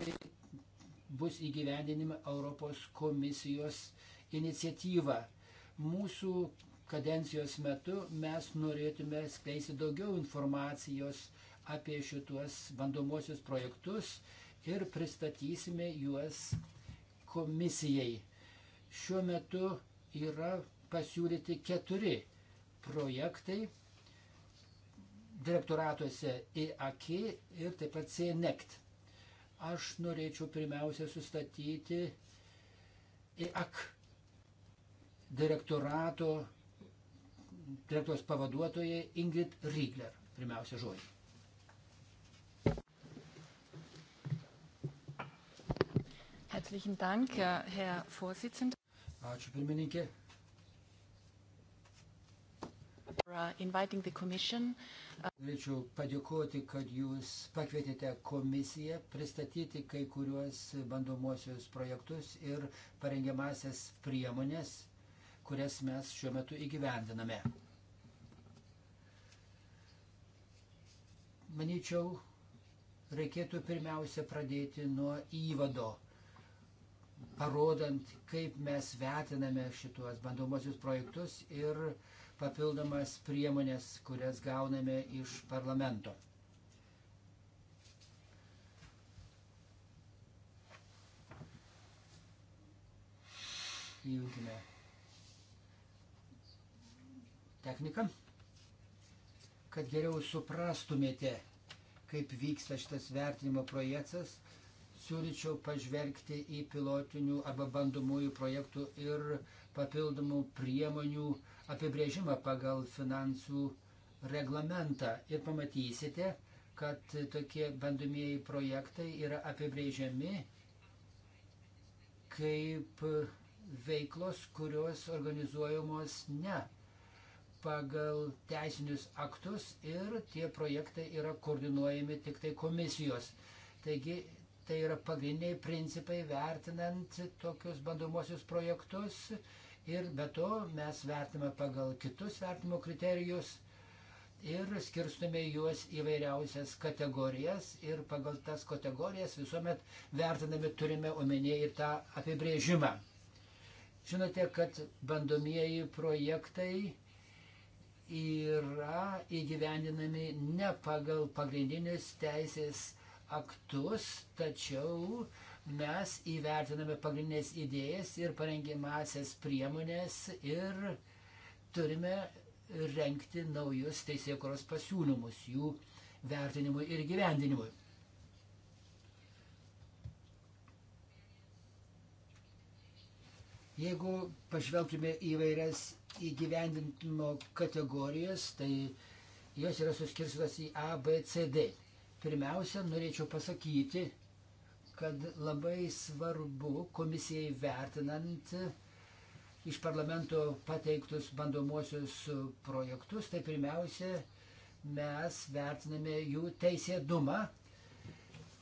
tai bus įgyvendinima Europos komisijos iniciatyva. Mūsų kadencijos metu mes norėtume skleisti daugiau informacijos apie šituos bandomosius projektus ir pristatysime juos komisijai. Šiuo metu yra pasiūlyti keturi projektai direktoratuose EAK ir taip pat CNECT aš norėčiau pirmiausia sustatyti IAK direktorato, direktos pavaduotojai Ingrid Riegler. Pirmiausia žodžiai. Herzlichen Dank, Herr Vorsitzender. Ačiū pirmininkė. Uh, Norėčiau padėkoti, kad jūs pakvietėte komisiją pristatyti kai kuriuos bandomosius projektus ir parengiamasias priemonės, kurias mes šiuo metu įgyvendiname. Manyčiau, reikėtų pirmiausia pradėti nuo įvado, parodant, kaip mes vertiname šituos bandomosius projektus ir uh, papildomas priemonės, kurias gauname iš parlamento. Įjungime techniką, kad geriau suprastumėte, kaip vyksta šitas vertinimo projektas, siūlyčiau pažvelgti į pilotinių arba bandomųjų projektų ir papildomų priemonių uh, apibrėžimą pagal finansų reglamentą ir pamatysite, kad tokie bandomieji projektai yra apibrėžiami kaip veiklos, kurios organizuojamos ne pagal teisinius aktus ir tie projektai yra koordinuojami tik tai komisijos. Taigi tai yra pagrindiniai principai vertinant tokius bandomosius projektus ir be to mes vertiname pagal kitus vertinimo kriterijus ir skirstume juos įvairiausias kategorijas ir pagal tas kategorijas visuomet vertinami turime omenyje ir tą apibrėžimą. Žinote, kad bandomieji projektai yra įgyvendinami ne pagal pagrindinius teisės aktus, tačiau uh, mes įvertiname pagrindinės idėjas ir parengimasias priemonės ir turime renkti naujus teisėkuros pasiūlymus jų vertinimui ir gyvendinimui. Jeigu pažvelgtume į vairias įgyvendinimo kategorijas, tai jos yra suskirstytos į A, B, C, D. Pirmiausia, norėčiau pasakyti, kad labai svarbu komisijai vertinant iš parlamento pateiktus bandomuosius projektus, tai pirmiausia, mes vertiname jų teisėdumą,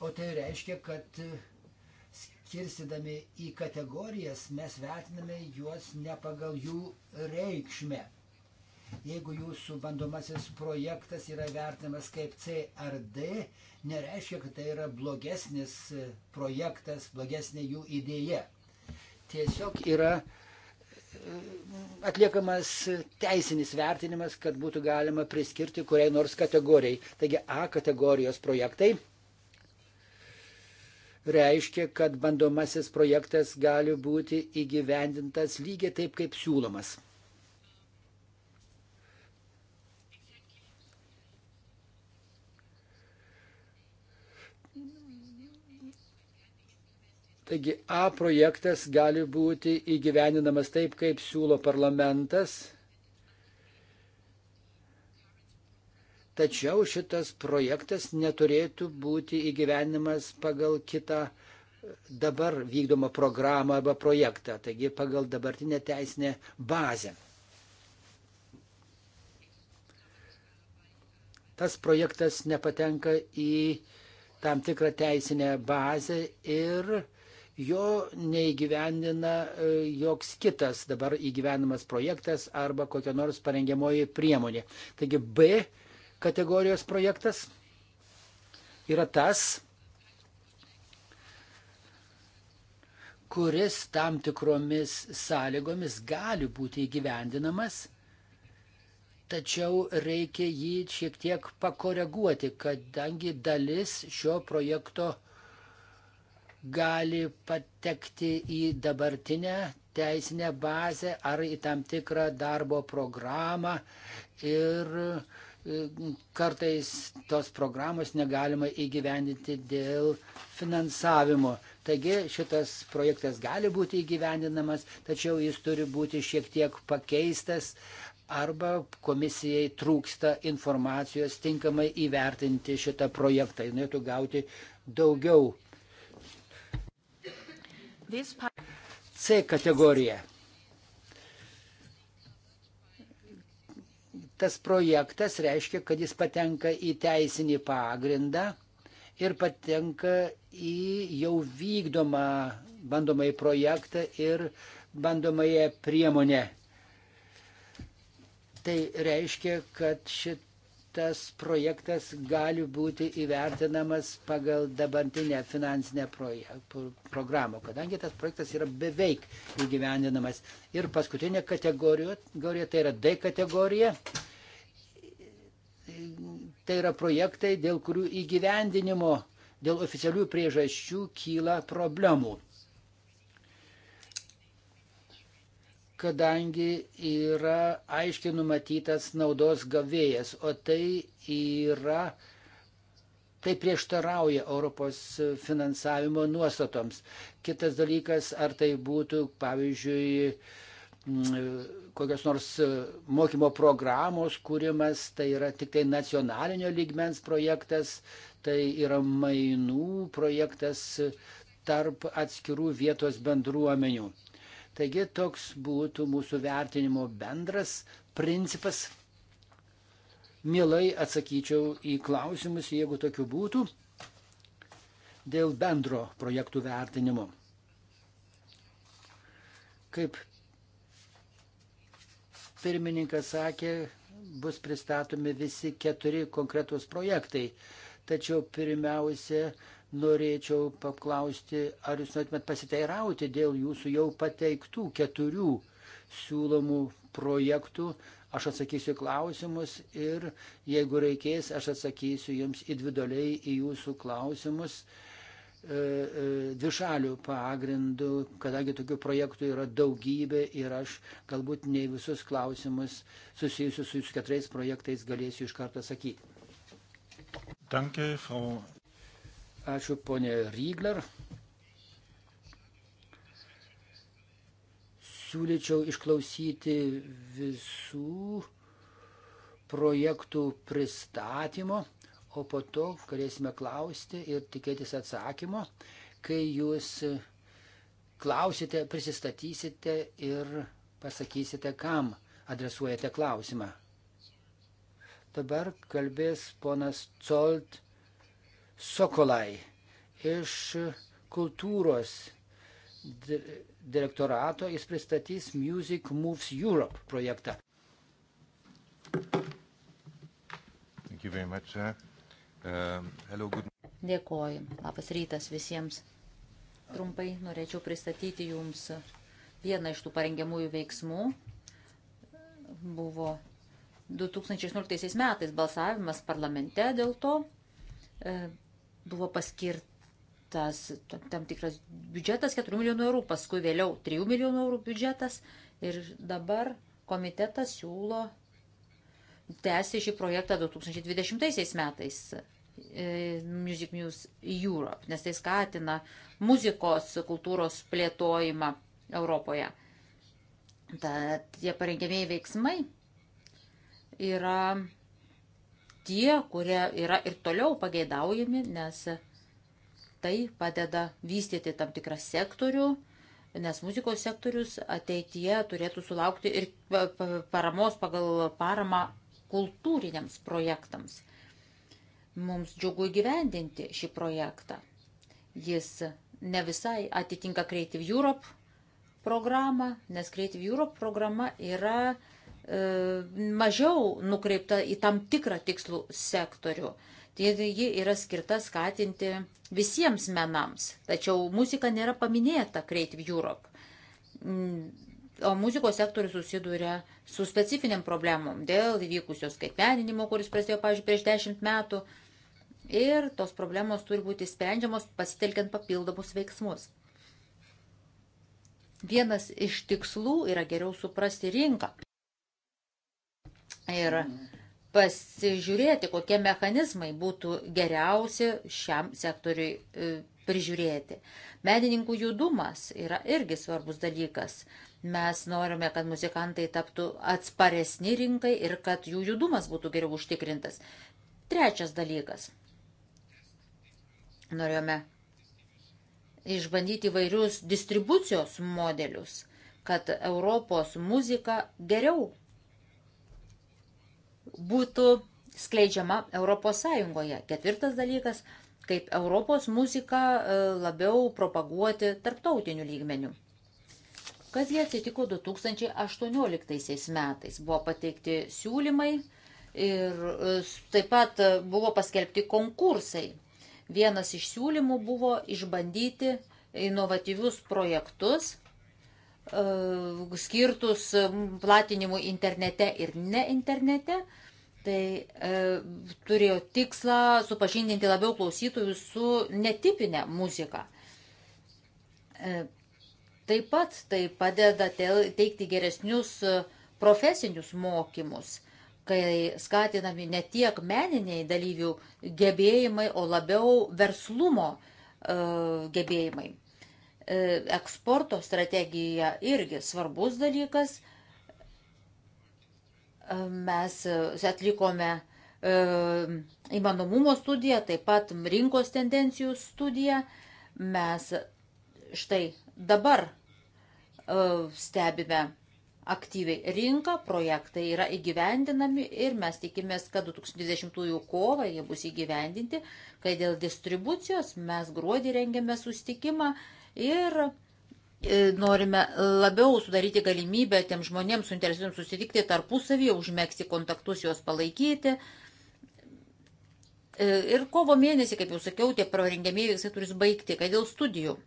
o tai reiškia, kad skirsidami į kategorijas mes vertiname juos ne pagal jų reikšmę. Jeigu jūsų bandomasis projektas yra vertinamas kaip C ar D, nereiškia, kad tai yra blogesnis e, projektas, blogesnė jų idėja. Tiesiog yra e, atliekamas teisinis vertinimas, kad būtų galima priskirti kuriai nors kategorijai. Taigi A kategorijos projektai reiškia, kad bandomasis projektas gali būti įgyvendintas lygiai taip, kaip siūlomas. Taigi A projektas gali būti įgyveninamas taip, kaip siūlo parlamentas. Tačiau šitas projektas neturėtų būti įgyvenimas pagal kitą dabar vykdomą programą arba projektą, taigi pagal dabartinę teisinę bazę. Tas projektas nepatenka į tam tikrą teisinę bazę ir jo neįgyvendina e, joks kitas dabar įgyvenimas projektas arba kokia nors parengiamoji priemonė. Taigi B kategorijos projektas yra tas, kuris tam tikromis sąlygomis gali būti įgyvendinamas, tačiau reikia jį šiek tiek pakoreguoti, kadangi dalis šio projekto uh, gali patekti į dabartinę teisinę bazę ar į tam tikrą darbo programą ir e, kartais tos programos negalima įgyvendinti dėl finansavimo. Taigi šitas projektas gali būti įgyvendinamas, tačiau jis turi būti šiek tiek pakeistas arba komisijai trūksta informacijos tinkamai įvertinti šitą projektą. Jis norėtų gauti daugiau C kategorija. Tas projektas reiškia, kad jis patenka į teisinį pagrindą ir patenka į jau vykdomą bandomąjį projektą ir bandomąją priemonę. Tai reiškia, kad šit tas projektas gali būti įvertinamas pagal dabartinę finansinę programą, kadangi tas projektas yra beveik įgyvendinamas. Ir paskutinė kategorija, tai yra D kategorija, tai yra projektai, dėl kurių įgyvendinimo dėl oficialių priežasčių kyla problemų. kadangi yra aiškiai numatytas naudos gavėjas, o tai yra, tai prieštarauja Europos finansavimo nuostatoms. Kitas dalykas, ar tai būtų, pavyzdžiui, mm, kokios nors mokymo programos kūrimas, tai yra tik tai nacionalinio lygmens projektas, tai yra mainų projektas tarp atskirų vietos bendruomenių. Taigi toks būtų mūsų vertinimo bendras principas. Mielai atsakyčiau į klausimus, jeigu tokių būtų, dėl bendro projektų vertinimo. Kaip pirmininkas sakė, bus pristatomi visi keturi konkretūs projektai. Tačiau pirmiausia, norėčiau paklausti, ar jūs norėtumėt pasiteirauti dėl jūsų jau pateiktų keturių siūlomų projektų. Aš atsakysiu klausimus ir jeigu reikės, aš atsakysiu jums individualiai į jūsų klausimus e, e, dvišalių pagrindų, kadangi tokių projektų yra daugybė ir aš galbūt ne visus klausimus susijusius su jūsų keturiais projektais galėsiu iš karto atsakyti. Danke, Frau Ačiū ponė Rygler. Siūlyčiau išklausyti visų projektų pristatymo, o po to galėsime klausti ir tikėtis atsakymo, kai jūs klausite, prisistatysite ir pasakysite, kam adresuojate klausimą. Dabar kalbės ponas Colt Sokolai iš kultūros direktorato. Jis pristatys Music Moves Europe projektą. Much, uh, hello, good... Dėkoju. Labas rytas visiems. Trumpai norėčiau pristatyti Jums vieną iš tų parengiamųjų veiksmų. Buvo 2016 metais balsavimas parlamente dėl to buvo paskirtas tam tikras biudžetas 4 milijonų eurų, paskui vėliau 3 milijonų eurų biudžetas ir dabar komitetas siūlo tęsti šį projektą 2020 metais e, Music News Europe, nes tai skatina muzikos kultūros plėtojimą Europoje. Tad tie parengiamieji veiksmai yra tie, kurie yra ir toliau pageidaujami, nes tai padeda vystyti tam tikrą sektorių, nes muzikos sektorius ateityje turėtų sulaukti ir paramos pagal paramą kultūriniams projektams. Mums džiugu įgyvendinti šį projektą. Jis ne visai atitinka Creative Europe programą, nes Creative Europe programa yra uh, E, mažiau nukreipta į tam tikrą tikslų sektorių. Ji yra skirta skatinti visiems menams. Tačiau muzika nėra paminėta Creative Europe. Mm, o muzikos sektorius susiduria su specifiniam problemom dėl įvykusios skaitmeninimo, kuris prasidėjo, pavyzdžiui, prieš dešimt metų. Ir tos problemos turi būti sprendžiamos pasitelkiant papildomus veiksmus. Vienas iš tikslų yra geriau suprasti rinką ir pasižiūrėti, kokie mechanizmai būtų geriausi šiam sektoriui e, prižiūrėti. Medininkų judumas yra irgi svarbus dalykas. Mes norime, kad muzikantai taptų atsparesni rinkai ir kad jų judumas būtų geriau užtikrintas. Trečias dalykas. Norėjome išbandyti vairius distribucijos modelius, kad Europos muzika geriau būtų skleidžiama Europos Sąjungoje. Ketvirtas dalykas - kaip Europos muziką e, labiau propaguoti tarptautiniu lygmeniu. Kasgi atsitiko 2018 metais? Buvo pateikti siūlymai ir e, taip pat e, buvo paskelbti konkursai. Vienas iš siūlymų buvo išbandyti inovatyvius projektus E, skirtus platinimui internete ir ne internete. Tai e, turėjo tikslą supažindinti labiau klausytojus su netipinė muzika. E, taip pat tai padeda teikti geresnius e, profesinius mokymus, kai skatinami ne tiek meniniai dalyvių gebėjimai, o labiau verslumo e, gebėjimai. E, eksporto strategija irgi svarbus dalykas. E, mes atlikome e, įmanomumo studiją, taip pat rinkos tendencijų studiją. Mes štai dabar stebime aktyviai rinką, projektai yra įgyvendinami ir mes tikimės, kad 2020 kovą jie bus įgyvendinti, kai dėl distribucijos mes gruodį rengiame sustikimą ir e, norime labiau sudaryti galimybę tiem žmonėms suinteresuotiems susitikti tarpusavyje, užmėgsti kontaktus, juos palaikyti. E, ir kovo mėnesį, kaip jau sakiau, tie prarengiamieji veiksmai turi baigti, kad dėl studijų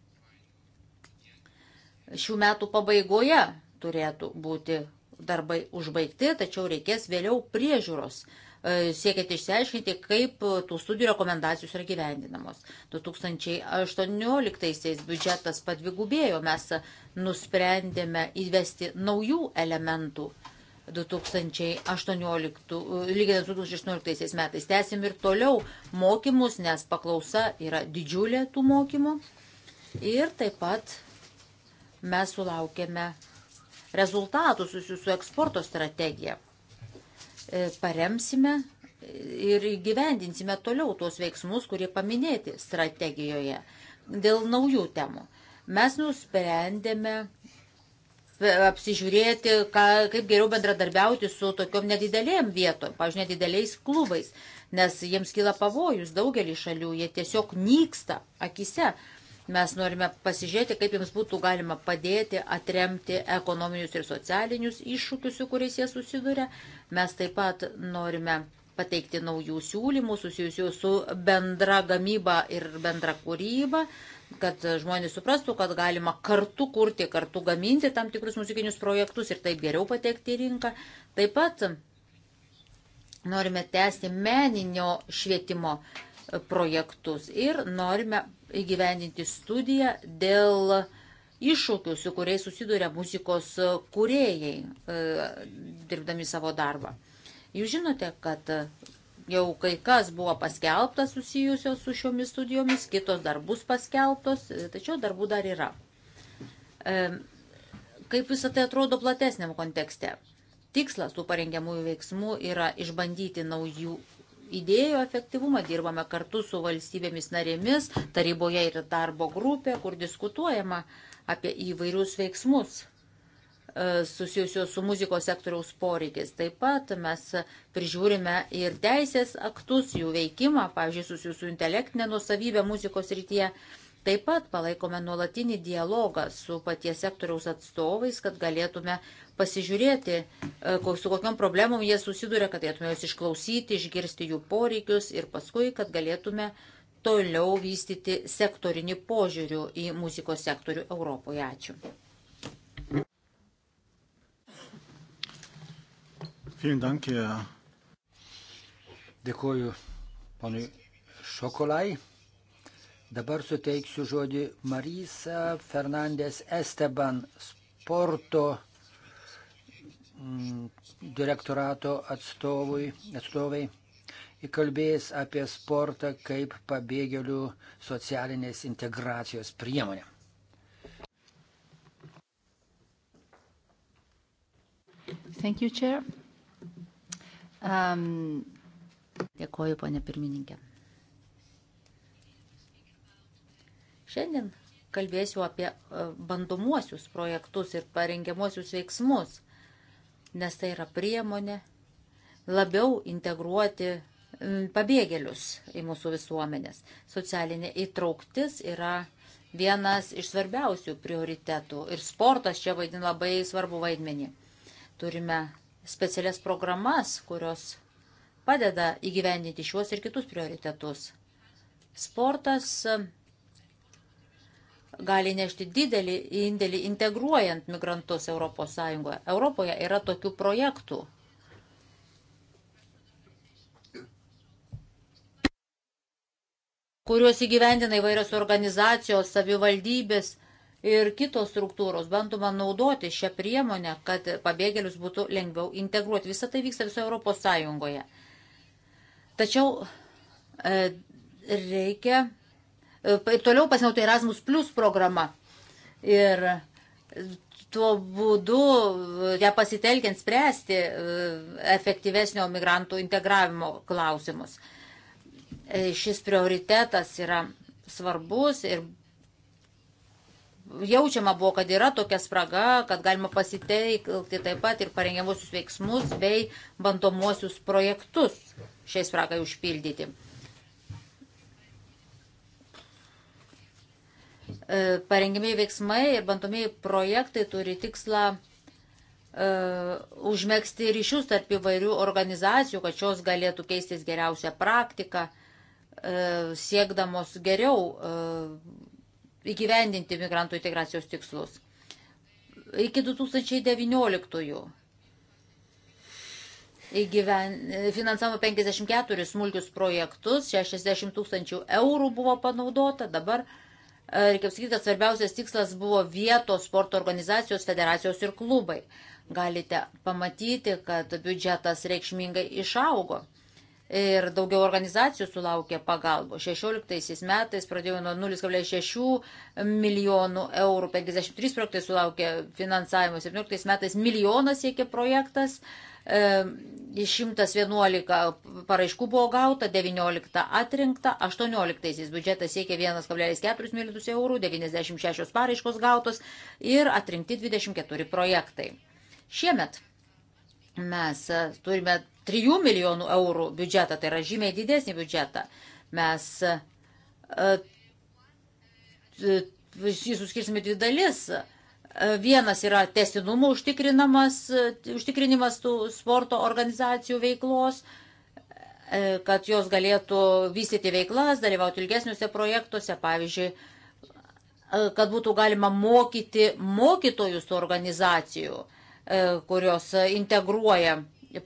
šių metų pabaigoje turėtų būti darbai užbaigti, tačiau reikės vėliau priežiūros E, siekiant išsiaiškinti, kaip tų studijų rekomendacijos yra gyvendinamos. 2018 biudžetas padvigubėjo, mes nusprendėme įvesti naujų elementų 2018, lyginant su 2018 metais. Tęsim ir toliau mokymus, nes paklausa yra didžiulė tų mokymų. Ir taip pat mes sulaukėme rezultatų susijusių su eksporto strategija. E, paremsime ir gyvendinsime toliau tuos veiksmus, kurie paminėti strategijoje dėl naujų temų. Mes nusprendėme e, apsižiūrėti, ką, kaip geriau bendradarbiauti su tokiom nedidelėm vietom, pažiūrėjau, nedideliais klubais, nes jiems kyla pavojus daugelį šalių, jie tiesiog nyksta akise. Mes norime pasižiūrėti, kaip jums būtų galima padėti atremti ekonominius ir socialinius iššūkius, su kuriais jie susiduria. Mes taip pat norime pateikti naujų siūlymų susijusių su bendra gamyba ir bendra kūryba, kad žmonės suprastų, kad galima kartu kurti, kartu gaminti tam tikrus muzikinius projektus ir taip geriau patekti į rinką. Taip pat norime tęsti meninio švietimo projektus ir norime įgyvendinti studiją dėl iššūkių, su kuriais susiduria muzikos kūrėjai, e, dirbdami savo darbą. Jūs žinote, kad jau kai kas buvo paskelbtas susijusios su šiomis studijomis, kitos dar bus paskelbtos, e, tačiau darbų dar yra. E, kaip visą tai atrodo platesniam kontekste? Tikslas tų parengiamųjų veiksmų yra išbandyti naujų, idėjų efektyvumą, dirbame kartu su valstybėmis narėmis, taryboje yra darbo grupė, kur diskutuojama apie įvairius veiksmus e, susijusios su muzikos sektoriaus poreikis. Taip pat mes prižiūrime ir teisės aktus, jų veikimą, pavyzdžiui, susijusių su intelektinė nusavybė muzikos rytyje. Ir Taip pat palaikome nuolatinį dialogą su paties sektoriaus atstovais, kad galėtume pasižiūrėti, e, su kokiam problemom jie susiduria, kad galėtume juos išklausyti, išgirsti jų poreikius ir paskui, kad galėtume toliau vystyti sektorinį požiūrių į muzikos sektorių Europoje. Ačiū. Dėkuoju ponui Šokolai. Dabar suteiksiu žodį Marisa Fernandės Esteban, sporto mm, direktorato atstovui, atstovai. Įkalbėjęs apie sportą kaip pabėgėlių socialinės integracijos priemonę. Thank you, Chair. Um, dėkoju, ponė pirmininkė. Šiandien kalbėsiu apie e, bandomuosius projektus ir parengiamuosius veiksmus, nes tai yra priemonė labiau integruoti pabėgėlius į mūsų visuomenės. Socialinė įtrauktis yra vienas iš svarbiausių prioritetų ir sportas čia vaidina labai svarbu vaidmenį. Turime specialias programas, kurios padeda įgyvendinti šiuos ir kitus prioritetus. Sportas gali nešti didelį indėlį integruojant migrantus ES. Europoje yra tokių projektų. kuriuos įgyvendina įvairios organizacijos, savivaldybės ir kitos struktūros. Bandoma naudoti šią priemonę, kad pabėgėlius būtų lengviau integruoti. Visą tai vyksta visoje Europos Sąjungoje. Tačiau e, reikia ir e, toliau pasinaudotų Erasmus Plus programa. Ir tuo būdu e, ją pasitelkiant spręsti e, efektyvesnio migrantų integravimo klausimus. Šis prioritetas yra svarbus ir jaučiama buvo, kad yra tokia spraga, kad galima pasiteikti taip pat ir parengiamusius veiksmus bei bandomuosius projektus šiai spragai užpildyti. E, parengimiai veiksmai ir bandomieji projektai turi tikslą e, užmėgsti ryšius tarp įvairių organizacijų, kad šios galėtų keistis geriausią praktiką, e, siekdamos geriau įgyvendinti migrantų integracijos tikslus. Iki 2019 įgyven... finansavo 54 smulkius projektus, 60 tūkstančių eurų buvo panaudota, dabar E, kaip sakyti, svarbiausias tikslas buvo vietos sporto organizacijos, federacijos ir klubai. Galite pamatyti, kad biudžetas reikšmingai išaugo. Ir daugiau organizacijų sulaukė pagalbų. 16 metais pradėjo nuo 0,6 milijonų eurų, 53 projektai sulaukė finansavimo, 17 metais milijonas siekė projektas, 111 e, paraiškų buvo gauta, 19 atrinkta, 18 biudžetas siekia 1,4 milijardus eurų, 96 paraiškos gautos ir atrinkti 24 projektai. Šiemet mes turime 3 milijonų eurų biudžetą, tai yra žymiai didesnį biudžetą. Mes e, e, jį suskirsime dvi dalis. Vienas yra tesinumo užtikrinimas tų sporto organizacijų veiklos, e, kad jos galėtų vystyti veiklas, dalyvauti ilgesniuose projektuose, pavyzdžiui, e, kad būtų galima mokyti mokytojus tų organizacijų, e, kurios integruoja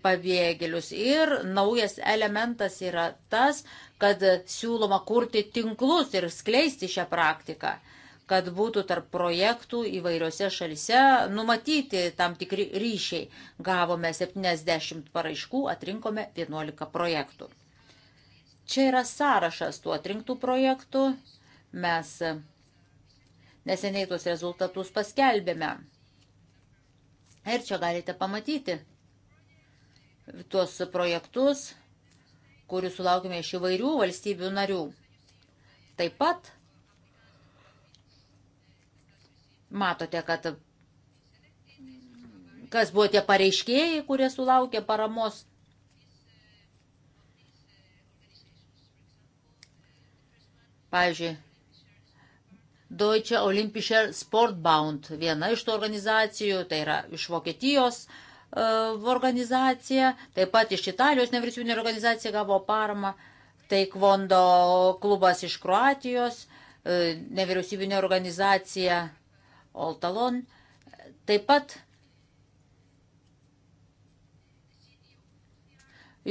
pabėgėlius. Ir naujas elementas yra tas, kad siūloma kurti tinklus ir skleisti šią praktiką kad būtų tarp projektų įvairiose šalise numatyti tam tikri ryšiai. Gavome 70 paraiškų, atrinkome 11 projektų. Čia yra sąrašas tų atrinktų projektų. Mes neseniai tuos rezultatus paskelbėme. Ir čia galite pamatyti tuos projektus, kurių sulaukime iš įvairių valstybių narių. Taip pat Matote, kad kas buvo tie pareiškėjai, kurie sulaukė paramos. Pavyzdžiui, Deutsche Olympische Sportbound, viena iš tų organizacijų, tai yra iš Vokietijos e, organizacija, taip pat iš Italijos nevyriausybinė organizacija gavo paramą, Taekwondo klubas iš Kroatijos, e, nevyriausybinė organizacija Oltalon. Taip pat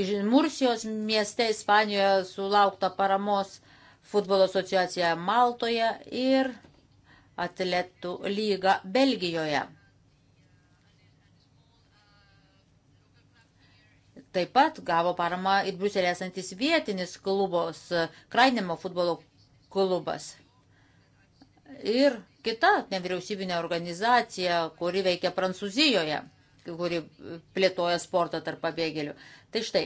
iš Mursijos mieste Ispanijoje sulaukta paramos futbolo asociacija Maltoje ir atletų lyga Belgijoje. Taip pat gavo paramą ir Bruselė esantis vietinis klubos, Krainimo futbolo klubas. Ir kita nevyriausybinė organizacija, kuri veikia Prancūzijoje, kuri plėtoja sportą tarp pabėgėlių. Tai štai,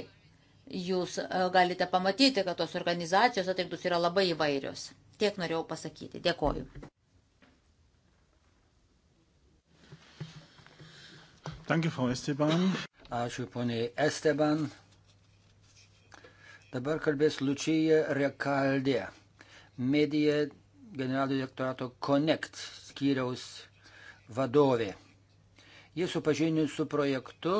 jūs e, galite pamatyti, kad tos organizacijos atrinktus yra labai įvairios. Tiek norėjau pasakyti. Dėkoju. Danke, Frau Esteban. Ačiū, poniai Esteban. Dabar kalbės Lučija Rekaldė. Medija generalinio direktorato Connect skyriaus vadovė. Jis supažinė su projektu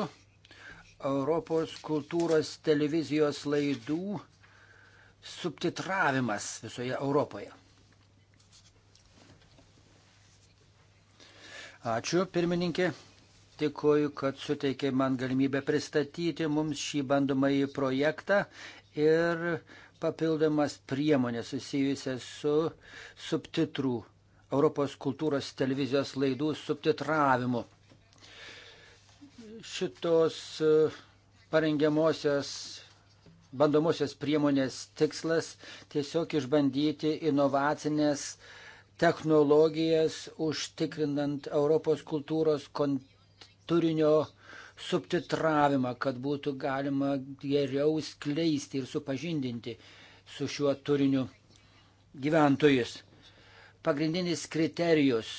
Europos kultūros televizijos laidų subtitravimas visoje Europoje. Ačiū, pirmininkė. Tikuoju, kad suteikė man galimybę pristatyti mums šį bandomąjį projektą ir papildomas priemonės susijusias su subtitrų Europos kultūros televizijos laidų subtitravimu. Šitos e, parengiamosios bandomosios priemonės tikslas tiesiog išbandyti inovacinės technologijas, užtikrinant Europos kultūros turinio subtitravimą, kad būtų galima geriau skleisti ir supažindinti su šiuo turiniu gyventojus. Pagrindinis kriterijus,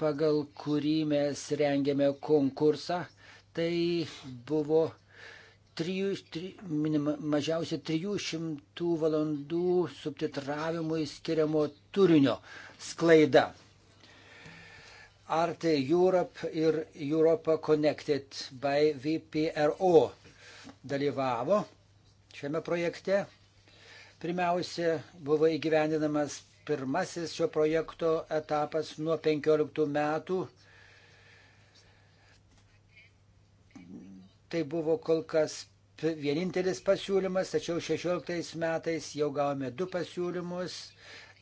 pagal kurį mes rengėme konkursą, tai buvo trijų, tri, minima, mažiausiai 300 valandų subtitravimui skiriamo turinio sklaida. Arte Europe ir Europa Connected by VPRO dalyvavo šiame projekte. Pirmiausia, buvo įgyvendinamas pirmasis šio projekto etapas nuo 15 metų. Tai buvo kol kas vienintelis pasiūlymas, tačiau 16 metais jau gavome du pasiūlymus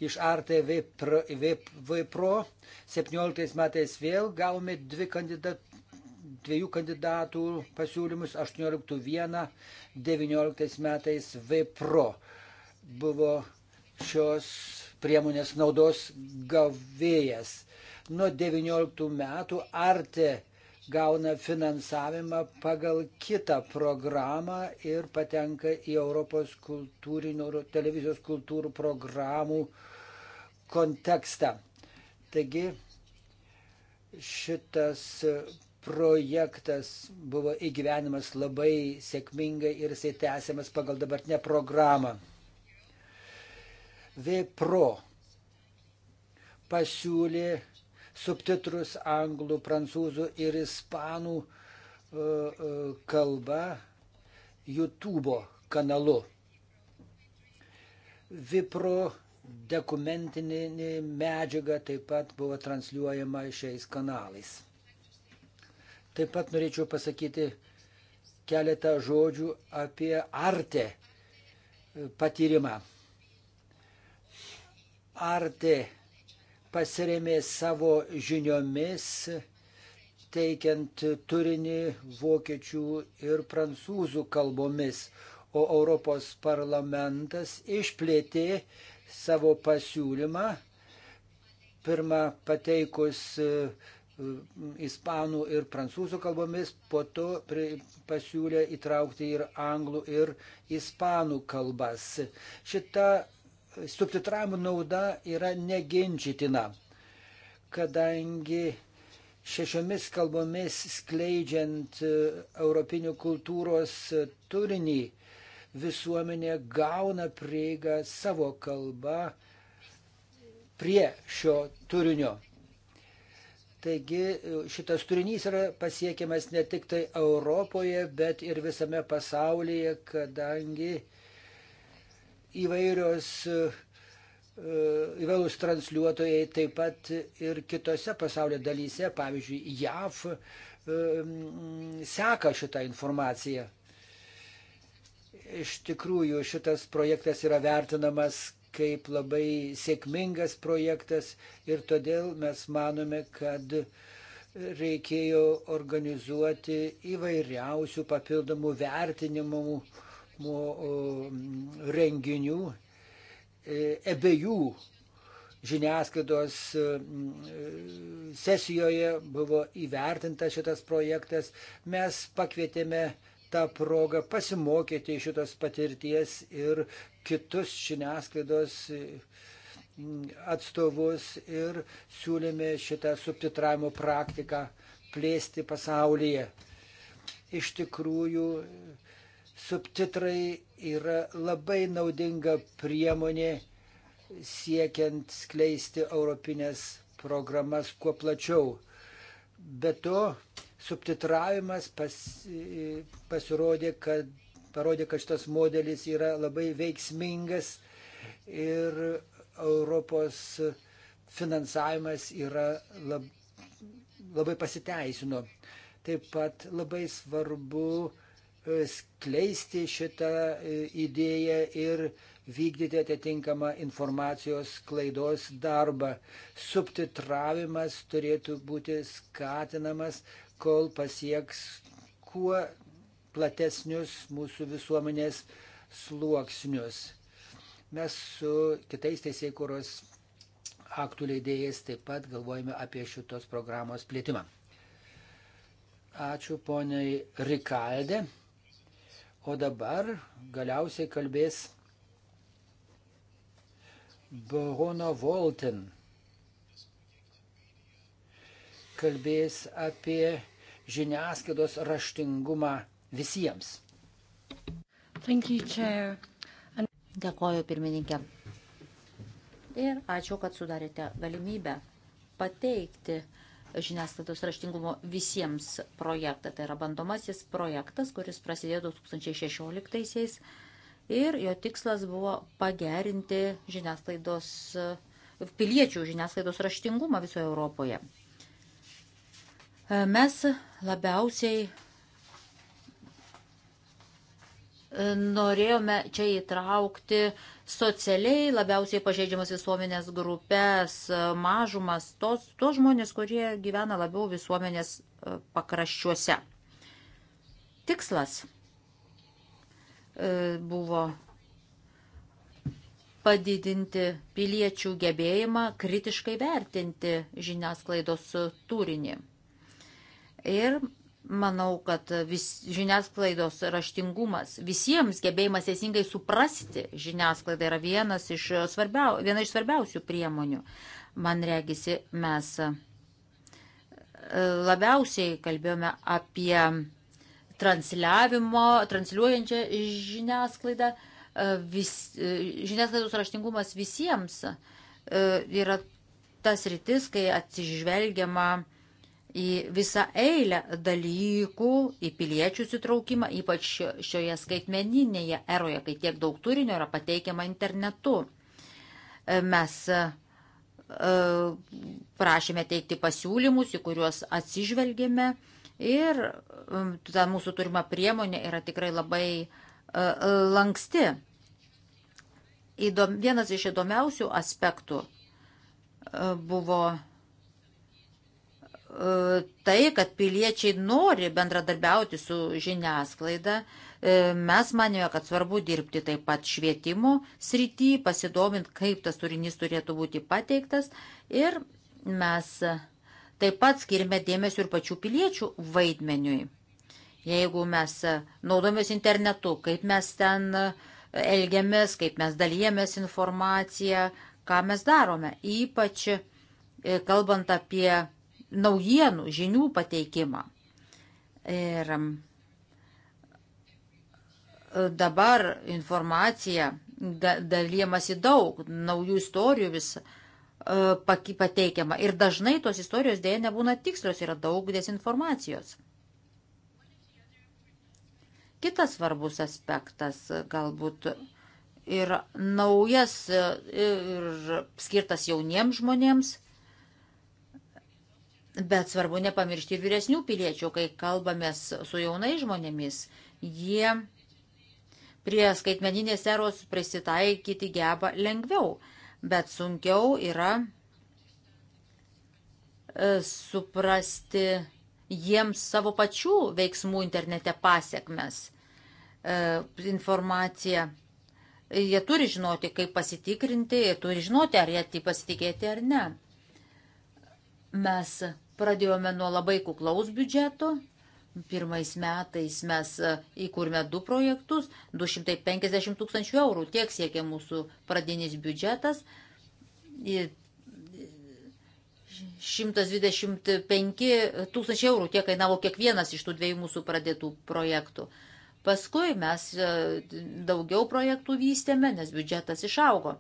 iš RTV Pro. 17 metais vėl gavome dvi kandidat, dviejų kandidatų pasiūlymus, 18 vieną, 19 metais VPRO buvo šios priemonės naudos gavėjas. Nuo 19 metų Arte gauna finansavimą pagal kitą programą ir patenka į Europos kultūrinio, televizijos kultūrų programų kontekstą. Taigi šitas projektas buvo įgyvenimas labai sėkmingai ir jisai tęsiamas pagal dabartinę programą. VPRO pasiūlė subtitrus anglų, prancūzų ir ispanų e, e, kalba YouTube kanalu. Vipro dokumentinė medžiaga taip pat buvo transliuojama šiais kanalais. Taip pat norėčiau pasakyti keletą žodžių apie artę e, patyrimą. Artė pasiremė savo žiniomis, teikiant turinį vokiečių ir prancūzų kalbomis, o Europos parlamentas išplėtė savo pasiūlymą, pirmą pateikus e, ispanų ir prancūzų kalbomis, po to pasiūlė įtraukti ir anglų ir ispanų kalbas. Šita subtitravimo nauda yra neginčitina, kadangi šešiomis kalbomis skleidžiant e, europinių kultūros e, turinį, visuomenė gauna prieigą savo kalbą prie šio turinio. Taigi e, šitas turinys yra pasiekiamas ne tik tai Europoje, bet ir visame pasaulyje, kadangi uh, įvairios e, e, įvairūs transliuotojai taip pat ir kitose pasaulio dalyse, pavyzdžiui, JAV e, seka šitą informaciją. Iš tikrųjų, šitas projektas yra vertinamas kaip labai sėkmingas projektas ir todėl mes manome, kad reikėjo organizuoti įvairiausių papildomų vertinimų uh, triukšmo e, renginių, e, abiejų žiniasklaidos e, sesijoje buvo įvertintas šitas projektas. Mes pakvietėme tą progą pasimokyti iš šitos patirties ir kitus žiniasklaidos atstovus ir siūlėme šitą subtitravimo praktiką plėsti pasaulyje. Iš tikrųjų, Subtitrai yra labai naudinga priemonė siekiant skleisti europinės programas kuo plačiau. Be to, subtitravimas pas, pasirodė, kad, parodė, kad šitas modelis yra labai veiksmingas ir Europos finansavimas yra lab, labai pasiteisino. Taip pat labai svarbu uh, E, skleisti šitą e, idėją ir vykdyti atitinkamą informacijos klaidos darbą. Subtitravimas turėtų būti skatinamas, kol pasieks kuo platesnius mūsų visuomenės sluoksnius. Mes su kitais teisėkuros aktų leidėjais taip pat galvojame apie šitos programos plėtimą. Ačiū poniai Rikaldė. O dabar galiausiai kalbės Bruno Volten. Kalbės apie žiniasklaidos raštingumą visiems. Dėkoju pirmininkė. Ir ačiū, kad sudarėte galimybę pateikti uh, žiniasklaidos raštingumo visiems projektą. Tai yra bandomasis projektas, kuris prasidėjo 2016-aisiais ir jo tikslas buvo pagerinti žiniasklaidos, piliečių žiniasklaidos raštingumą visoje Europoje. Mes labiausiai norėjome čia įtraukti socialiai labiausiai pažeidžiamas visuomenės grupės, mažumas, tos, tos žmonės, kurie gyvena labiau visuomenės e, pakraščiuose. Tikslas e, buvo padidinti piliečių gebėjimą kritiškai vertinti žiniasklaidos turinį. Ir Manau, kad vis, žiniasklaidos raštingumas, visiems gebėjimas teisingai suprasti žiniasklaidą yra vienas iš svarbiau, viena iš svarbiausių priemonių. Man regisi, mes e, labiausiai kalbėjome apie transliavimo, transliuojančią žiniasklaidą. E, vis, e, žiniasklaidos raštingumas visiems yra tas rytis, kai atsižvelgiama į visą eilę dalykų, į piliečių sitraukimą, ypač šioje skaitmeninėje eroje, kai tiek daug turinio yra pateikiama internetu. E, mes e, prašėme teikti pasiūlymus, į kuriuos atsižvelgėme ir e, ta mūsų turima priemonė yra tikrai labai lanksti. Įdom, vienas iš įdomiausių aspektų buvo tai, kad piliečiai nori bendradarbiauti su žiniasklaida. E, mes manėme, kad svarbu dirbti taip pat švietimo srity, pasidomint, kaip tas turinys turėtų būti pateiktas. Ir mes taip pat skirime dėmesio ir pačių piliečių vaidmeniui. Jeigu mes naudomės internetu, kaip mes ten elgiamės, kaip mes dalyjamės informaciją, ką mes darome. Ypač e, kalbant apie naujienų, žinių pateikimą. Ir um, dabar informacija dalyjamasi daug, naujų istorijų vis e, pateikiama. Ir dažnai tos istorijos dėja nebūna tikslios, yra daug dezinformacijos. Kitas svarbus aspektas galbūt ir naujas e, ir skirtas jauniems žmonėms Bet svarbu nepamiršti ir vyresnių piliečių, kai kalbamės su jaunai žmonėmis. Jie prie skaitmeninės eros prisitaikyti geba lengviau, bet sunkiau yra e, suprasti jiems savo pačių veiksmų internete pasiekmes. E, Informacija. Jie turi žinoti, kaip pasitikrinti, turi žinoti, ar jie tai pasitikėti ar ne. Mes pradėjome nuo labai kuklaus biudžeto. Pirmais metais mes e, įkūrėme du projektus, 250 tūkstančių eurų, tiek siekia mūsų pradinis biudžetas. 125 tūkstančiai eurų tiek kainavo kiekvienas iš tų dviejų mūsų pradėtų projektų. Paskui mes e, daugiau projektų vystėme, nes biudžetas išaugo.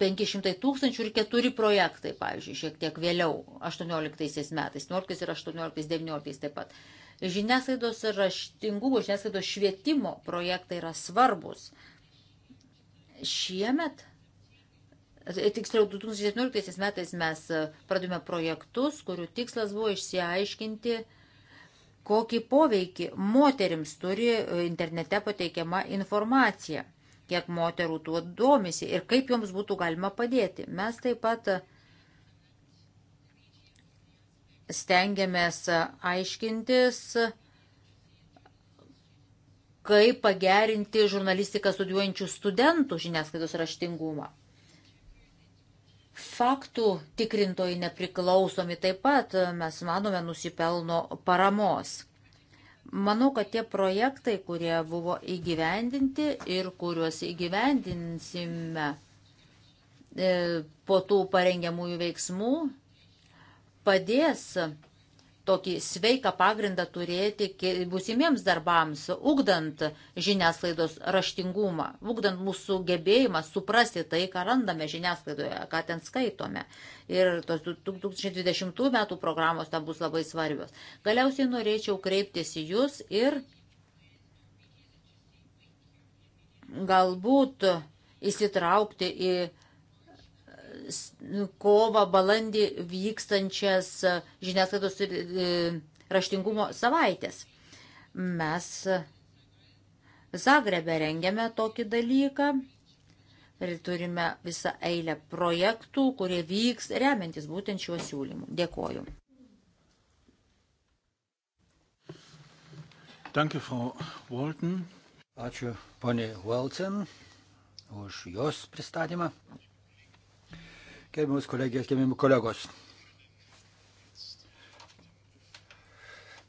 500 tūkstančių ir keturi projektai, pavyzdžiui, šiek tiek vėliau, 18 metais, 19 ir 18, 19 taip pat. Žiniasklaidos raštingumo, žiniasklaidos švietimo projektai yra svarbus. Šiemet, e, tiksliau 2017 metais mes e, pradėjome projektus, kurių tikslas buvo išsiaiškinti, kokį poveikį moterims turi e, internete pateikiama informacija kiek moterų tuo domisi ir kaip joms būtų galima padėti. Mes taip pat stengiamės aiškintis, kaip pagerinti žurnalistiką studijuojančių studentų žiniasklaidos raštingumą. Faktų tikrintojai nepriklausomi taip pat, mes manome, nusipelno paramos. Manau, kad tie projektai, kurie buvo įgyvendinti ir kuriuos įgyvendinsime e, po tų parengiamųjų veiksmų, padės tokį sveiką pagrindą turėti būsimiems darbams, ugdant žiniasklaidos raštingumą, ugdant mūsų gebėjimą suprasti tai, ką randame žiniasklaidoje, ką ten skaitome. Ir tos 2020 metų programos tam bus labai svarbios. Galiausiai norėčiau kreiptis į Jūs ir galbūt įsitraukti į kovą balandį vykstančias e, žiniasklaidos ir e, raštingumo savaitės. Mes Zagrebe rengiame tokį dalyką ir turime visą eilę projektų, kurie vyks remiantis būtent šiuo siūlymu. Dėkoju. Danke, Frau Walton. Ačiū poniai Walton už jos pristatymą. Gerbiamus kolegės, gerbiami kolegos.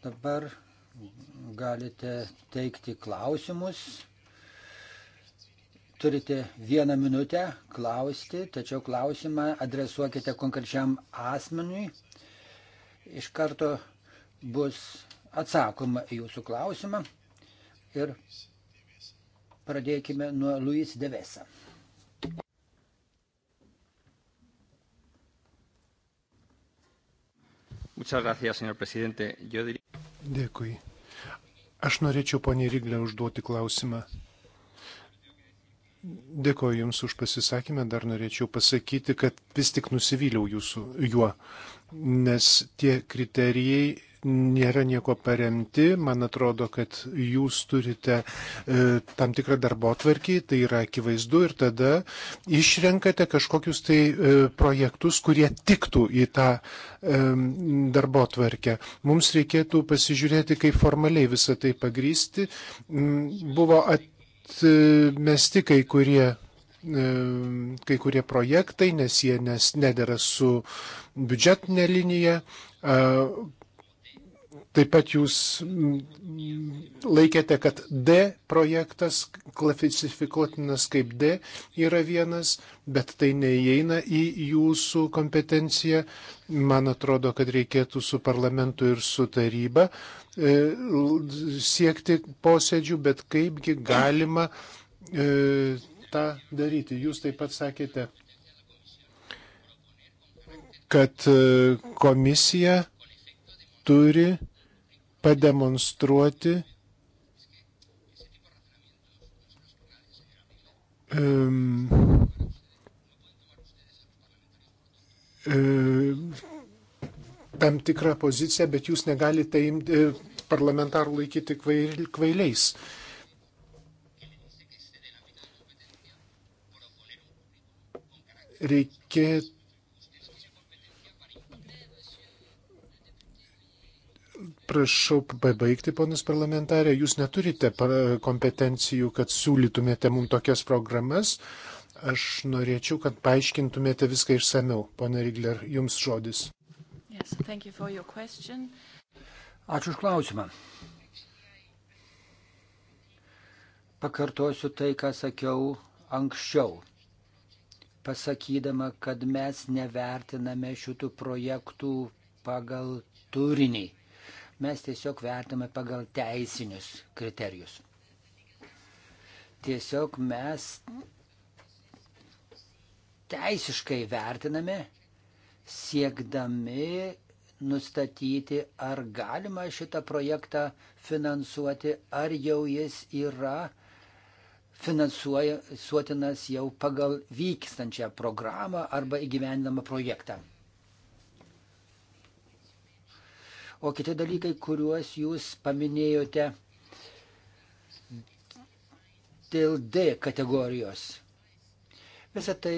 Dabar galite teikti klausimus. Turite vieną minutę klausti, tačiau klausimą adresuokite konkrečiam asmeniui. Iš karto bus atsakoma į jūsų klausimą ir pradėkime nuo Luis Devesa. Muchas gracias, señor presidente. Yo diría... Dėkui. Aš norėčiau poniai Ryglę užduoti klausimą. Dėkoju Jums už pasisakymą, dar norėčiau pasakyti, kad vis tik nusivyliau jūsų juo, nes tie kriterijai nėra nieko paremti. Man atrodo, kad jūs turite e, tam tikrą darbo tvarkį, tai yra akivaizdu ir tada išrenkate kažkokius tai e, projektus, kurie tiktų į tą e, darbo tvarkę. Mums reikėtų pasižiūrėti, kaip formaliai visą tai pagrysti. Mm, buvo atmesti kai kurie e, kai kurie projektai, nes jie nes nedėra su biudžetinė linija. Taip pat jūs mm, laikėte, kad D projektas, klasifikuotinas kaip D, yra vienas, bet tai neįeina į jūsų kompetenciją. Man atrodo, kad reikėtų su parlamentu ir su taryba e, siekti posėdžių, bet kaipgi galima e, tą daryti. Jūs taip pat sakėte, kad e, komisija turi pademonstruoti um, um, tam tikrą poziciją, bet jūs negalite imti, e, parlamentarų laikyti kvailiais. Reikėtų prašau pabaigti, ponus parlamentarė, jūs neturite kompetencijų, kad siūlytumėte mums tokias programas. Aš norėčiau, kad paaiškintumėte viską išsameu. Pone Rigler, jums žodis. Yes, you Ačiū už klausimą. Pakartosiu tai, ką sakiau anksčiau pasakydama, kad mes nevertiname šitų projektų pagal turinį. Mes tiesiog vertame pagal teisinius kriterijus. Tiesiog mes teisiškai vertiname, siekdami nustatyti, ar galima šitą projektą finansuoti, ar jau jis yra finansuotinas jau pagal vykstančią programą arba įgyvendinamą projektą. O kiti dalykai, kuriuos jūs paminėjote dėl D kategorijos. Visą tai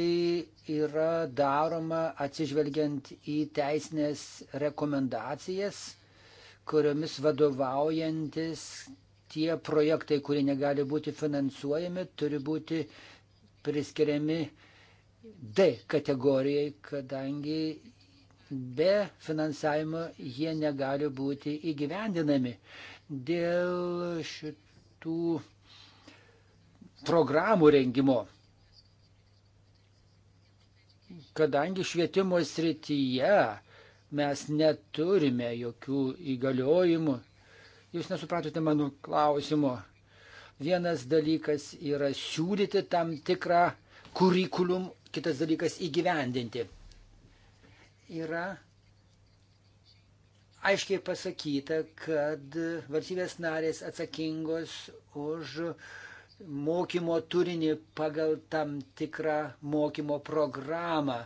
yra daroma atsižvelgiant į teisinės rekomendacijas, kuriomis vadovaujantis tie projektai, kurie negali būti finansuojami, turi būti priskiriami D kategorijai, kadangi be finansavimo jie negali būti įgyvendinami. Dėl šitų programų rengimo, kadangi švietimo srityje mes neturime jokių įgaliojimų, jūs nesupratote mano klausimo. Vienas dalykas yra siūlyti tam tikrą kurikulum, kitas dalykas įgyvendinti yra aiškiai pasakyta, kad valstybės narės atsakingos už mokymo turinį pagal tam tikrą mokymo programą.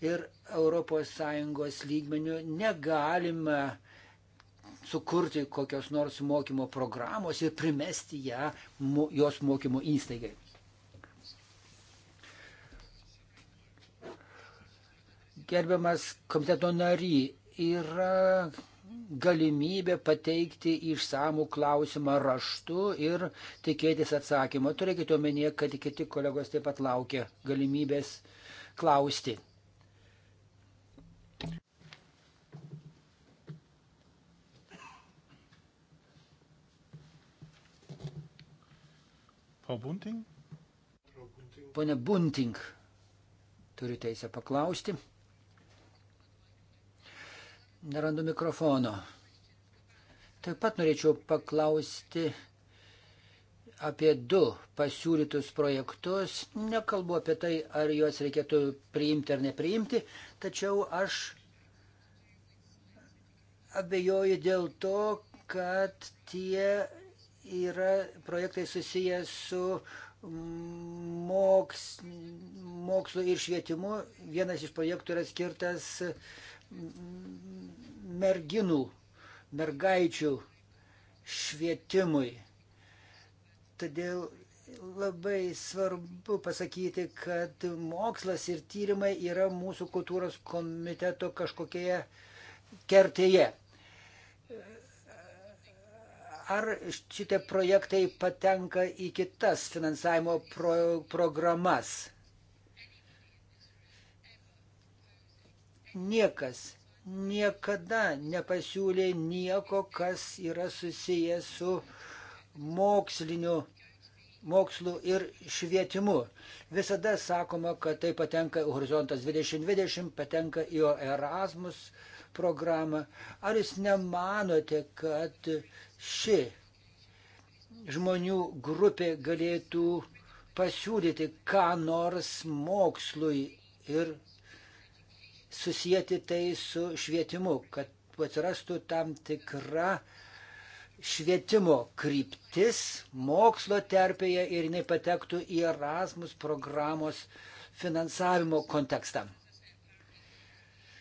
Ir ES lygmenių negalima sukurti kokios nors mokymo programos ir primesti ją jos mokymo įstaigai. Gerbiamas komiteto nary, yra galimybė pateikti išsamų klausimą raštu ir tikėtis atsakymo. Turėkite omenyje, kad kiti kolegos taip pat laukia galimybės klausti. Pone Bunting, turiu teisę paklausti. Nerandu mikrofono. Taip pat norėčiau paklausti apie du pasiūlytus projektus. Nekalbu apie tai, ar juos reikėtų priimti ar nepriimti, tačiau aš abejoju dėl to, kad tie yra projektai susiję su moks, mokslo ir švietimu. Vienas iš projektų yra skirtas uh, merginų, mergaičių švietimui. Todėl labai svarbu pasakyti, kad mokslas ir tyrimai yra mūsų kultūros komiteto kažkokioje kertėje. Ar šitie projektai patenka į kitas finansavimo pro programas? niekas niekada nepasiūlė nieko, kas yra susijęs su moksliniu, mokslu ir švietimu. Visada sakoma, kad tai patenka į Horizontas 2020, patenka į Erasmus programą. Ar jūs nemanote, kad ši žmonių grupė galėtų pasiūlyti ką nors mokslui ir susijęti tai su švietimu, kad atsirastų tam tikra švietimo kryptis mokslo terpėje ir jinai patektų į Erasmus programos finansavimo kontekstą.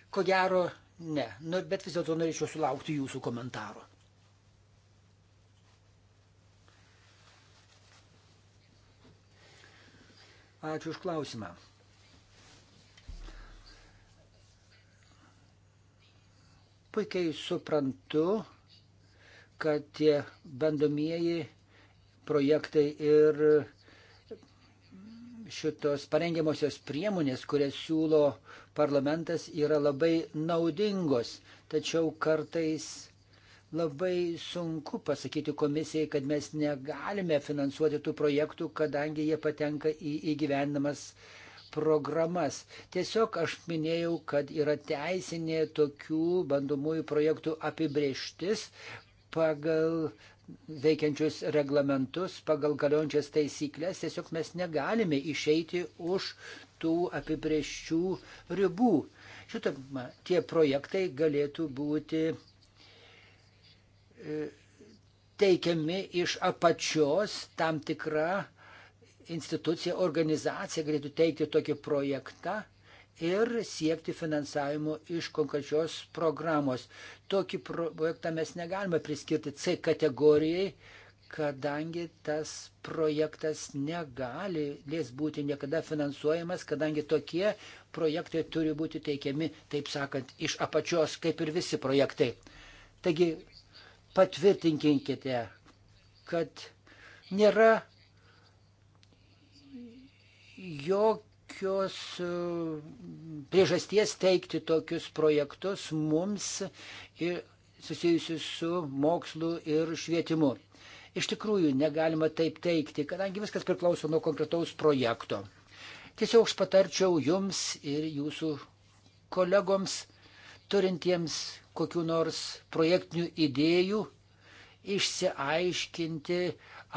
Ko gero, ne, nu, bet vis dėlto norėčiau sulaukti jūsų komentaro. Ačiū už klausimą. Puikiai suprantu, kad tie bandomieji projektai ir šitos parengiamosios priemonės, kurias siūlo parlamentas, yra labai naudingos. Tačiau kartais labai sunku pasakyti komisijai, kad mes negalime finansuoti tų projektų, kadangi jie patenka į įgyvendamas uh, programas. Tiesiog aš minėjau, kad yra teisinė tokių bandomųjų projektų apibrieštis pagal veikiančius reglamentus, pagal galiojančias taisyklės. Tiesiog mes negalime išeiti už tų apibrieščių ribų. Šitoma, tie projektai galėtų būti e, teikiami iš apačios tam tikra institucija, organizacija galėtų teikti tokį projektą ir siekti finansavimo iš konkrečios programos. Tokį projektą mes negalime priskirti C kategorijai, kadangi tas projektas negali lės būti niekada finansuojamas, kadangi tokie projektai turi būti teikiami, taip sakant, iš apačios, kaip ir visi projektai. Taigi patvirtinkinkite, kad nėra jokios e, priežasties teikti tokius projektus mums susijusius su mokslu ir švietimu. Iš tikrųjų, negalima taip teikti, kadangi viskas priklauso nuo konkretaus projekto. Tiesiog aš patarčiau jums ir jūsų kolegoms, turintiems kokiu nors projektinių idėjų, išsiaiškinti,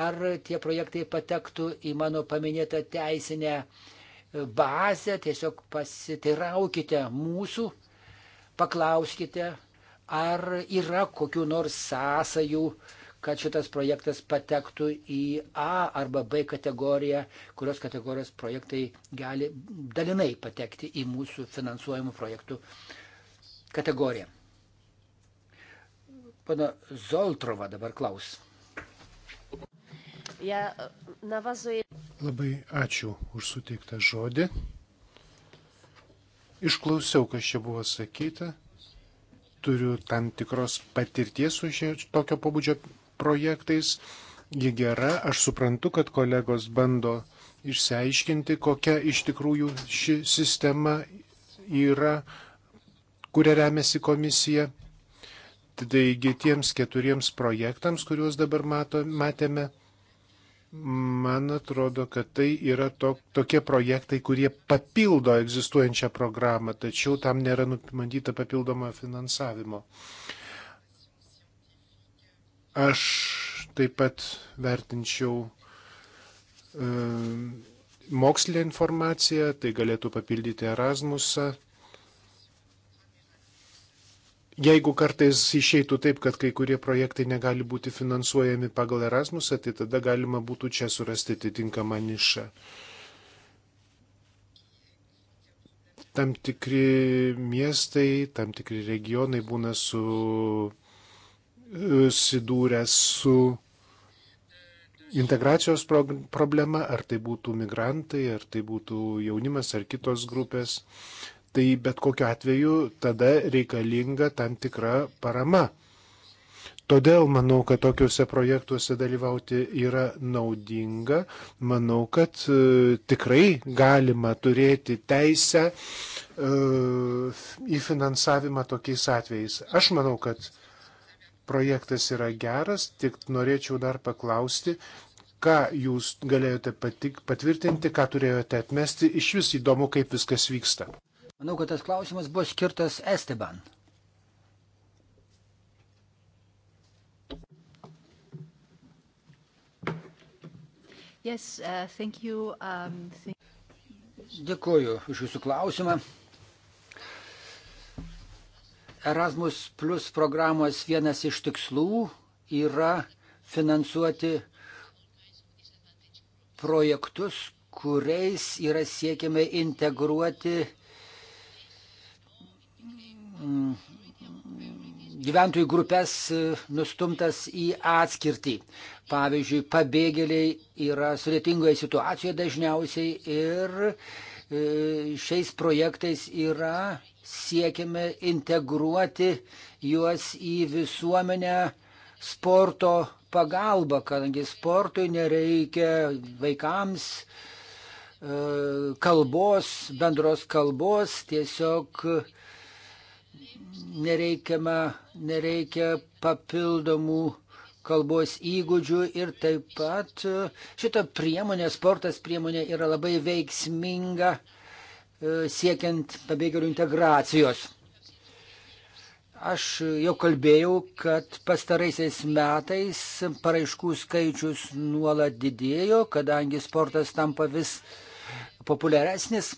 ar tie projektai patektų į mano paminėtą teisinę bazę, tiesiog pasiteiraukite mūsų, paklauskite, ar yra kokiu nors sąsajų, kad šitas projektas patektų į A arba B kategoriją, kurios kategorijos projektai gali dalinai patekti į mūsų finansuojamų projektų kategoriją. Pana Zoltrova dabar klaus. Ja e, navazuoju. Labai ačiū už suteiktą žodį. Išklausiau, kas čia buvo sakyta. Turiu tam tikros patirties su šio tokio pobūdžio projektais. Ji gera, aš suprantu, kad kolegos bando išsiaiškinti, kokia iš tikrųjų ši sistema yra, kuria remiasi komisija. Taigi tiems keturiems projektams, kuriuos dabar mato, matėme, Man atrodo, kad tai yra to, tokie projektai, kurie papildo egzistuojančią programą, tačiau tam nėra numatyta papildomo finansavimo. Aš taip pat vertinčiau e, mokslinę informaciją, tai galėtų papildyti Erasmusą, Jeigu kartais išeitų taip, kad kai kurie projektai negali būti finansuojami pagal Erasmusą, tai tada galima būtų čia surasti atitinkamą nišą. Tam tikri miestai, tam tikri regionai būna su, e, sidūrę su integracijos problema, ar tai būtų migrantai, ar tai būtų jaunimas, ar kitos grupės tai bet kokiu atveju tada reikalinga tam tikra parama. Todėl manau, kad tokiuose projektuose dalyvauti yra naudinga. Manau, kad e, tikrai galima turėti teisę e, į finansavimą tokiais atvejais. Aš manau, kad projektas yra geras, tik norėčiau dar paklausti, ką jūs galėjote patik, patvirtinti, ką turėjote atmesti. Iš vis įdomu, kaip viskas vyksta. Manau, kad tas klausimas buvo skirtas Esteban. Yes, uh, thank you, um, thank... Dėkuoju už Jūsų klausimą. Erasmus Plus programos vienas iš tikslų yra finansuoti projektus, kuriais yra siekiama integruoti gyventojų grupės e, nustumtas į atskirtį. Pavyzdžiui, pabėgėliai yra sudėtingoje situacijoje dažniausiai ir e, šiais projektais yra siekiame integruoti juos į visuomenę sporto pagalbą, kadangi sportui nereikia vaikams e, kalbos, bendros kalbos, tiesiog nereikiama, nereikia papildomų kalbos įgūdžių ir taip pat e, šita priemonė, sportas priemonė yra labai veiksminga e, siekiant pabėgėlių integracijos. Aš jau kalbėjau, kad pastaraisiais metais paraiškų skaičius nuolat didėjo, kadangi sportas tampa vis populiaresnis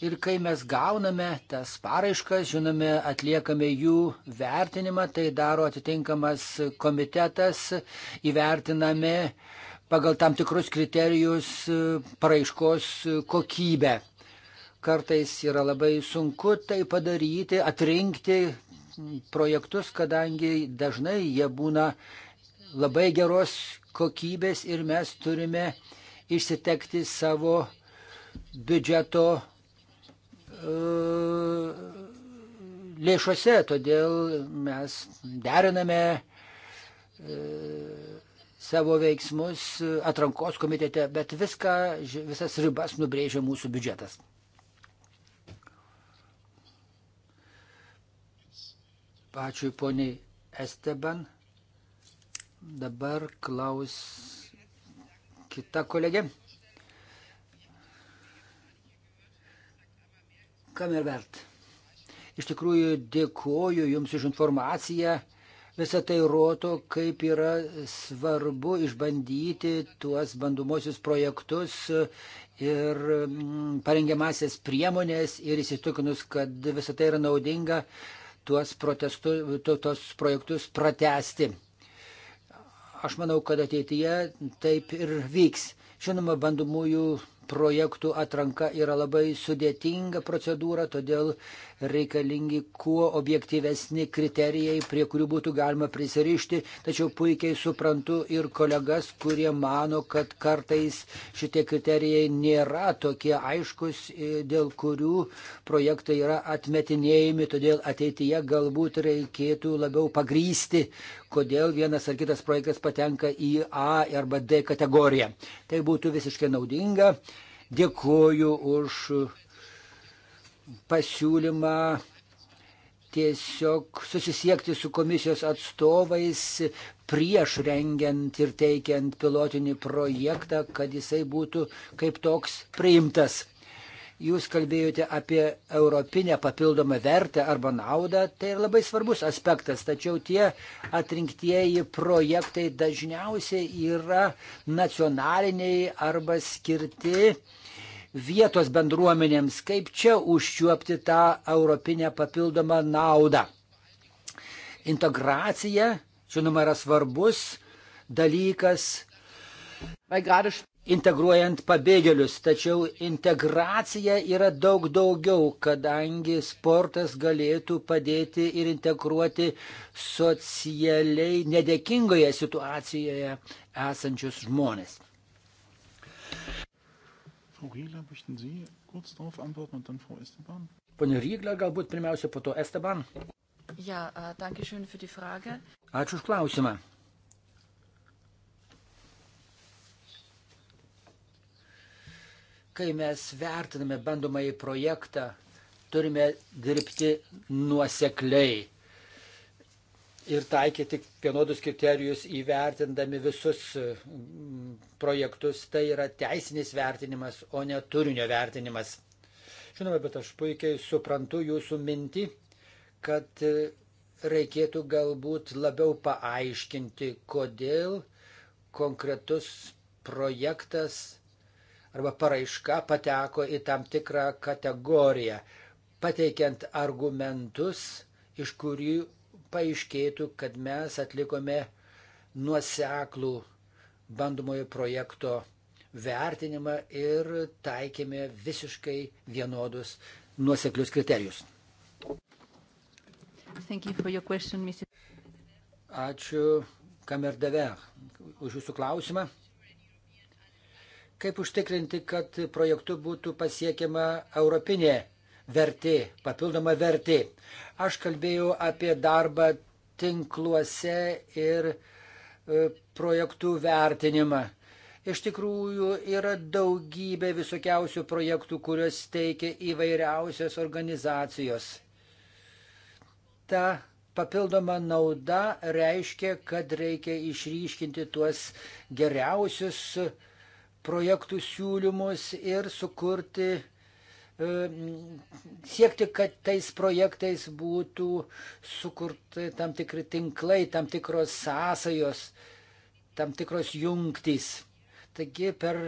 Ir kai mes gauname tas paraiškas, žinome, atliekame jų vertinimą, tai daro atitinkamas komitetas, įvertiname pagal tam tikrus kriterijus e, paraiškos kokybę. Kartais yra labai sunku tai padaryti, atrinkti projektus, kadangi dažnai jie būna labai geros kokybės ir mes turime išsitekti savo biudžeto E, lėšose, todėl mes deriname e, savo veiksmus atrankos komitete, bet viską, visas ribas nubrėžia mūsų biudžetas. Ačiū poniai Esteban. Dabar klaus kita kolegė. Kamervert. Iš tikrųjų dėkuoju Jums už informaciją. Visą tai rodo, kaip yra svarbu išbandyti tuos bandomosius projektus ir mm, parengiamasias priemonės ir įsitikinus, kad visą tai yra naudinga tuos, protestu, tu, tuos projektus pratesti. Aš manau, kad ateityje taip ir vyks. Žinoma, bandomųjų projektų atranka yra labai sudėtinga procedūra, todėl reikalingi kuo objektyvesni kriterijai, prie kurių būtų galima prisirišti. Tačiau puikiai suprantu ir kolegas, kurie mano, kad kartais šitie kriterijai nėra tokie aiškus, e, dėl kurių projektai yra atmetinėjami, todėl ateityje galbūt reikėtų labiau pagrysti kodėl vienas ar kitas projektas patenka į A arba D kategoriją. Tai būtų visiškai naudinga. Dėkuoju už pasiūlymą tiesiog susisiekti su komisijos atstovais prieš rengiant ir teikiant pilotinį projektą, kad jisai būtų kaip toks priimtas. Jūs kalbėjote apie europinę papildomą vertę arba naudą, tai labai svarbus aspektas, tačiau tie atrinktieji projektai dažniausiai yra nacionaliniai arba skirti vietos bendruomenėms, kaip čia užčiuopti tą europinę papildomą naudą. Integracija, žinoma, yra svarbus dalykas integruojant pabėgėlius, tačiau integracija yra daug daugiau, kadangi sportas galėtų padėti ir integruoti socialiai nedėkingoje situacijoje esančius žmonės. Pane Rygla, galbūt pirmiausia po to Esteban. Ja, äh, Ačiū už klausimą. Kai mes vertiname bandomąjį projektą, turime dirbti nuosekliai ir taikyti vienodus kriterijus įvertindami visus mm, projektus. Tai yra teisinis vertinimas, o ne turinio vertinimas. Žinoma, bet aš puikiai suprantu jūsų mintį, kad e, reikėtų galbūt labiau paaiškinti, kodėl konkretus projektas arba paraiška pateko į tam tikrą kategoriją, pateikiant argumentus, iš kurių paaiškėtų, kad mes atlikome nuoseklų bandomojo projekto vertinimą ir taikėme visiškai vienodus nuoseklius kriterijus. You question, Ačiū Kamerdave už Jūsų klausimą. Kaip užtikrinti, kad projektu būtų pasiekiama europinė vertė, papildoma vertė? Aš kalbėjau apie darbą tinkluose ir e, projektų vertinimą. Iš tikrųjų yra daugybė visokiausių projektų, kuriuos teikia įvairiausios organizacijos. Ta papildoma nauda reiškia, kad reikia išryškinti tuos geriausius uh, projektų siūlymus ir sukurti, e, siekti, kad tais projektais būtų sukurti tam tikri tinklai, tam tikros sąsajos, tam tikros jungtys. Taigi per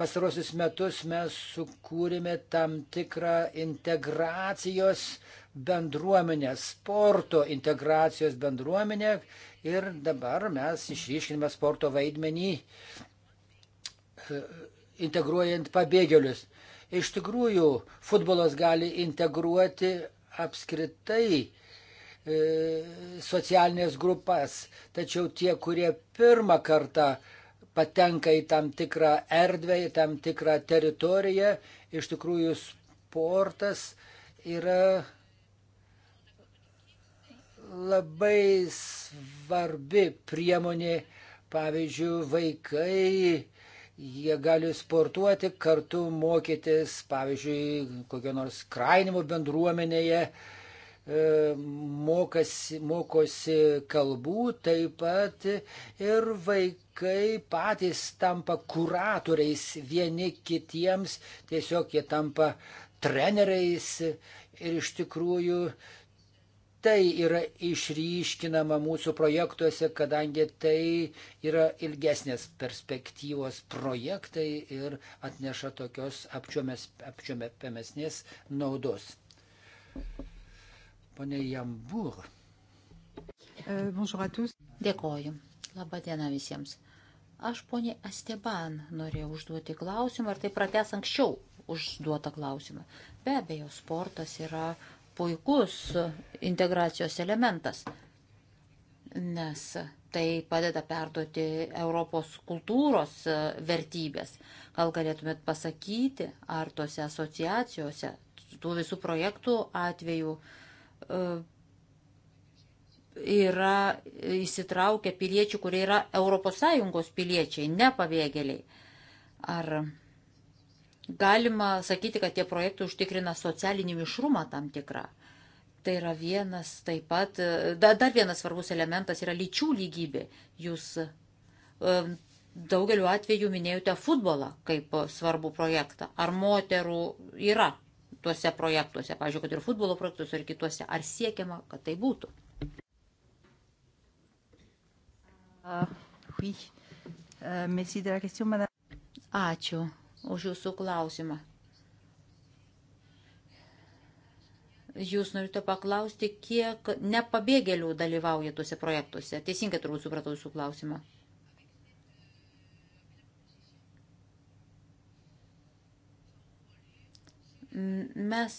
pastarosius metus mes sukūrėme tam tikrą integracijos bendruomenę, sporto integracijos bendruomenę ir dabar mes išryškiname sporto vaidmenį integruojant pabėgėlius. Iš tikrųjų, futbolas gali integruoti apskritai e, socialinės grupas, tačiau tie, kurie pirmą kartą patenka į tam tikrą erdvę, į tam tikrą teritoriją, iš tikrųjų sportas yra labai svarbi priemonė, pavyzdžiui, vaikai Jie gali sportuoti, kartu mokytis, pavyzdžiui, kokio nors krainimo bendruomenėje, e, mokasi, mokosi kalbų taip pat ir vaikai patys tampa kuratoriais vieni kitiems, tiesiog jie tampa treneriais ir iš tikrųjų tai yra išryškinama mūsų projektuose, kadangi tai yra ilgesnės perspektyvos projektai ir atneša tokios apčiomėpemesnės naudos. Pone Jambur. E, Dėkoju. Labą dieną visiems. Aš, ponė Esteban, norėjau užduoti klausimą, ar tai prates anksčiau užduotą klausimą. Be abejo, sportas yra puikus integracijos elementas, nes tai padeda perduoti Europos kultūros e, vertybės. Gal galėtumėt pasakyti, ar tose asociacijose, tų visų projektų atveju e, yra įsitraukę piliečių, kurie yra ES piliečiai, ne pabėgėliai. Ar galima sakyti, kad tie projektai užtikrina socialinį mišrumą tam tikrą. Tai yra vienas taip pat, dar vienas svarbus elementas yra lyčių lygybė. Jūs daugeliu atveju minėjote futbolą kaip svarbų projektą. Ar moterų yra tuose projektuose, pavyzdžiui, kad ir futbolo projektuose, ar kituose, ar siekiama, kad tai būtų? Ah, euh, Ačiū už jūsų klausimą. Jūs norite paklausti, kiek nepabėgėlių dalyvauja tuose projektuose. Teisingai turbūt supratau jūsų klausimą. Mes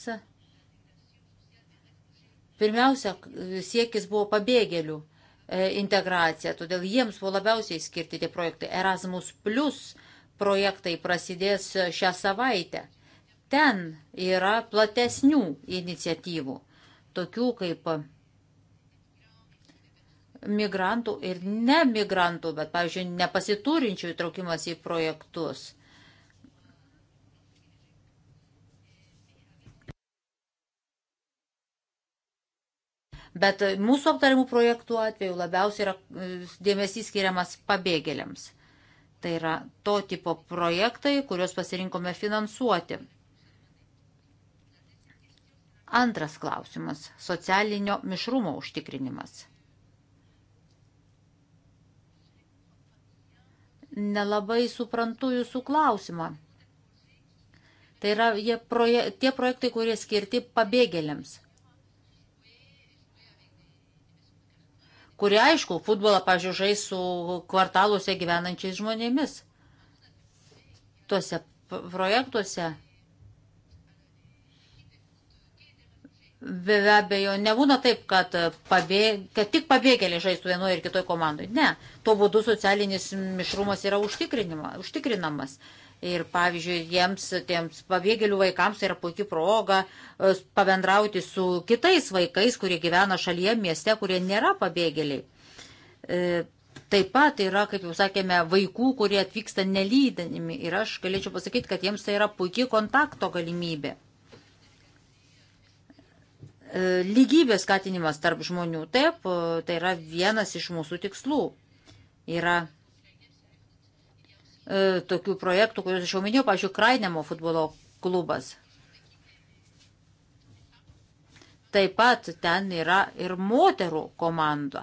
pirmiausia, siekis buvo pabėgėlių e, integracija, todėl jiems buvo labiausiai skirti tie projektai. Erasmus Plus projektai prasidės šią savaitę. Ten yra platesnių iniciatyvų, tokių kaip migrantų ir nemigrantų, bet, pavyzdžiui, nepasiturinčių įtraukimas į projektus. Bet mūsų aptarimų projektų atveju labiausiai yra e, dėmesys skiriamas pabėgėliams. Tai yra to tipo projektai, kuriuos pasirinkome finansuoti. Antras klausimas - socialinio mišrumo užtikrinimas. Nelabai suprantu jūsų klausimą. Tai yra proje, tie projektai, kurie skirti pabėgėliams. kurie, aišku, futbolą, pažiūrėjau, žais su kvartaluose gyvenančiais žmonėmis. Tuose projektuose be abejo nebūna taip, kad, pabėg... kad tik pabėgėliai žaistų vienoje ir kitoje komandoje. Ne, tuo būdu socialinis mišrumas yra užtikrinamas. Ir pavyzdžiui, jiems, tiems pabėgėlių vaikams tai yra puikia proga e, pabendrauti su kitais vaikais, kurie gyvena šalyje, mieste, kurie nėra pabėgėliai. E, taip pat yra, kaip jau sakėme, vaikų, kurie atvyksta nelydinimi. Ir aš galėčiau pasakyti, kad jiems tai yra puikia kontakto galimybė. E, lygybės skatinimas tarp žmonių, taip, tai yra vienas iš mūsų tikslų. Yra E, tokių projektų, kuriuos aš jau minėjau, pažiūrėjau, Krainemo futbolo klubas. Taip pat ten yra ir moterų komanda,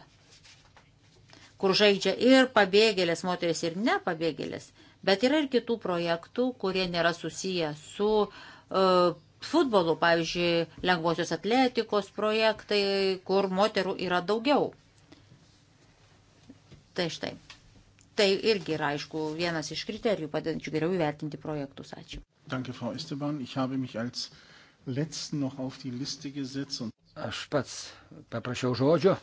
kur žaidžia ir pabėgėlės moteris, ir nepabėgėlės. Bet yra ir kitų projektų, kurie nėra susiję su uh, futbolu, pavyzdžiui, lengvosios atletikos projektai, kur moterų yra daugiau. Tai štai. Tai irgi yra, aišku, vienas iš kriterijų padedančių geriau įvertinti projektus. Ačiū. Danke, Frau Esteban. Ich habe mich als letzten noch auf die Liste gesetzt. Und... Aš pats paprašiau žodžio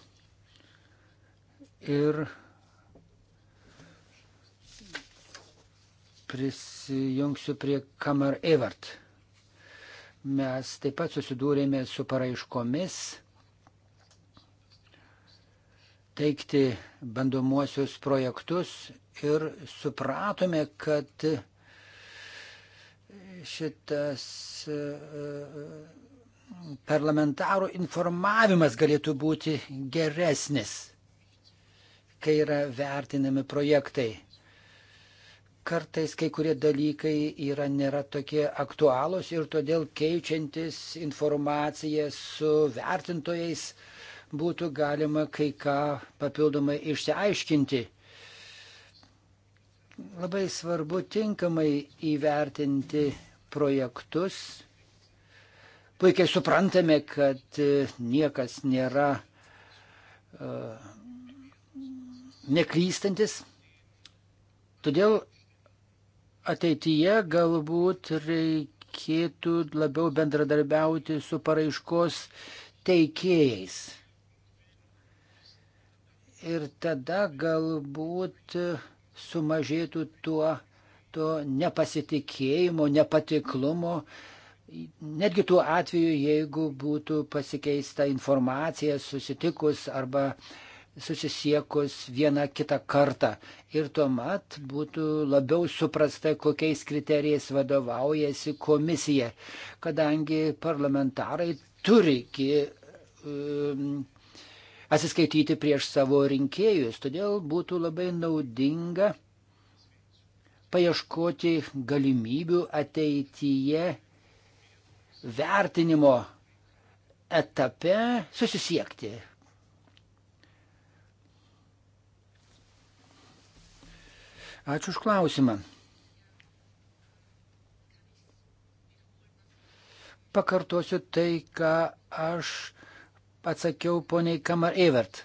ir prisijungsiu prie Kamar Evert. Mes taip pat susidūrėme su paraiškomis teikti bandomuosius projektus ir supratome, kad šitas e, e, parlamentarų informavimas galėtų būti geresnis, kai yra vertinami projektai. Kartais kai kurie dalykai yra, nėra tokie aktualūs ir todėl keičiantis informaciją su vertintojais, uh, būtų galima kai ką papildomai išsiaiškinti. Labai svarbu tinkamai įvertinti projektus. Puikiai suprantame, kad e, niekas nėra uh, neklystantis. Todėl ateityje galbūt reikėtų labiau bendradarbiauti su paraiškos teikėjais ir tada galbūt sumažėtų tuo, tuo nepasitikėjimo, nepatiklumo, netgi tuo atveju, jeigu būtų pasikeista informacija susitikus arba susisiekus vieną kitą kartą. Ir tuomet būtų labiau suprasta, kokiais kriterijais vadovaujasi komisija, kadangi parlamentarai turi um, atsiskaityti prieš savo rinkėjus. Todėl būtų labai naudinga paieškoti galimybių ateityje vertinimo etape susisiekti. Ačiū už klausimą. Pakartosiu tai, ką aš atsakiau poniai Kamar Evert.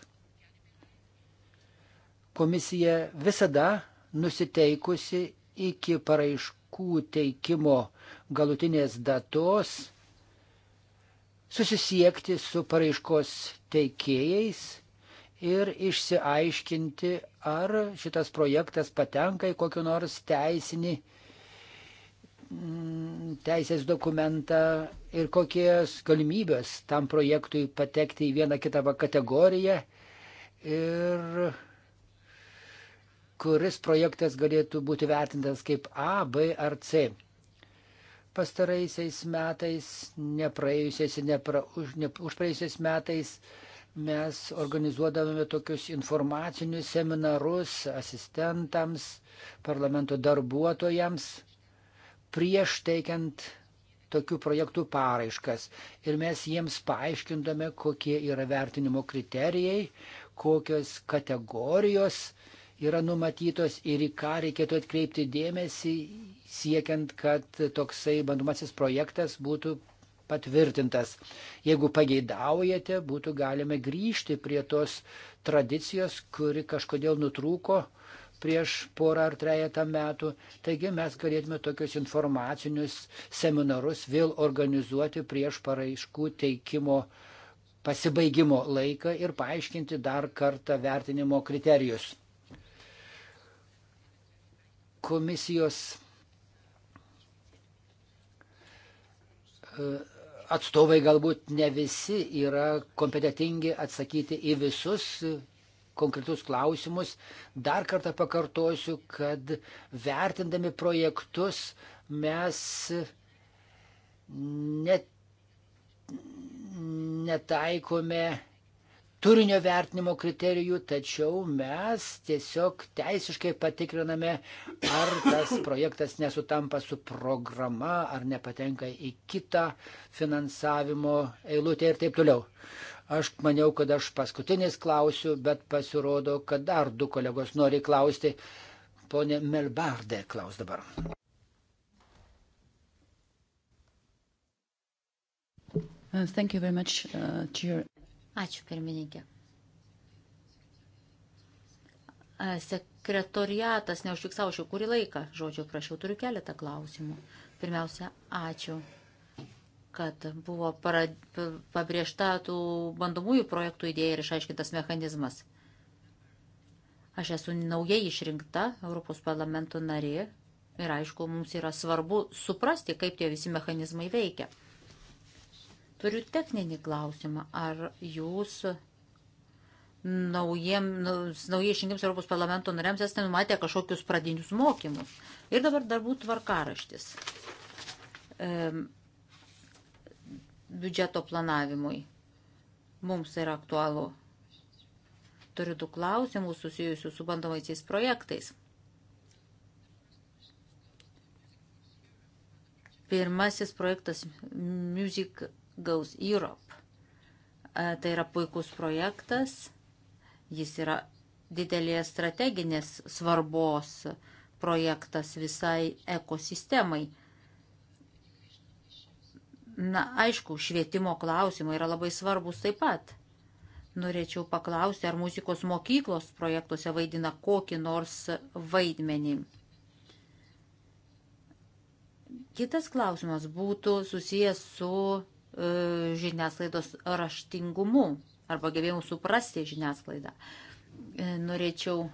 Komisija visada nusiteikusi iki paraiškų teikimo galutinės datos susisiekti su paraiškos teikėjais ir išsiaiškinti, ar šitas projektas patenka į kokį nors teisinį uh, Mm, teisės dokumentą ir kokios galimybės tam projektui patekti į vieną kitą kategoriją ir kuris projektas galėtų būti vertintas kaip A, B ar C. Pastaraisiais metais, nepraėjusiais ir nepra, už, ne, užpraėjusiais metais mes organizuodavome tokius informacinius seminarus asistentams, parlamento darbuotojams prieš teikiant tokių projektų paraiškas ir mes jiems paaiškindame, kokie yra vertinimo kriterijai, kokios kategorijos yra numatytos ir į ką reikėtų atkreipti dėmesį, siekiant, kad toksai bandomasis projektas būtų patvirtintas. Jeigu pageidaujate, būtų galime grįžti prie tos tradicijos, kuri kažkodėl nutrūko prieš porą ar trejatą metų. Taigi mes galėtume tokius informacinius seminarus vėl organizuoti prieš paraiškų teikimo pasibaigimo laiką ir paaiškinti dar kartą vertinimo kriterijus. Komisijos e, atstovai galbūt ne visi yra kompetitingi atsakyti į visus konkretus klausimus. Dar kartą pakartosiu, kad vertindami projektus mes net, netaikome turinio vertinimo kriterijų, tačiau mes tiesiog teisiškai patikriname, ar tas projektas nesutampa su programa, ar nepatenka į kitą finansavimo eilutę ir taip toliau. Aš maniau, kad aš paskutinis klausiu, bet pasirodo, kad dar du kolegos nori klausti. Pone Melbardė klaus dabar. Uh, much, uh, Ačiū, pirmininkė. Uh, sekretoriatas neužfiksau šio kurį laiką, žodžio prašiau, turiu keletą klausimų. Pirmiausia, ačiū kad buvo para, pabrėžta tų bandomųjų projektų idėja ir išaiškintas mechanizmas. Aš esu naujai išrinkta Europos parlamento narė ir aišku, mums yra svarbu suprasti, kaip tie visi mechanizmai veikia. Turiu techninį klausimą. Ar jūs naujiem, nu, naujai išrinkims Europos parlamento nariams esate numatę kažkokius pradinius mokymus? Ir dabar darbų tvarkaraštis. Um, biudžeto planavimui. Mums yra aktualu. Turiu du klausimus susijusius su bandomaisiais projektais. Pirmasis projektas Music Goes Europe. E, tai yra puikus projektas. Jis yra didelės strateginės svarbos projektas visai ekosistemai Na, aišku, švietimo klausimai yra labai svarbus taip pat. Norėčiau paklausti, ar muzikos mokyklos projektuose vaidina kokį nors vaidmenį. Kitas klausimas būtų susijęs su e, žiniasklaidos raštingumu arba gebėjimu suprasti žiniasklaidą. E, norėčiau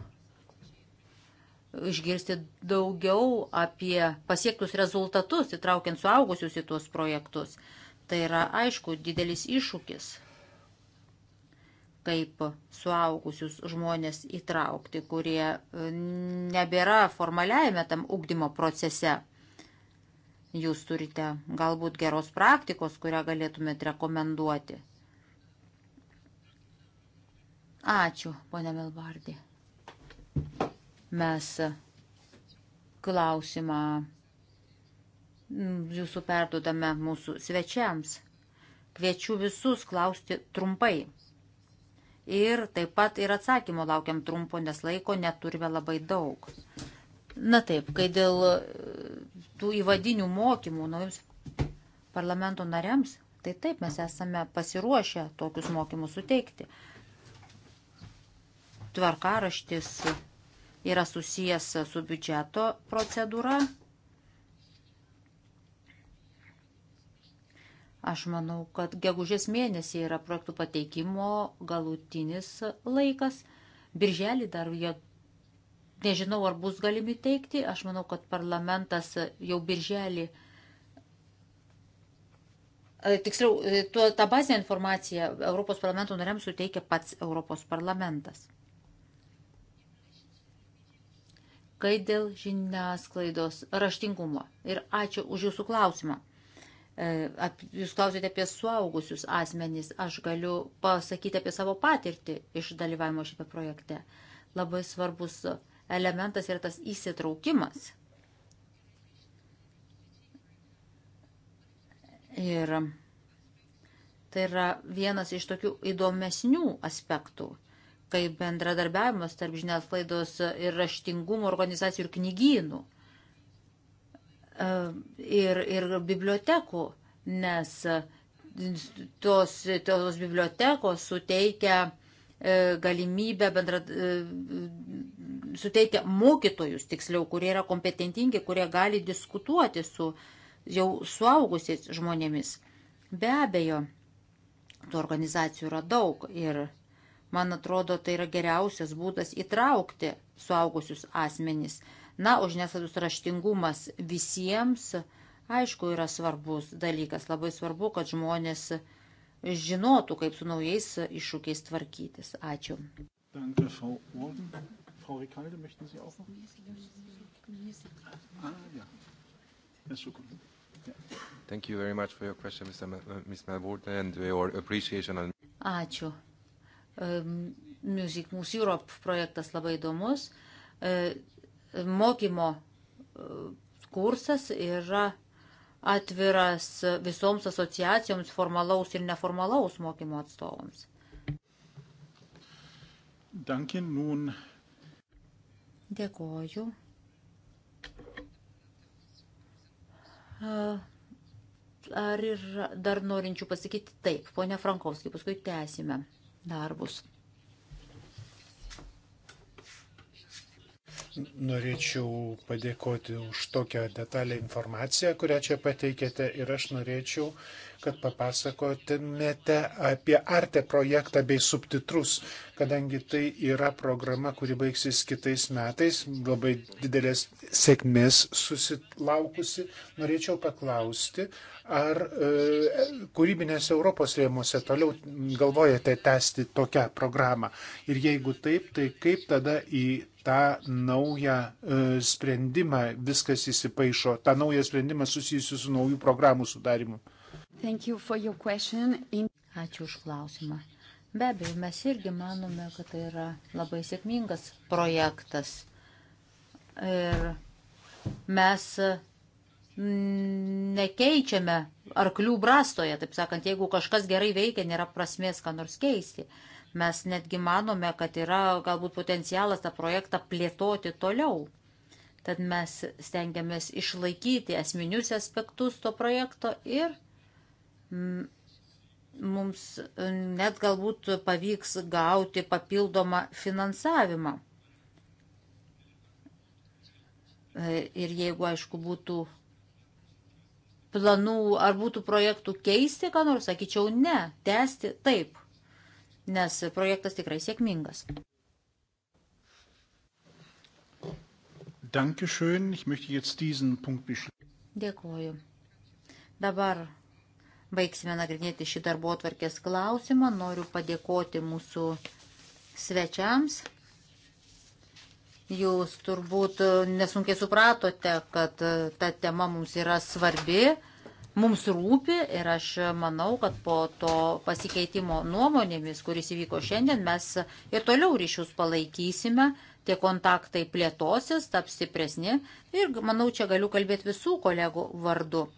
išgirsti daugiau apie pasiektus rezultatus, įtraukiant suaugusius į tuos projektus. Tai yra, aišku, didelis iššūkis, kaip suaugusius žmonės įtraukti, kurie e, nebėra formaliajame tam ugdymo procese. Jūs turite galbūt geros praktikos, kurią galėtumėt rekomenduoti. Ačiū, ponia Melbardė. Mes klausimą jūsų perdodame mūsų svečiams. Kviečiu visus klausti trumpai. Ir taip pat ir atsakymo laukiam trumpo, nes laiko neturime labai daug. Na taip, kai dėl e, tų įvadinių mokymų naujams parlamento nariams, tai taip mes esame pasiruošę tokius mokymus suteikti. Tvarkaraštis yra susijęs su biudžeto procedūra. Aš manau, kad gegužės mėnesį yra projektų pateikimo galutinis laikas. Birželį dar jie, nežinau, ar bus galimi teikti. Aš manau, kad parlamentas jau birželį, e, tiksliau, e, tuo, tą bazinę informaciją Europos parlamento nariams suteikia pats Europos parlamentas. kai dėl žiniasklaidos raštingumo. Ir ačiū už jūsų klausimą. E, jūs klausėte apie suaugusius asmenys. Aš galiu pasakyti apie savo patirtį iš dalyvavimo šiame projekte. Labai svarbus elementas yra tas įsitraukimas. Ir tai yra vienas iš tokių įdomesnių aspektų kaip bendradarbiavimas tarp žiniasklaidos ir raštingumo organizacijų ir knygynų e, ir, ir bibliotekų, nes tos, tos bibliotekos suteikia e, galimybę bendra, e, suteikia mokytojus, tiksliau, kurie yra kompetentingi, kurie gali diskutuoti su jau suaugusiais žmonėmis. Be abejo, tų organizacijų yra daug ir Man atrodo, tai yra geriausias būdas įtraukti suaugusius asmenys. Na, o žiniasklaidos raštingumas visiems, aišku, yra svarbus dalykas. Labai svarbu, kad žmonės žinotų, kaip su naujais iššūkiais tvarkytis. Ačiū. Danke, Frau Orden. Frau Rikalde, möchten Sie auch noch? Ah, ja. Herr Schukunde. Yeah. Thank you very much for your question, Mr. M Ms. Melbourne, and your appreciation. On... Ačiū Music Moves Europe projektas labai įdomus. E, mokymo e, kursas yra atviras visoms asociacijoms formalaus ir neformalaus mokymo atstovams. Dankin nun. Dėkoju. Ar yra dar norinčių pasakyti taip, ponia Frankovskai, paskui tęsime darbus. Norėčiau padėkoti už tokią detalę informaciją, kurią čia pateikėte ir aš norėčiau kad papasakotumėte apie Arte projektą bei subtitrus, kadangi tai yra programa, kuri baigsis kitais metais, labai didelės sėkmės susilaukusi. Norėčiau paklausti, ar e, kūrybinės Europos rėmose toliau galvojate tęsti tokią programą? Ir jeigu taip, tai kaip tada į tą naują e, sprendimą viskas įsipaišo, tą naują sprendimą susijusiu su naujų programų sudarimu. You In... Ačiū už klausimą. Be abejo, mes irgi manome, kad tai yra labai sėkmingas projektas. Ir mes mm, nekeičiame arklių brastoje, taip sakant, jeigu kažkas gerai veikia, nėra prasmės ką nors keisti. Mes netgi manome, kad yra galbūt potencialas tą projektą plėtoti toliau. Tad mes stengiamės išlaikyti esminius aspektus to projekto ir mums net galbūt pavyks gauti papildomą finansavimą. Ir jeigu, aišku, būtų planų ar būtų projektų keisti, ką nors, sakyčiau, ne, tęsti taip, nes projektas tikrai sėkmingas. Dankeschön, ich möchte jetzt diesen Punkt beschließen. Dėkuoju. Dabar Baigsime nagrinėti šį darbo atvarkės klausimą. Noriu padėkoti mūsų svečiams. Jūs turbūt nesunkiai supratote, kad ta tema mums yra svarbi, mums rūpi ir aš manau, kad po to pasikeitimo nuomonėmis, kuris įvyko šiandien, mes ir toliau ryšius palaikysime, tie kontaktai plėtosis, taps stipresni ir manau, čia galiu kalbėti visų kolegų vardu.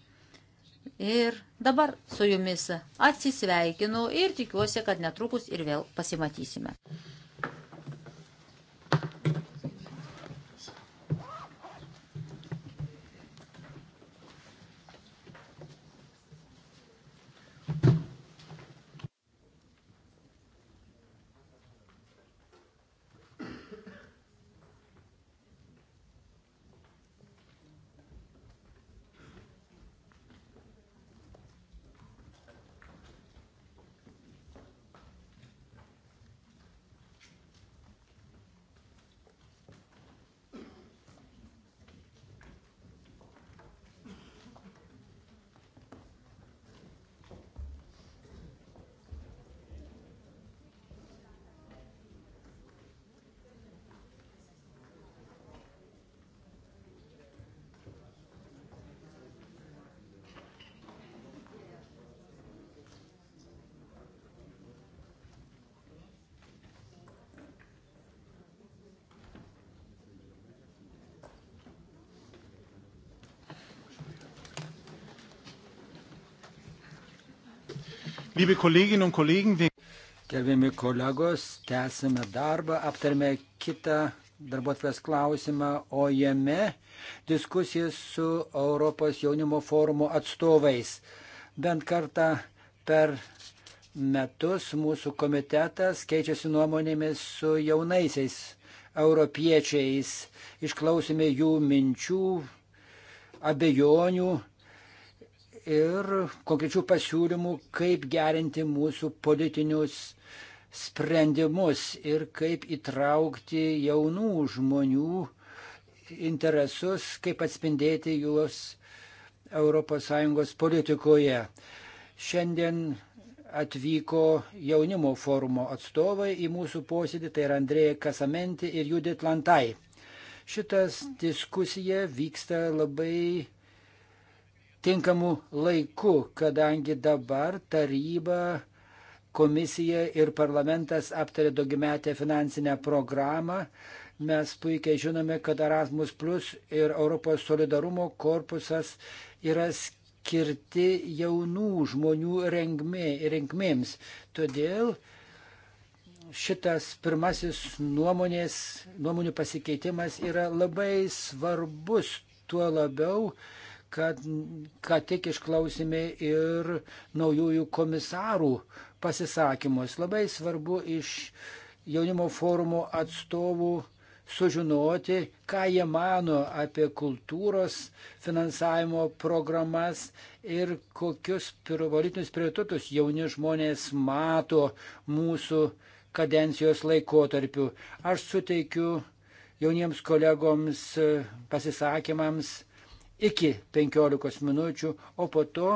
Ir dabar su jumis atsisveikinu ir tikiuosi, kad netrukus ir vėl pasimatysime. Gerbėmi kolegos, tęsime darbą, aptarėme kitą darbotvės klausimą, o jame diskusijas su Europos jaunimo forumo atstovais. Bent kartą per metus mūsų komitetas keičiasi nuomonėmis su jaunaisiais europiečiais, išklausime jų minčių, abejonių ir konkrečių pasiūlymų, kaip gerinti mūsų politinius sprendimus ir kaip įtraukti jaunų žmonių interesus, kaip atspindėti juos ES politikoje. Šiandien atvyko jaunimo forumo atstovai į mūsų posėdį, tai yra Andrėja Kasamenti ir Judit Lantai. Šitas diskusija vyksta labai tinkamu laiku, kadangi dabar taryba, komisija ir parlamentas aptarė daugiametę finansinę programą. Mes puikiai žinome, kad Erasmus Plus ir Europos solidarumo korpusas yra skirti jaunų žmonių rengmė, rengmėms. Todėl šitas pirmasis nuomonės, nuomonių pasikeitimas yra labai svarbus, tuo labiau, kad ką tik išklausėme ir naujųjų komisarų pasisakymus. Labai svarbu iš jaunimo forumo atstovų sužinoti, ką jie mano apie kultūros finansavimo programas ir kokius politinius prioritetus jauni žmonės mato mūsų kadencijos laikotarpiu. Aš suteikiu jauniems kolegoms e, pasisakymams iki 15 minučių, o po to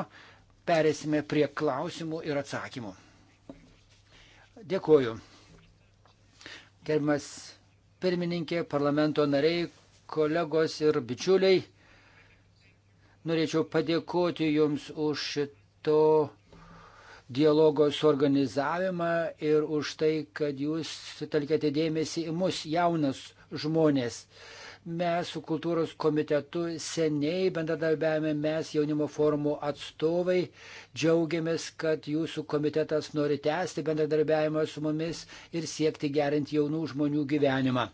perėsime prie klausimų ir atsakymų. Dėkuoju. Gerbimas pirmininkė, parlamento nariai, kolegos ir bičiuliai, norėčiau padėkoti Jums už šito dialogo suorganizavimą ir už tai, kad Jūs sutelkėte dėmesį į mus, jaunas žmonės. Uh, Mes su kultūros komitetu seniai bendradarbiavame, mes jaunimo forumo atstovai. Džiaugiamės, kad jūsų komitetas nori tęsti bendradarbiavimą su mumis ir siekti gerinti jaunų žmonių gyvenimą.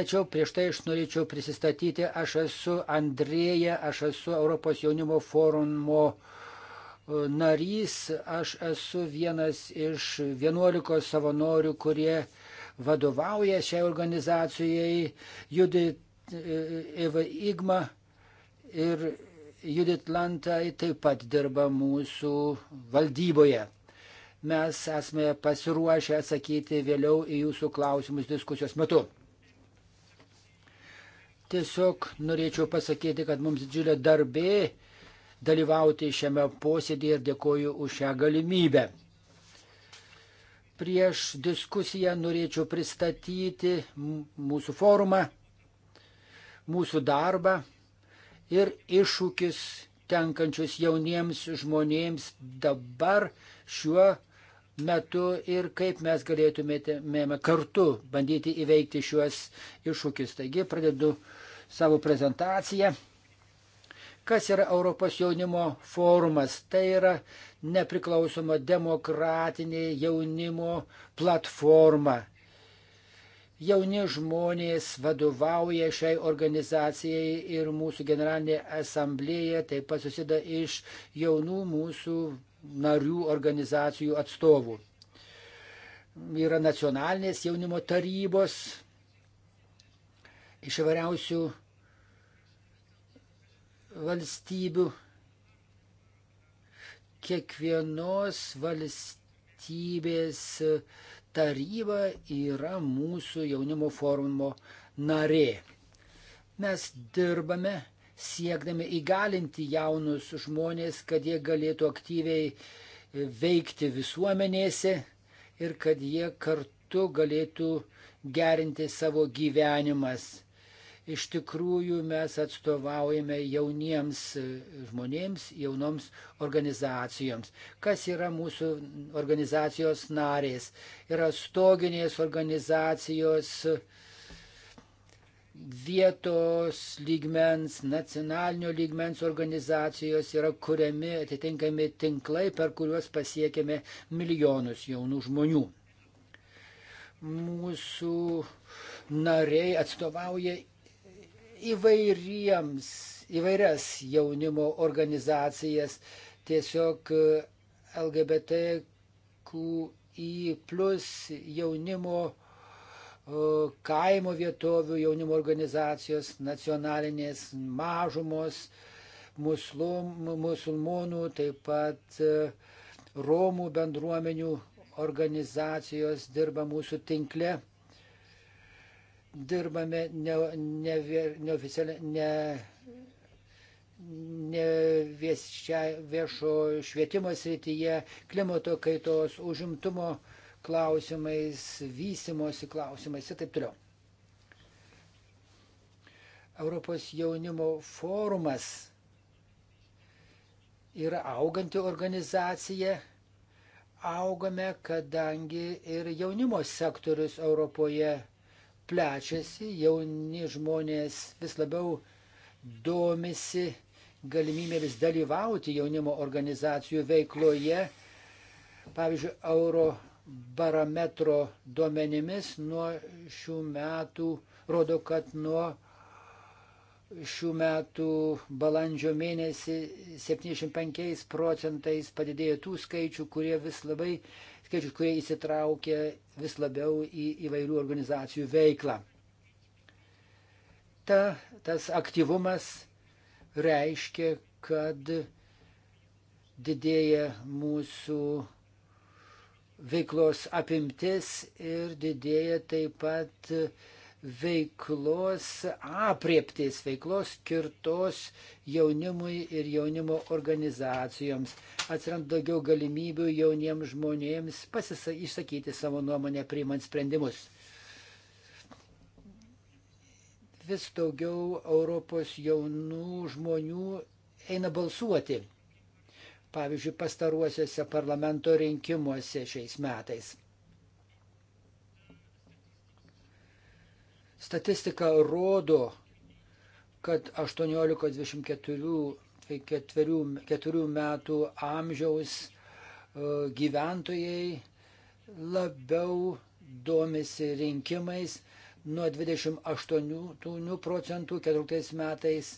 Tačiau prieš tai aš norėčiau prisistatyti, aš esu Andrėja, aš esu Europos jaunimo forumo e, narys, aš esu vienas iš 11 savanorių, kurie vadovauja šiai organizacijai Judith e, Eva Igma ir Judith Lantai taip pat dirba mūsų valdyboje. Mes esame pasiruošę atsakyti vėliau į jūsų klausimus diskusijos metu. Tiesiog norėčiau pasakyti, kad mums didžiulė darbė dalyvauti šiame posėdėje ir dėkoju už šią galimybę. Prieš diskusiją norėčiau pristatyti mūsų forumą, mūsų darbą ir iššūkis tenkančius jauniems žmonėms dabar šiuo metu ir kaip mes galėtumėme kartu bandyti įveikti šiuos iššūkius. Taigi pradedu savo prezentaciją. Kas yra Europos jaunimo forumas? Tai yra nepriklausoma demokratinė jaunimo platforma. Jauni žmonės vadovauja šiai organizacijai ir mūsų generalinė asamblėje taip pat susideda iš jaunų mūsų narių organizacijų atstovų. Yra nacionalinės jaunimo tarybos iš įvairiausių valstybių. Kiekvienos valstybės taryba yra mūsų jaunimo forumo narė. Mes dirbame siekdami įgalinti jaunus žmonės, kad jie galėtų aktyviai veikti visuomenėse ir kad jie kartu galėtų gerinti savo gyvenimas Iš tikrųjų mes atstovaujame jauniems žmonėms, jaunoms organizacijoms. Kas yra mūsų organizacijos narės? Yra stoginės organizacijos vietos lygmens, nacionalinio lygmens organizacijos yra kuriami atitinkami tinklai, per kuriuos pasiekėme milijonus jaunų žmonių. Mūsų nariai atstovauja įvairiems, įvairias jaunimo organizacijas, tiesiog e, LGBTQI plus jaunimo e, kaimo vietovių jaunimo organizacijos, nacionalinės mažumos, muslum, musulmonų, taip pat e, Romų bendruomenių organizacijos dirba mūsų tinkle dirbame neoficialiai, ne, ne, ne, ne viešia, viešo švietimo srityje, klimato kaitos, užimtumo klausimais, vystimosi klausimais ir taip toliau. Europos jaunimo forumas yra auganti organizacija, augame, kadangi ir jaunimo sektorius Europoje plečiasi, jauni žmonės vis labiau domisi galimybėmis dalyvauti jaunimo organizacijų veikloje. Pavyzdžiui, euro barometro duomenimis nuo šių metų rodo, kad nuo šių metų balandžio mėnesį 75 procentais padidėjo tų skaičių, kurie vis labai afrikiečius, kurie įsitraukia vis labiau į įvairių organizacijų veiklą. Ta, tas aktyvumas reiškia, kad didėja mūsų veiklos apimtis ir didėja taip pat uh, veiklos apriepties, veiklos skirtos jaunimui ir jaunimo organizacijoms. Atsiranda daugiau galimybių jauniems žmonėms pasisakyti savo nuomonę priimant sprendimus. Vis daugiau Europos jaunų žmonių eina balsuoti. Pavyzdžiui, pastaruosiuose parlamento rinkimuose šiais metais Statistika rodo, kad 18-24 tai metų amžiaus e, gyventojai labiau domisi rinkimais nuo 28 procentų 14 metais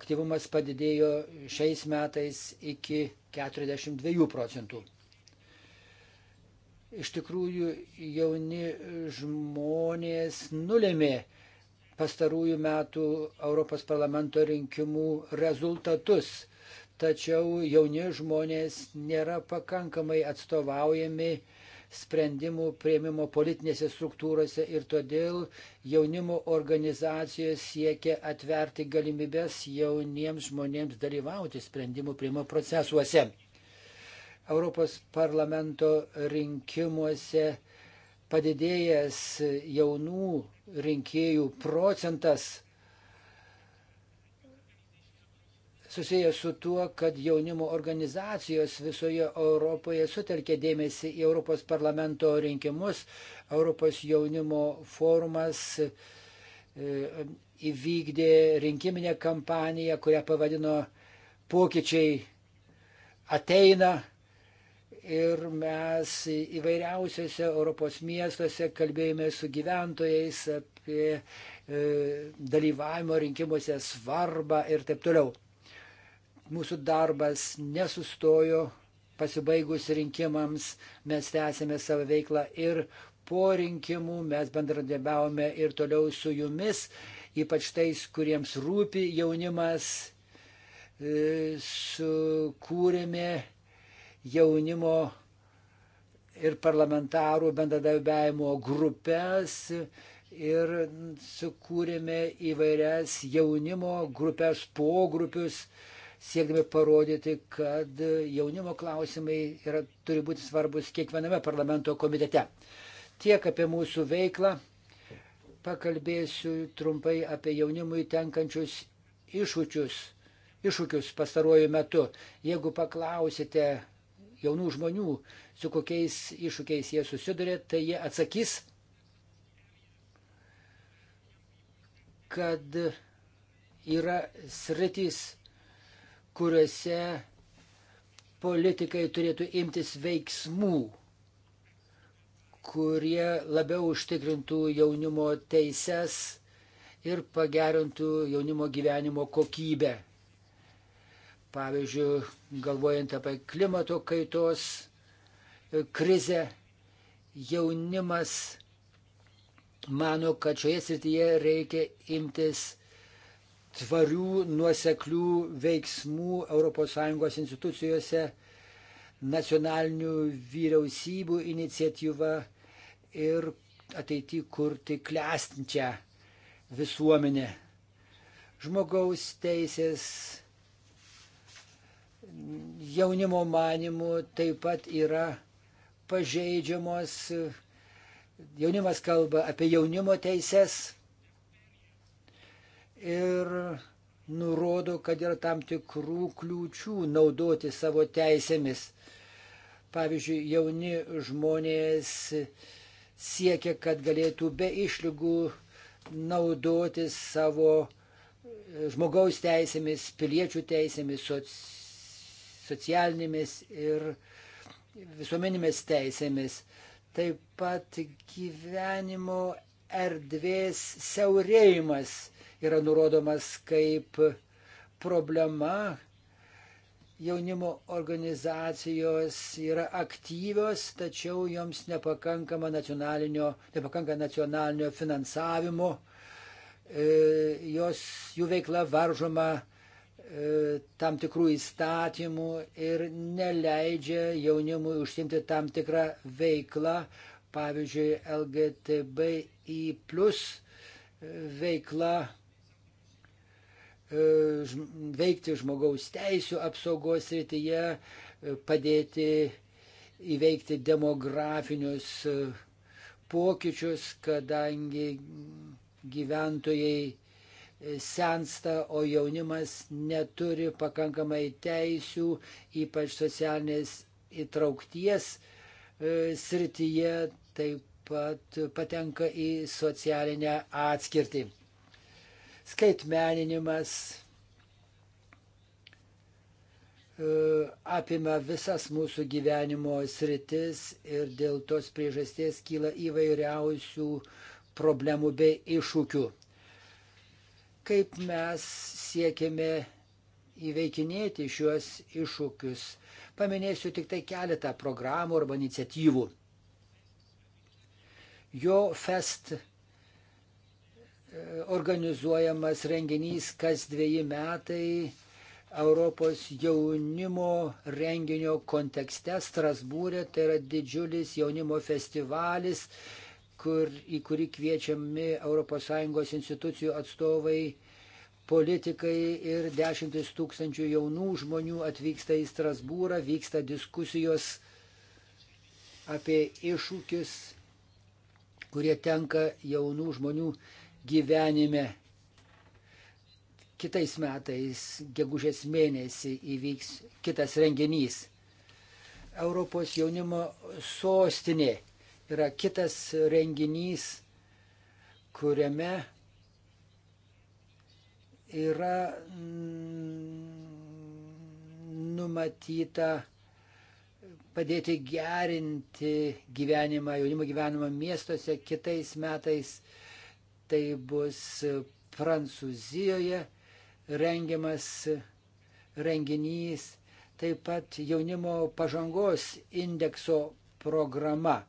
aktyvumas padidėjo šiais metais iki 42 procentų iš tikrųjų jauni žmonės nulėmė pastarųjų metų Europos parlamento rinkimų rezultatus. Tačiau jauni žmonės nėra pakankamai atstovaujami sprendimų prieimimo politinėse struktūrose ir todėl jaunimo organizacijos siekia atverti galimybės jauniems žmonėms dalyvauti sprendimų prieimimo procesuose. Europos parlamento rinkimuose padidėjęs jaunų rinkėjų procentas susijęs su tuo, kad jaunimo organizacijos visoje Europoje sutelkė dėmesį į Europos parlamento rinkimus. Europos jaunimo forumas e, įvykdė rinkiminę kampaniją, kurią pavadino Pokyčiai ateina ir mes įvairiausiose Europos miestuose kalbėjome su gyventojais apie e, dalyvavimo rinkimuose svarbą ir taip toliau. Mūsų darbas nesustojo pasibaigus rinkimams, mes tęsėme savo veiklą ir po rinkimų mes bendradarbiavome ir toliau su jumis, ypač tais, kuriems rūpi jaunimas, e, sukūrėme jaunimo ir parlamentarų bendradarbiavimo grupės ir sukūrėme įvairias jaunimo grupės, pogrupius, siekdami parodyti, kad jaunimo klausimai yra, turi būti svarbus kiekviename parlamento komitete. Tiek apie mūsų veiklą. Pakalbėsiu trumpai apie jaunimui tenkančius iššūkius, iššūkius pastaruoju metu. Jeigu paklausite jaunų žmonių, su kokiais iššūkiais jie susiduria, tai jie atsakys, kad yra sritys, kuriuose politikai turėtų imtis veiksmų, kurie labiau užtikrintų jaunimo teises ir pagerintų jaunimo gyvenimo kokybę. Pavyzdžiui, galvojant apie klimato kaitos krizę, jaunimas mano, kad šioje srityje reikia imtis tvarių, nuoseklių veiksmų ES institucijose, nacionalinių vyriausybių iniciatyva ir ateity kurti klestinčią visuomenę. Žmogaus teisės jaunimo manimų taip pat yra pažeidžiamos. Jaunimas kalba apie jaunimo teises ir nurodo, kad yra tam tikrų kliūčių naudoti savo teisėmis. Pavyzdžiui, jauni žmonės siekia, kad galėtų be išlygų naudoti savo žmogaus teisėmis, piliečių teisėmis, socialinėmis socialinėmis ir visuomeninėmis teisėmis. Taip pat gyvenimo erdvės siaurėjimas yra nurodomas kaip problema. Jaunimo organizacijos yra aktyvios, tačiau joms nepakankama nacionalinio, nepakanka nacionalinio finansavimo, e, jos, jų veikla varžoma E, tam tikrų įstatymų ir neleidžia jaunimui užsimti tam tikrą veiklą, pavyzdžiui, LGTBI plus e, veikla, e, veikti žmogaus teisų apsaugos rytyje, padėti įveikti demografinius pokyčius, kadangi gyventojai sensta, o jaunimas neturi pakankamai teisių, ypač socialinės įtraukties e, srityje, taip pat patenka į socialinę atskirtį. Skaitmeninimas e, apima visas mūsų gyvenimo sritis ir dėl tos priežasties kyla įvairiausių problemų bei iššūkių kaip mes siekiame įveikinėti šiuos iššūkius. Paminėsiu tik tai keletą programų arba iniciatyvų. Jo fest e, organizuojamas renginys kas dviejį metai Europos jaunimo renginio kontekste Strasbūrė, tai yra didžiulis jaunimo festivalis, kur, į kurį kviečiami ES institucijų atstovai, politikai ir dešimtis tūkstančių jaunų žmonių atvyksta į Strasbūrą, vyksta diskusijos apie iššūkius, kurie tenka jaunų žmonių gyvenime. Kitais metais, gegužės mėnesį, įvyks kitas renginys. Europos jaunimo sostinė yra kitas renginys, kuriame yra numatyta padėti gerinti gyvenimą, jaunimo gyvenimą miestuose. Kitais metais tai bus Prancūzijoje rengiamas renginys, taip pat jaunimo pažangos indekso programa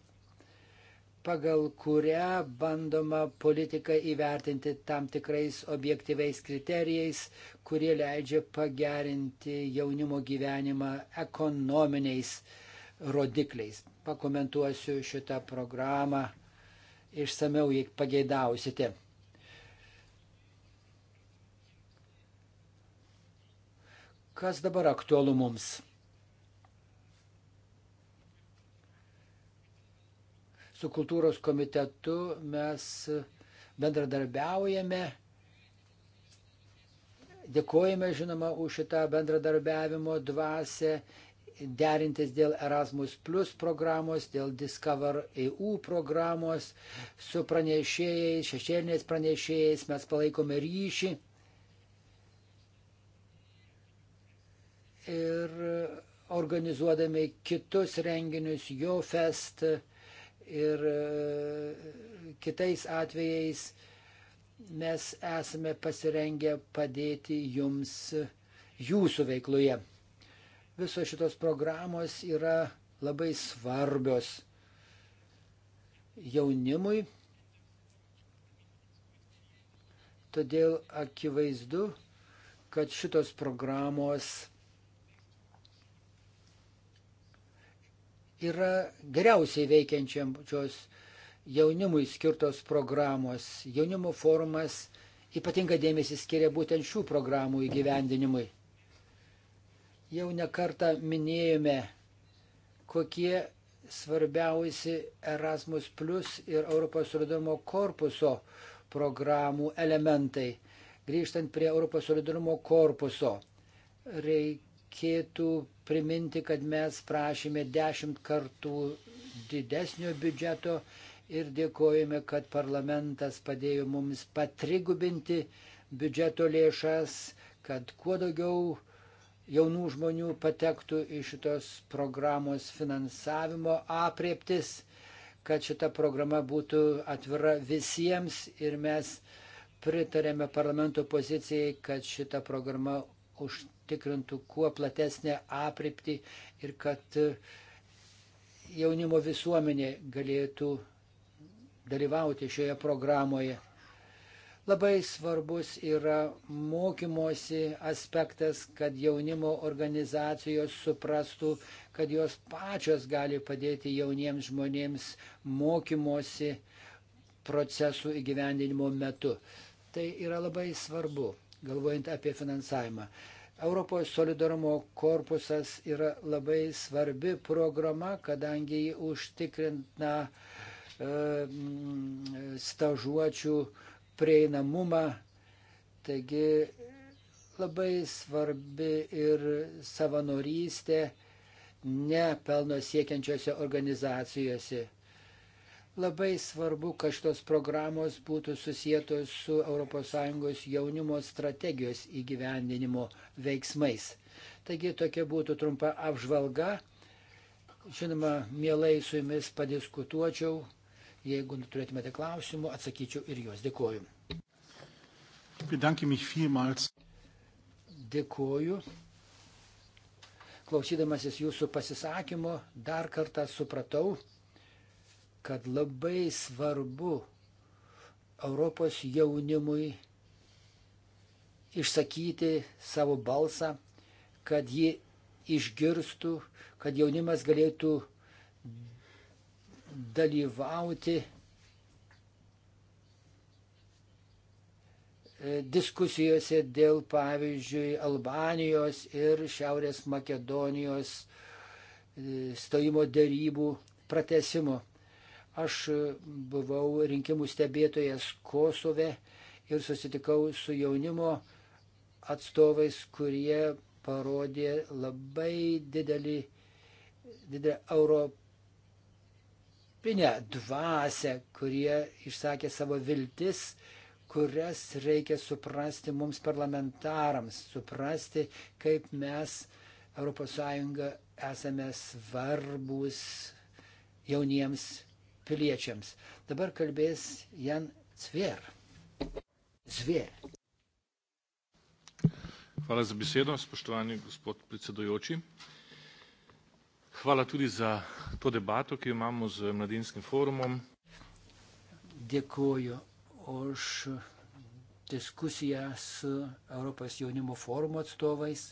pagal kurią bandoma politiką įvertinti tam tikrais objektyviais kriterijais, kurie leidžia pagerinti jaunimo gyvenimą ekonominiais rodikliais. Pakomentuosiu šitą programą išsameu, jei pageidausite. Kas dabar aktualu mums? su kultūros komitetu mes bendradarbiaujame. Dėkojame, žinoma, už šitą bendradarbiavimo dvasę, derintis dėl Erasmus Plus programos, dėl Discover EU programos, su pranešėjais, šešėliniais pranešėjais mes palaikome ryšį. Ir organizuodami kitus renginius, JoFest, Fest, ir e, kitais atvejais mes esame pasirengę padėti jums jūsų veikloje. Visos šitos programos yra labai svarbios jaunimui. Todėl akivaizdu, kad šitos programos yra geriausiai veikiančios jaunimui skirtos programos. Jaunimo forumas ypatinga dėmesį skiria būtent šių programų įgyvendinimui. Jau nekartą minėjome, kokie svarbiausi Erasmus Plus ir Europos solidarumo korpuso programų elementai. Grįžtant prie Europos solidarumo korpuso, reikėtų priminti, kad mes prašėme dešimt kartų didesnio biudžeto ir dėkojame, kad parlamentas padėjo mums patrigubinti biudžeto lėšas, kad kuo daugiau jaunų žmonių patektų į šitos programos finansavimo apreptis, kad šita programa būtų atvira visiems ir mes pritarėme parlamento pozicijai, kad šita programa užtikrintų kuo platesnę apriptį ir kad e, jaunimo visuomenė galėtų dalyvauti šioje programoje. Labai svarbus yra mokymosi aspektas, kad jaunimo organizacijos suprastų, kad jos pačios gali padėti jauniems žmonėms mokymosi procesų įgyvendinimo metu. Tai yra labai svarbu galvojant apie finansavimą. Europos solidarumo korpusas yra labai svarbi programa, kadangi jį užtikrina e, mm, stažuočių prieinamumą. Taigi labai svarbi ir savanorystė ne pelno siekiančiose organizacijose Labai svarbu, kad šitos programos būtų susijėtos su ES jaunimo strategijos įgyvendinimo veiksmais. Taigi tokia būtų trumpa apžvalga. Žinoma, mielai su jumis padiskutuočiau. Jeigu turėtumėte klausimų, atsakyčiau ir juos. Dėkuoju. Dėkuoju. Klausydamasis jūsų pasisakymo, dar kartą supratau, kad labai svarbu Europos jaunimui išsakyti savo balsą, kad jį išgirstų, kad jaunimas galėtų dalyvauti e, diskusijose dėl, pavyzdžiui, Albanijos ir Šiaurės Makedonijos e, stojimo dėrybų pratesimo. Aš e, buvau rinkimų stebėtojas Kosove ir susitikau su jaunimo atstovais, kurie parodė labai didelį, didelį europinę dvasę, kurie išsakė savo viltis, kurias reikia suprasti mums parlamentarams, suprasti, kaip mes ES esame svarbus jauniems piliečiams. Dabar kalbės Jan Cvier. Zvier. Hvala za besedo, spoštovani gospod predsedujoči. Hvala tudi za to debato, ki jo imamo z mladinskim forumom. Dėkuoju už diskusiją su Europos jaunimo forumo atstovais.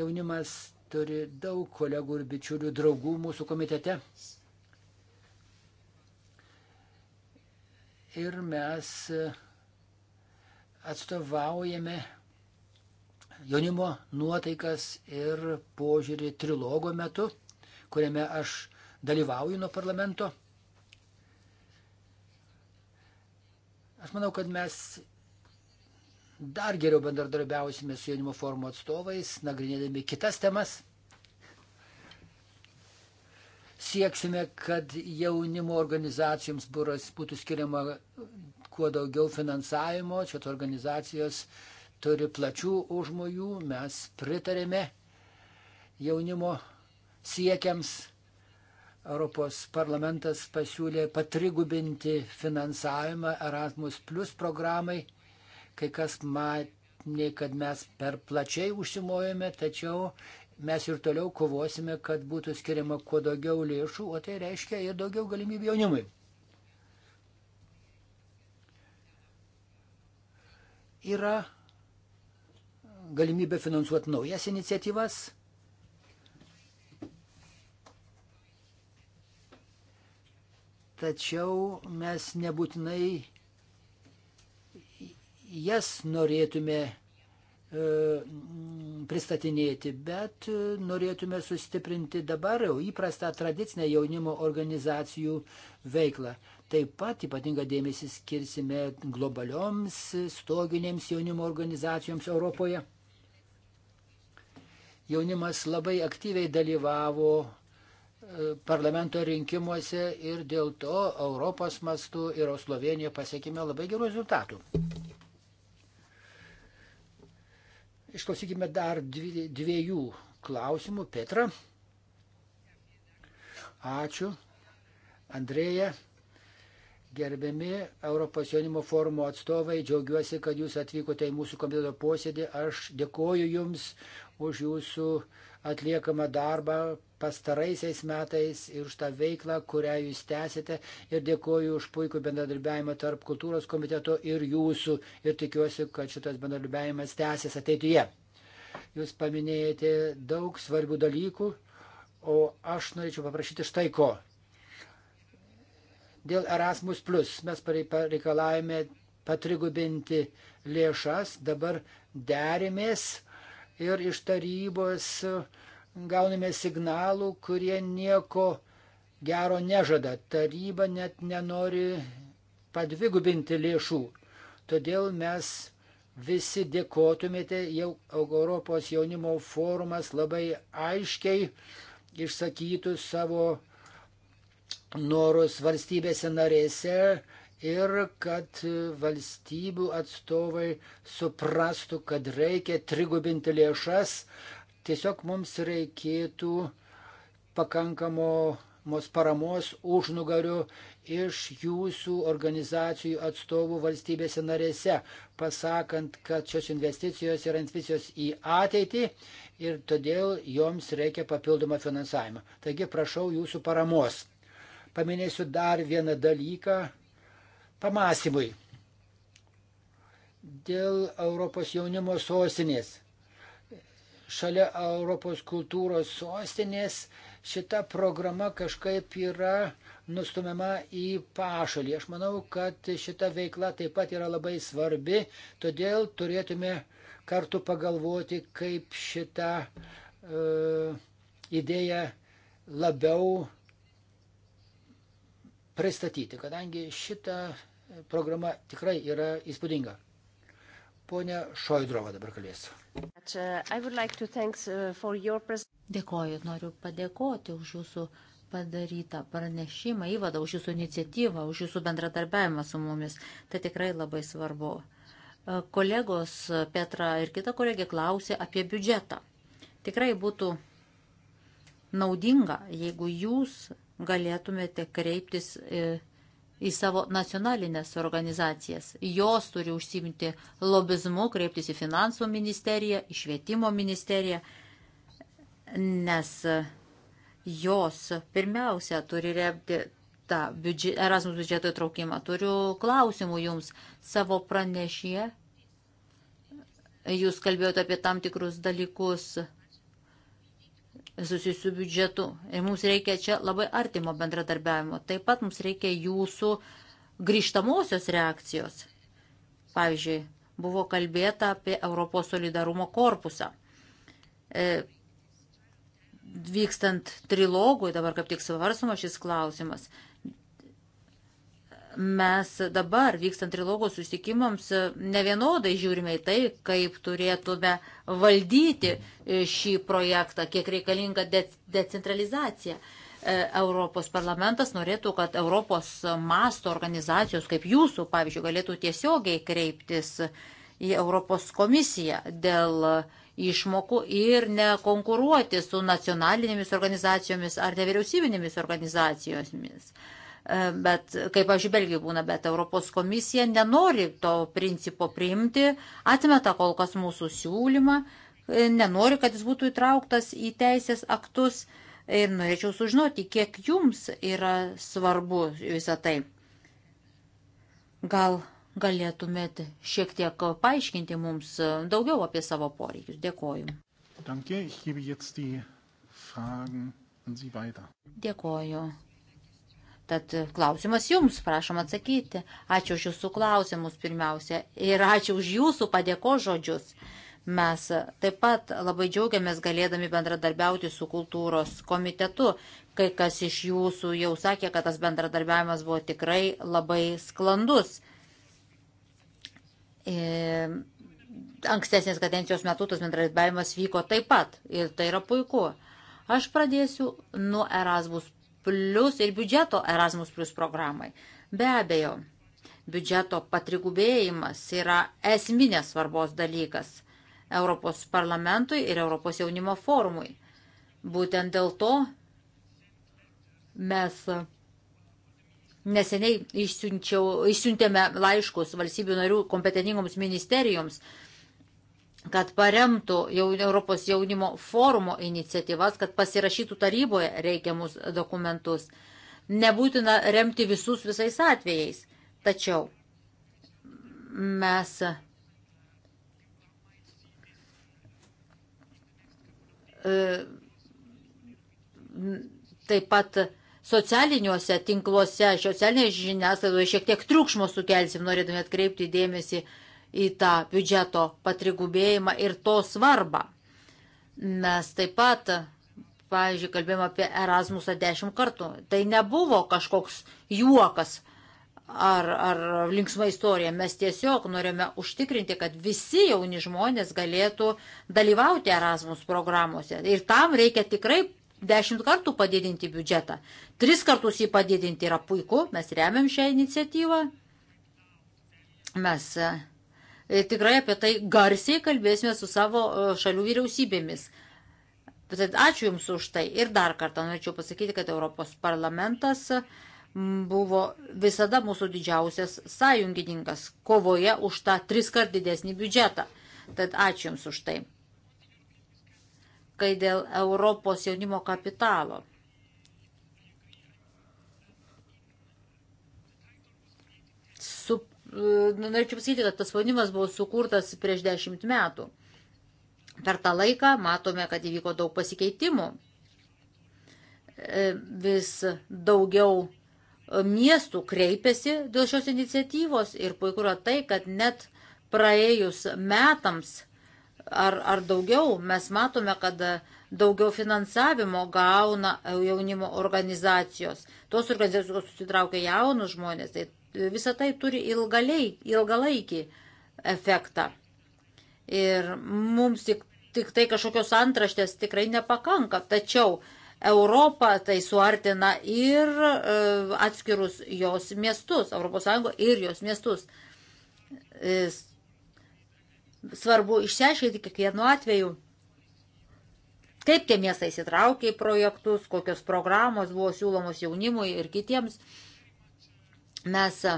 Jaunimas turi daug kolegų ir bičiulių draugų mūsų komitete. ir mes e, atstovaujame jaunimo nuotaikas ir požiūrį trilogo metu, kuriame aš dalyvauju nuo parlamento. Aš manau, kad mes dar geriau bendradarbiausime su jaunimo forumo atstovais, nagrinėdami kitas temas sieksime, kad jaunimo organizacijoms būtų skiriama kuo daugiau finansavimo. Šios organizacijos turi plačių užmojų, mes pritarėme jaunimo siekiams. Europos parlamentas pasiūlė patrigubinti finansavimą Erasmus Plus programai. Kai kas matė, kad mes per plačiai užsimojame, tačiau mes ir toliau kovosime, kad būtų skiriama kuo daugiau lėšų, o tai reiškia ir daugiau galimybių jaunimui. Yra galimybė finansuoti naujas iniciatyvas. Tačiau mes nebūtinai jas norėtume E, pristatinėti, bet norėtume sustiprinti dabar jau įprastą tradicinę jaunimo organizacijų veiklą. Taip pat ypatingą dėmesį skirsime globalioms stoginėms jaunimo organizacijoms Europoje. Jaunimas labai aktyviai dalyvavo e, parlamento rinkimuose ir dėl to Europos mastu ir Slovenija pasiekime labai gerų rezultatų. Išklausykime dar dviejų klausimų. Petra. Ačiū. Andrėja. Gerbiami Europos jaunimo forumo atstovai, džiaugiuosi, kad jūs atvykote į mūsų komiteto posėdį. Aš dėkoju jums už jūsų atliekamą darbą, pastaraisiais metais ir už tą veiklą, kurią jūs tęsite. Ir dėkoju už puikų bendradarbiavimą tarp kultūros komiteto ir jūsų. Ir tikiuosi, kad šitas bendradarbiavimas tęsis ateityje. Jūs paminėjote daug svarbių dalykų, o aš norėčiau paprašyti štai ko. Dėl Erasmus, mes pareikalavome patrigubinti lėšas, dabar derimės ir iš tarybos uh, gauname signalų, kurie nieko gero nežada. Taryba net nenori padvigubinti lėšų. Todėl mes visi dėkotumėte, jau Europos jaunimo forumas labai aiškiai išsakytų savo norus valstybėse narėse ir kad valstybių atstovai suprastų, kad reikia trigubinti lėšas, Tiesiog mums reikėtų pakankamos paramos užnugarių iš jūsų organizacijų atstovų valstybėse narėse, pasakant, kad šios investicijos yra investicijos į ateitį ir todėl joms reikia papildomą finansavimą. Taigi prašau jūsų paramos. Paminėsiu dar vieną dalyką pamastymui. Dėl Europos jaunimo sostinės šalia Europos kultūros sostinės šita programa kažkaip yra nustumiama į pašalį. Aš manau, kad šita veikla taip pat yra labai svarbi, todėl turėtume kartu pagalvoti, kaip šitą uh, e, idėją labiau pristatyti, kadangi šita programa tikrai yra įspūdinga. Pone Šoidrova dabar kalbėsiu. Uh, uh, Dėkoju, noriu padėkoti už jūsų padarytą pranešimą, įvadą, už jūsų iniciatyvą, už jūsų bendradarbiavimą su mumis. Tai tikrai labai svarbu. E, kolegos Petra ir kita kolegė klausė apie biudžetą. Tikrai būtų naudinga, jeigu jūs galėtumėte kreiptis e, į savo nacionalinės organizacijas. Jos turi užsimti lobizmu, kreiptis į finansų ministeriją, į švietimo ministeriją, nes jos pirmiausia turi remti tą biudžet, Erasmus biudžeto įtraukimą. Turiu klausimų jums savo pranešyje. Jūs kalbėjote apie tam tikrus dalykus susijusių biudžetų. Ir mums reikia čia labai artimo bendradarbiavimo. Taip pat mums reikia jūsų grįžtamosios reakcijos. Pavyzdžiui, buvo kalbėta apie Europos solidarumo korpusą. E, vykstant trilogui, dabar kaip tik svarstama šis klausimas, mes dabar, vykstant trilogos susitikimams, ne vienodai žiūrime į tai, kaip turėtume valdyti e, šį projektą, kiek reikalinga de decentralizacija. E, Europos parlamentas norėtų, kad Europos masto organizacijos, kaip jūsų, pavyzdžiui, galėtų tiesiogiai kreiptis į Europos komisiją dėl išmokų ir nekonkuruoti su nacionalinėmis organizacijomis ar nevyriausybinėmis organizacijomis. E, bet, kaip aš Belgijai būna, bet Europos komisija nenori to principo priimti, atmeta kol kas mūsų siūlymą, e, nenori, kad jis būtų įtrauktas į teisės aktus ir norėčiau sužinoti, kiek jums yra svarbu visą tai. Gal galėtumėt šiek tiek paaiškinti mums daugiau apie savo poreikius. Dėkoju. Danke, ich gebe jetzt die Fragen an Sie weiter. Dėkoju. Tad klausimas jums, prašom atsakyti. Ačiū už jūsų klausimus pirmiausia ir ačiū už jūsų padėko žodžius. Mes taip pat labai džiaugiamės galėdami bendradarbiauti su kultūros komitetu. Kai kas iš jūsų jau sakė, kad tas bendradarbiavimas buvo tikrai labai sklandus. Ir e, ankstesnės kadencijos metu tas bendradarbiavimas vyko taip pat ir tai yra puiku. Aš pradėsiu nuo Erasmus plus ir biudžeto Erasmus plus programai. Be abejo, biudžeto patrigubėjimas yra esminės svarbos dalykas Europos parlamentui ir Europos jaunimo forumui. Būtent dėl to mes neseniai išsiuntėme laiškus valstybių narių kompetentingoms ministerijoms kad paremtų jau Europos jaunimo forumo iniciatyvas, kad pasirašytų taryboje reikiamus dokumentus. Nebūtina remti visus visais atvejais. Tačiau mes e, taip pat socialiniuose tinkluose, socialinėje žiniasklaidoje šiek tiek triukšmo sukelsim, norėdami atkreipti dėmesį uh, į tą biudžeto patrigubėjimą ir to svarbą. Mes taip pat, pavyzdžiui, kalbėjome apie Erasmusą dešimt kartų. Tai nebuvo kažkoks juokas ar, ar linksma istorija. Mes tiesiog norime užtikrinti, kad visi jauni žmonės galėtų dalyvauti Erasmus programuose. Ir tam reikia tikrai dešimt kartų padidinti biudžetą. Tris kartus jį padidinti yra puiku, mes remiam šią iniciatyvą. Mes E, tikrai apie tai garsiai kalbėsime su savo e, šalių vyriausybėmis. Tad ačiū Jums už tai. Ir dar kartą norėčiau pasakyti, kad Europos parlamentas buvo visada mūsų didžiausias sąjungininkas kovoje už tą tris kart didesnį biudžetą. Tad ačiū Jums už tai. Kai dėl Europos jaunimo kapitalo Nu, norėčiau pasakyti, kad tas spaudimas buvo sukurtas prieš dešimt metų. Per tą laiką matome, kad įvyko daug pasikeitimų. E, vis daugiau miestų kreipiasi dėl šios iniciatyvos ir puiku yra tai, kad net praėjus metams ar, ar daugiau mes matome, kad daugiau finansavimo gauna jaunimo organizacijos. Tos organizacijos susitraukia jaunus žmonės, tai visą tai turi ilgaliai, ilgalaikį efektą. Ir mums tik, tik tai kažkokios antraštės tikrai nepakanka, tačiau Europą tai suartina ir e, atskirus jos miestus, ES ir jos miestus. E, svarbu išsiaiškinti kiekvienu atveju, kaip tie miestai įsitraukė į projektus, kokios programos buvo siūlomos jaunimui ir kitiems. Mes e,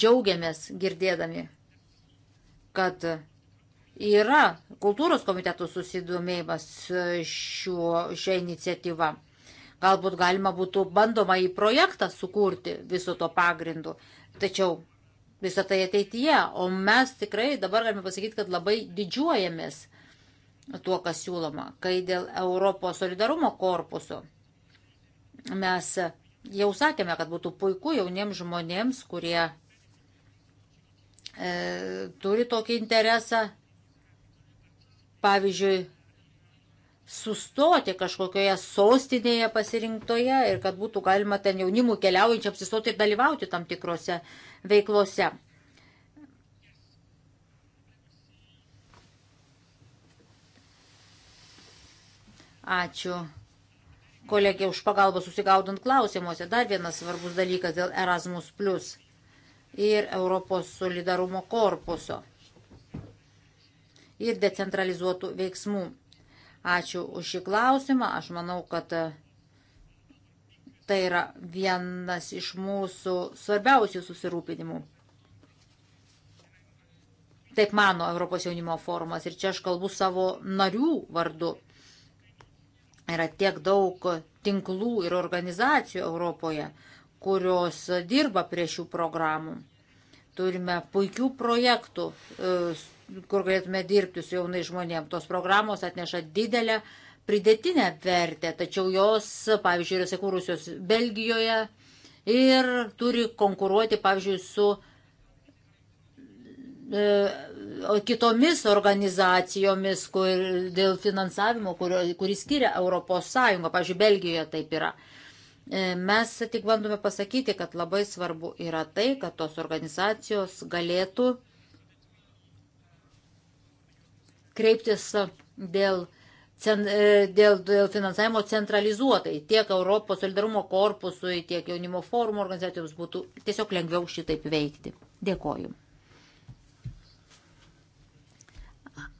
džiaugiamės girdėdami, kad yra kultūros komitetų susidomėjimas e, šiuo, šią iniciatyvą. Galbūt galima būtų bandoma į projektą sukurti viso to pagrindu. Tačiau visą tai ateityje. O mes tikrai dabar galime pasakyti, kad labai didžiuojamės tuo, kas siūloma, kai dėl Europos solidarumo korpuso mes Jau sakėme, kad būtų puiku jauniems žmonėms, kurie e, turi tokį interesą, pavyzdžiui, sustoti kažkokioje sostinėje pasirinktoje ir kad būtų galima ten jaunimų keliaujančiam apsistoti ir dalyvauti tam tikrose veiklose. Ačiū kolegė už pagalbą susigaudant klausimuose. Dar vienas svarbus dalykas dėl Erasmus Plus ir Europos solidarumo korpuso ir decentralizuotų veiksmų. Ačiū už šį klausimą. Aš manau, kad tai yra vienas iš mūsų svarbiausių susirūpinimų. Taip mano Europos jaunimo forumas ir čia aš kalbu savo narių vardu yra tiek daug tinklų ir organizacijų Europoje, kurios dirba prie šių programų. Turime puikių projektų, e, kur galėtume dirbti su jaunai žmonėm. Tos programos atneša didelę pridėtinę vertę, tačiau jos, pavyzdžiui, yra sekūrusios Belgijoje ir turi konkuruoti, pavyzdžiui, su E, kitomis organizacijomis kur, dėl finansavimo, kurį skiria Europos Sąjunga. Pavyzdžiui, Belgijoje taip yra. E, mes tik bandome pasakyti, kad labai svarbu yra tai, kad tos organizacijos galėtų kreiptis dėl, e, dėl, dėl finansavimo centralizuotai. Tiek Europos solidarumo korpusui, tiek jaunimo forumo organizacijoms būtų tiesiog lengviau šitaip veikti. Dėkoju.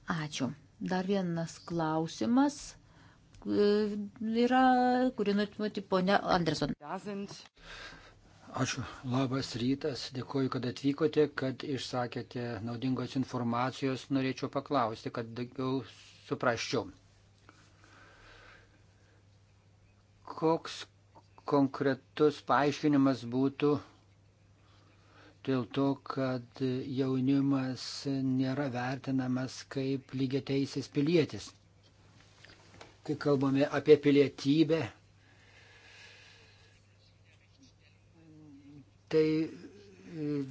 Ačiū. Dar vienas klausimas e, yra, kurį nutimoti ponia Anderson. Ačiū. Labas rytas. Dėkuoju, kad atvykote, kad išsakėte naudingos informacijos. Norėčiau paklausti, kad daugiau suprasčiau. Koks konkretus paaiškinimas būtų dėl to, kad jaunimas nėra vertinamas kaip lygiateisis pilietis. Kai kalbame apie pilietybę, tai e,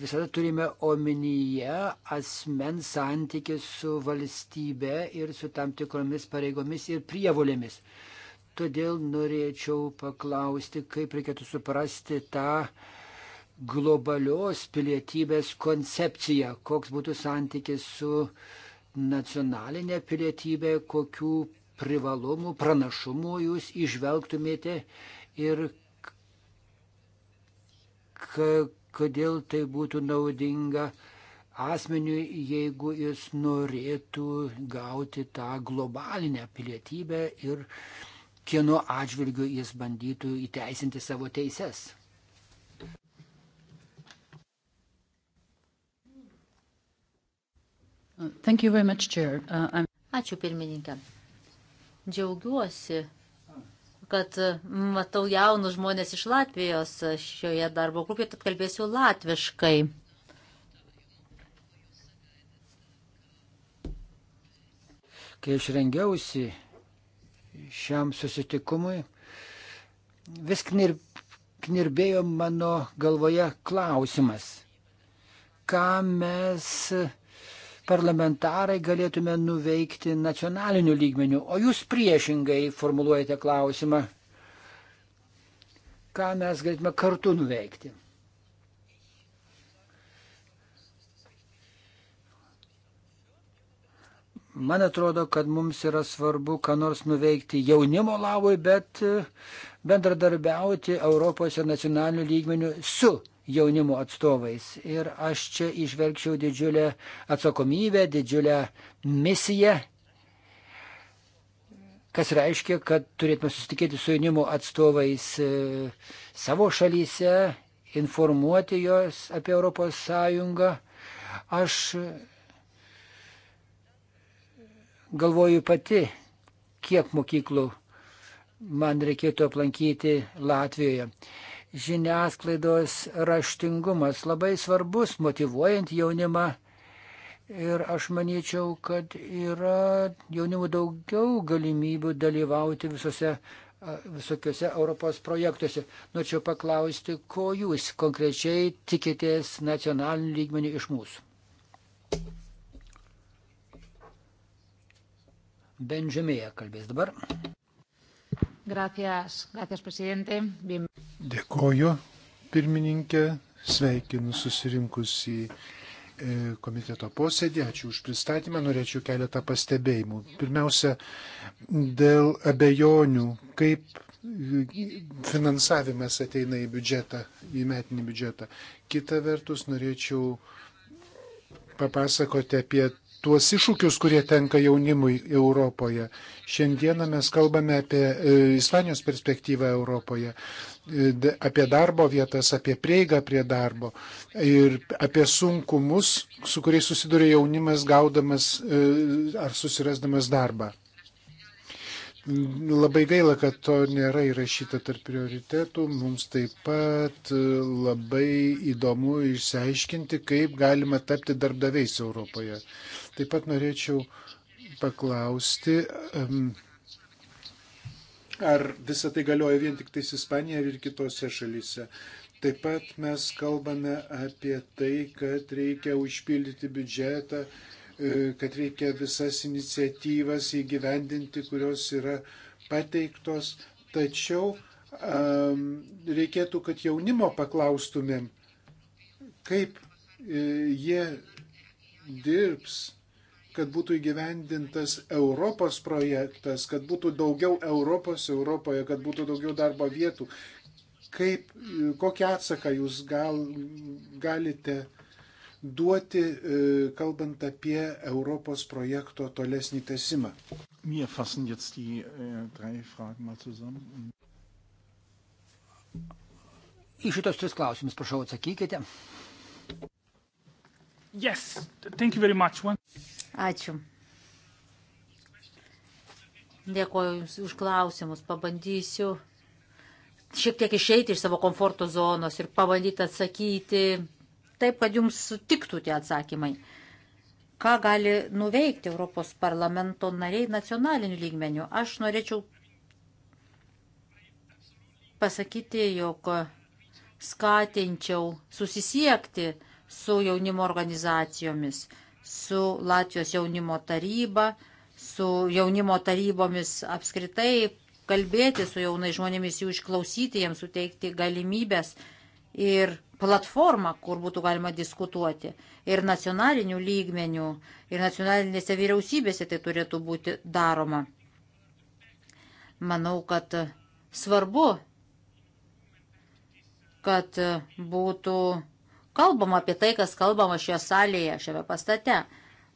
visada turime omenyje asmens santykis su valstybe ir su tam tikromis pareigomis ir prievolėmis. Todėl norėčiau paklausti, kaip reikėtų suprasti tą uh, globalios pilietybės koncepcija, koks būtų santykis su nacionalinė pilietybė, kokių privalumų, pranašumų jūs išvelgtumėte ir kodėl tai būtų naudinga asmeniui, jeigu jis norėtų gauti tą globalinę pilietybę ir kieno atžvilgiu jis bandytų įteisinti savo teises. Much, Chair. uh, Ačiū pirmininkė. Džiaugiuosi, kad mm, matau jaunus žmonės iš Latvijos šioje darbo grupėje, tad kalbėsiu latviškai. Kai aš rengiausi šiam susitikimui, vis knir, knirbėjo mano galvoje klausimas, ką mes parlamentarai galėtume nuveikti nacionaliniu lygmeniu, o jūs priešingai formuluojate klausimą, ką mes galėtume kartu nuveikti. Man atrodo, kad mums yra svarbu, ką nors nuveikti jaunimo labui, bet e, bendradarbiauti Europos ir nacionaliniu lygmeniu su jaunimo atstovais. Ir aš čia išvelgčiau didžiulę atsakomybę, didžiulę misiją, kas reiškia, kad turėtume susitikėti su jaunimo atstovais e, savo šalyse, informuoti juos apie Europos Sąjungą. Aš galvoju pati, kiek mokyklų man reikėtų aplankyti Latvijoje žiniasklaidos raštingumas labai svarbus motivuojant jaunimą. Ir aš manyčiau, kad yra jaunimų daugiau galimybių dalyvauti visose, visokiose Europos projektuose. Norėčiau paklausti, ko jūs konkrečiai tikitės nacionalinių lygmenių iš mūsų. Benžemėje kalbės dabar. Gracias, gracias, presidente. Bien. Dėkoju, pirmininkė. Sveikinu susirinkus į e, komiteto posėdį. Ačiū už pristatymą. Norėčiau keletą pastebėjimų. Pirmiausia, dėl abejonių, kaip finansavimas ateina į biudžetą, į metinį biudžetą. Kita vertus, norėčiau papasakoti apie tuos iššūkius, kurie tenka jaunimui Europoje. Šiandieną mes kalbame apie e, Ispanijos perspektyvą Europoje, e, apie darbo vietas, apie prieigą prie darbo ir apie sunkumus, su kuriais susiduria jaunimas gaudamas e, ar susirasdamas darbą. Labai gaila, kad to nėra įrašyta tarp prioritetų. Mums taip pat labai įdomu išsiaiškinti, kaip galima tapti darbdaviais Europoje. Taip pat norėčiau paklausti, ar visą tai galioja vien tik tais Ispanijoje ir kitose šalyse. Taip pat mes kalbame apie tai, kad reikia užpildyti biudžetą, e, kad reikia visas iniciatyvas įgyvendinti, kurios yra pateiktos. Tačiau reikėtų, kad jaunimo paklaustumėm, kaip e, jie dirbs kad būtų įgyvendintas Europos projektas, kad būtų daugiau Europos Europoje, kad būtų daugiau darbo vietų. Kaip, kokį atsaką jūs gal, galite duoti, e, kalbant apie Europos projekto tolesnį tesimą? Äh, Į šitos tris klausimus prašau atsakykite. Yes, thank you very much. One... Ačiū. Dėkuoju Jums už klausimus. Pabandysiu šiek tiek išeiti iš savo komforto zonos ir pabandyti atsakyti taip, kad Jums sutiktų tie atsakymai. Ką gali nuveikti Europos parlamento nariai nacionaliniu lygmeniu? Aš norėčiau pasakyti, jog skatinčiau susisiekti su jaunimo organizacijomis su Latvijos jaunimo taryba, su jaunimo tarybomis apskritai, kalbėti su jaunai žmonėmis, jų išklausyti, jiems suteikti galimybės ir platformą, kur būtų galima diskutuoti. Ir nacionalinių lygmenių, ir nacionalinėse vyriausybėse tai turėtų būti daroma. Manau, kad svarbu, kad būtų kalbama apie tai, kas kalbama šioje salėje, šiame pastate.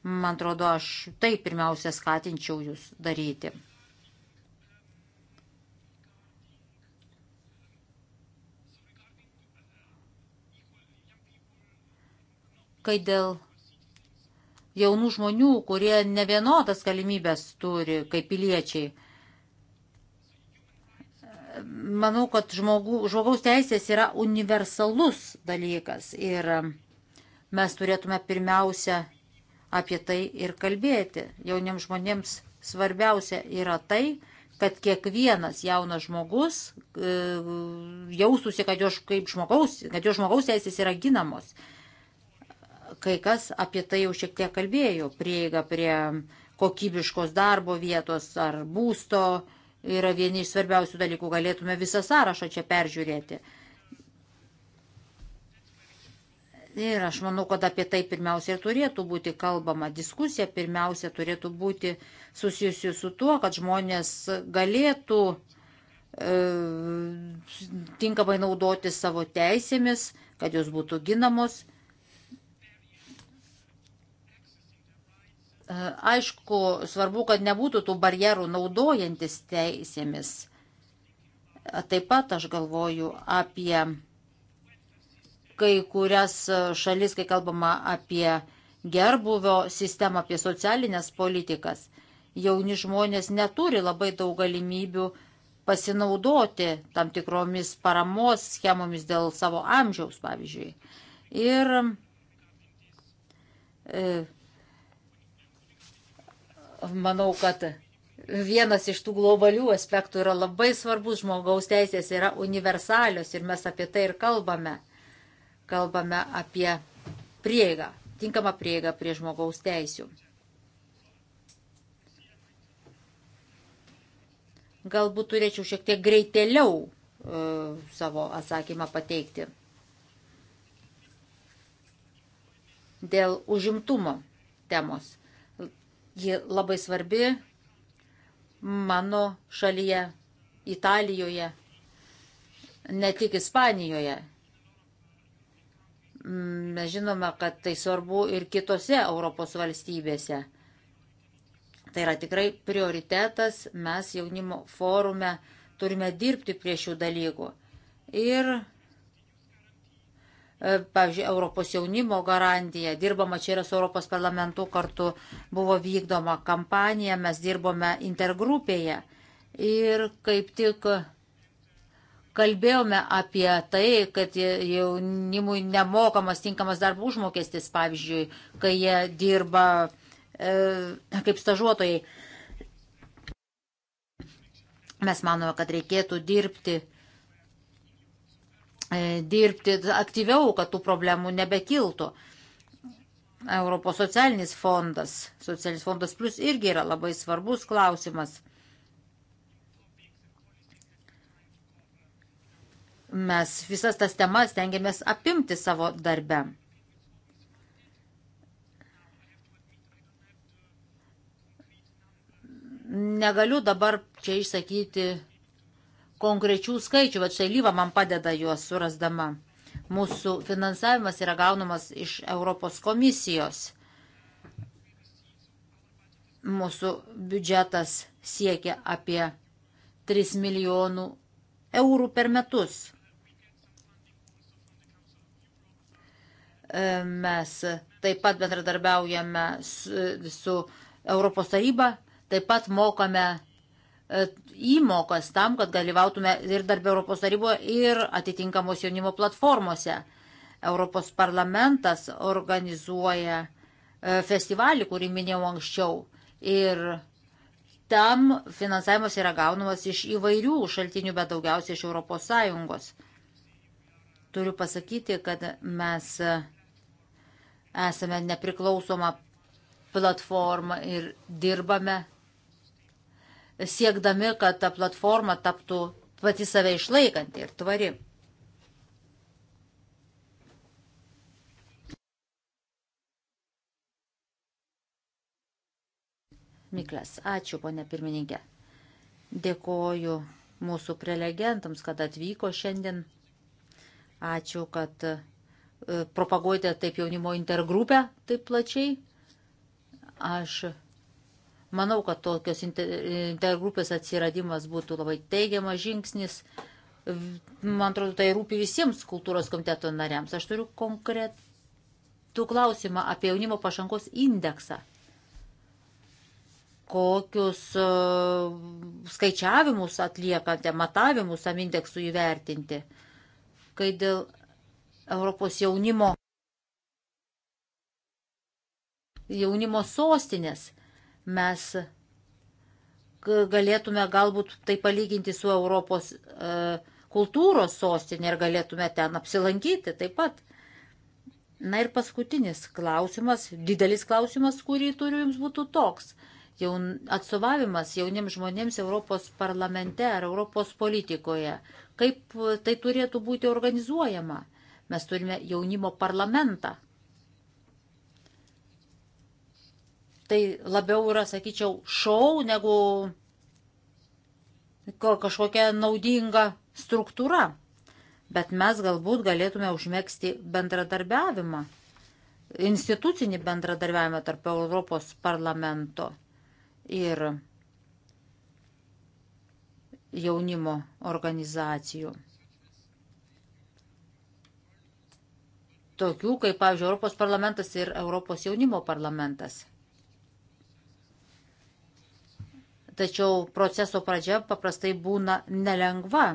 Man atrodo, aš tai pirmiausia skatinčiau jūs daryti. Kai dėl jaunų žmonių, kurie ne vienodas galimybės turi kaip piliečiai, manau, kad žmogų, žmogaus teisės yra universalus dalykas ir mes turėtume pirmiausia apie tai ir kalbėti. Jauniems žmonėms svarbiausia yra tai, kad kiekvienas jaunas žmogus e, jaustųsi, kad jo, kaip žmogaus, kad jo žmogaus teisės yra ginamos. Kai kas apie tai jau šiek tiek kalbėjo, prieiga prie kokybiškos darbo vietos ar būsto, yra vieni iš svarbiausių dalykų. Galėtume visą sąrašą čia peržiūrėti. Ir aš manau, kad apie tai pirmiausia ir turėtų būti kalbama. Diskusija pirmiausia turėtų būti susijusi su tuo, kad žmonės galėtų e, tinkamai naudoti savo teisėmis, kad jos būtų ginamos E, aišku, svarbu, kad nebūtų tų barjerų naudojantis teisėmis. E, taip pat aš galvoju apie kai kurias šalis, kai kalbama apie gerbuvio sistemą, apie socialinės politikas. Jauni žmonės neturi labai daug galimybių pasinaudoti tam tikromis paramos schemomis dėl savo amžiaus, pavyzdžiui. Ir e, manau, kad vienas iš tų globalių aspektų yra labai svarbus žmogaus teisės, yra universalios ir mes apie tai ir kalbame. Kalbame apie prieigą, tinkamą prieigą prie žmogaus teisių. Galbūt turėčiau šiek tiek greitėliau e, savo atsakymą pateikti. Dėl užimtumo temos Ji labai svarbi mano šalyje, Italijoje, ne tik Ispanijoje. Mes žinome, kad tai svarbu ir kitose Europos valstybėse. Tai yra tikrai prioritetas, mes jaunimo forume turime dirbti prie šių dalykų. Ir E, pavyzdžiui, Europos jaunimo garantija, dirbama čia yra su Europos parlamentu kartu, buvo vykdoma kampanija, mes dirbome intergrupėje ir kaip tik kalbėjome apie tai, kad jaunimui nemokamas tinkamas darbo užmokestis, pavyzdžiui, kai jie dirba e, kaip stažuotojai. Mes manome, kad reikėtų dirbti E, dirbti aktyviau, kad tų problemų nebekiltų. Europos socialinis fondas, socialinis fondas plus irgi yra labai svarbus klausimas. Mes visas tas temas tengiamės apimti savo darbę. Negaliu dabar čia išsakyti konkrečių skaičių, bet štai Lyva man padeda juos surasdama. Mūsų finansavimas yra gaunamas iš Europos komisijos. Mūsų biudžetas siekia apie 3 milijonų eurų per metus. E, mes taip pat bendradarbiaujame su, su Europos taryba, taip pat mokame E, įmokas tam, kad dalyvautume ir darbę Europos taryboje, ir atitinkamos jaunimo platformose. Europos parlamentas organizuoja e, festivalį, kurį minėjau anksčiau. Ir tam finansavimas yra gaunamas iš įvairių šaltinių, bet daugiausiai iš Europos Sąjungos. Turiu pasakyti, kad mes e, esame nepriklausoma platforma ir dirbame siekdami, kad ta platforma taptų pati save išlaikanti ir tvari. Miklas, ačiū, ponė pirmininkė. Dėkoju mūsų prelegentams, kad atvyko šiandien. Ačiū, kad e, propaguojate taip jaunimo intergrupę taip plačiai. Aš Manau, kad tokios intergrupės atsiradimas būtų labai teigiamas žingsnis. Man atrodo, tai rūpi visiems kultūros komiteto nariams. Aš turiu konkretų klausimą apie jaunimo pažangos indeksą. Kokius e, skaičiavimus atliekate, matavimus tam indeksui įvertinti, kai dėl Europos jaunimo, jaunimo sostinės mes galėtume galbūt tai palyginti su Europos e, kultūros sostinė ir galėtume ten apsilankyti taip pat. Na ir paskutinis klausimas, didelis klausimas, kurį turiu jums būtų toks. Jaun, atsovavimas jauniems žmonėms Europos parlamente ar Europos politikoje. Kaip tai turėtų būti organizuojama? Mes turime jaunimo parlamentą, Tai labiau yra, sakyčiau, šau negu kažkokia naudinga struktūra. Bet mes galbūt galėtume užmėgsti bendradarbiavimą, institucinį bendradarbiavimą tarp Europos parlamento ir jaunimo organizacijų. Tokių kaip, pavyzdžiui, Europos parlamentas ir Europos jaunimo parlamentas. tačiau proceso pradžia paprastai būna nelengva.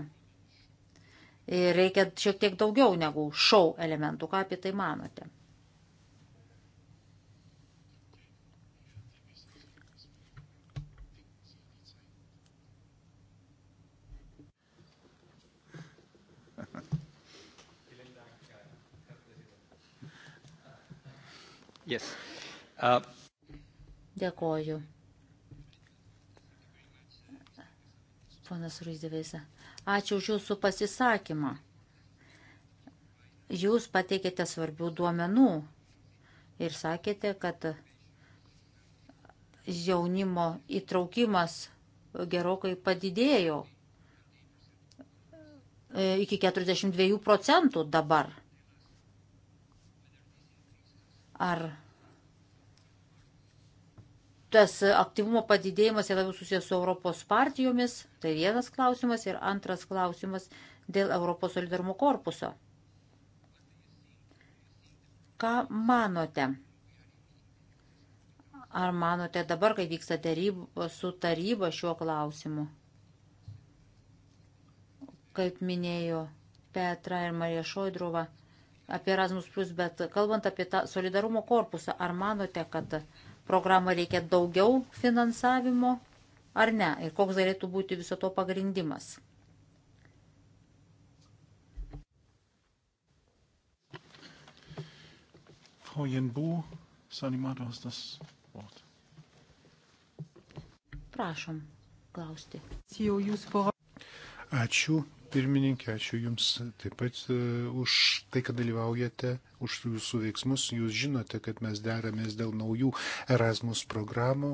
Ir reikia šiek tiek daugiau negu šou elementų. Ką apie tai manote? Yes. Uh. Dėkoju. Ponas Ruizdėvėse, ačiū už jūsų pasisakymą. Jūs pateikėte svarbių duomenų ir sakėte, kad jaunimo įtraukimas gerokai padidėjo iki 42 procentų dabar. Ar tas aktyvumo padidėjimas yra labiau susijęs su Europos partijomis, tai vienas klausimas ir antras klausimas dėl Europos solidarumo korpuso. Ką manote? Ar manote dabar, kai vyksta taryba, su taryba šiuo klausimu? Kaip minėjo Petra ir Marija Šoidrova apie Erasmus, bet kalbant apie tą solidarumo korpusą, ar manote, kad uh, programą reikia daugiau finansavimo ar ne ir koks galėtų būti viso to pagrindimas. Frau Jenbu, Sanimado, hast das Wort. Prašom klausti. Ačiū pirmininkė, ačiū Jums taip pat e, už tai, kad dalyvaujate, už Jūsų veiksmus. Jūs žinote, kad mes deramės dėl naujų Erasmus programų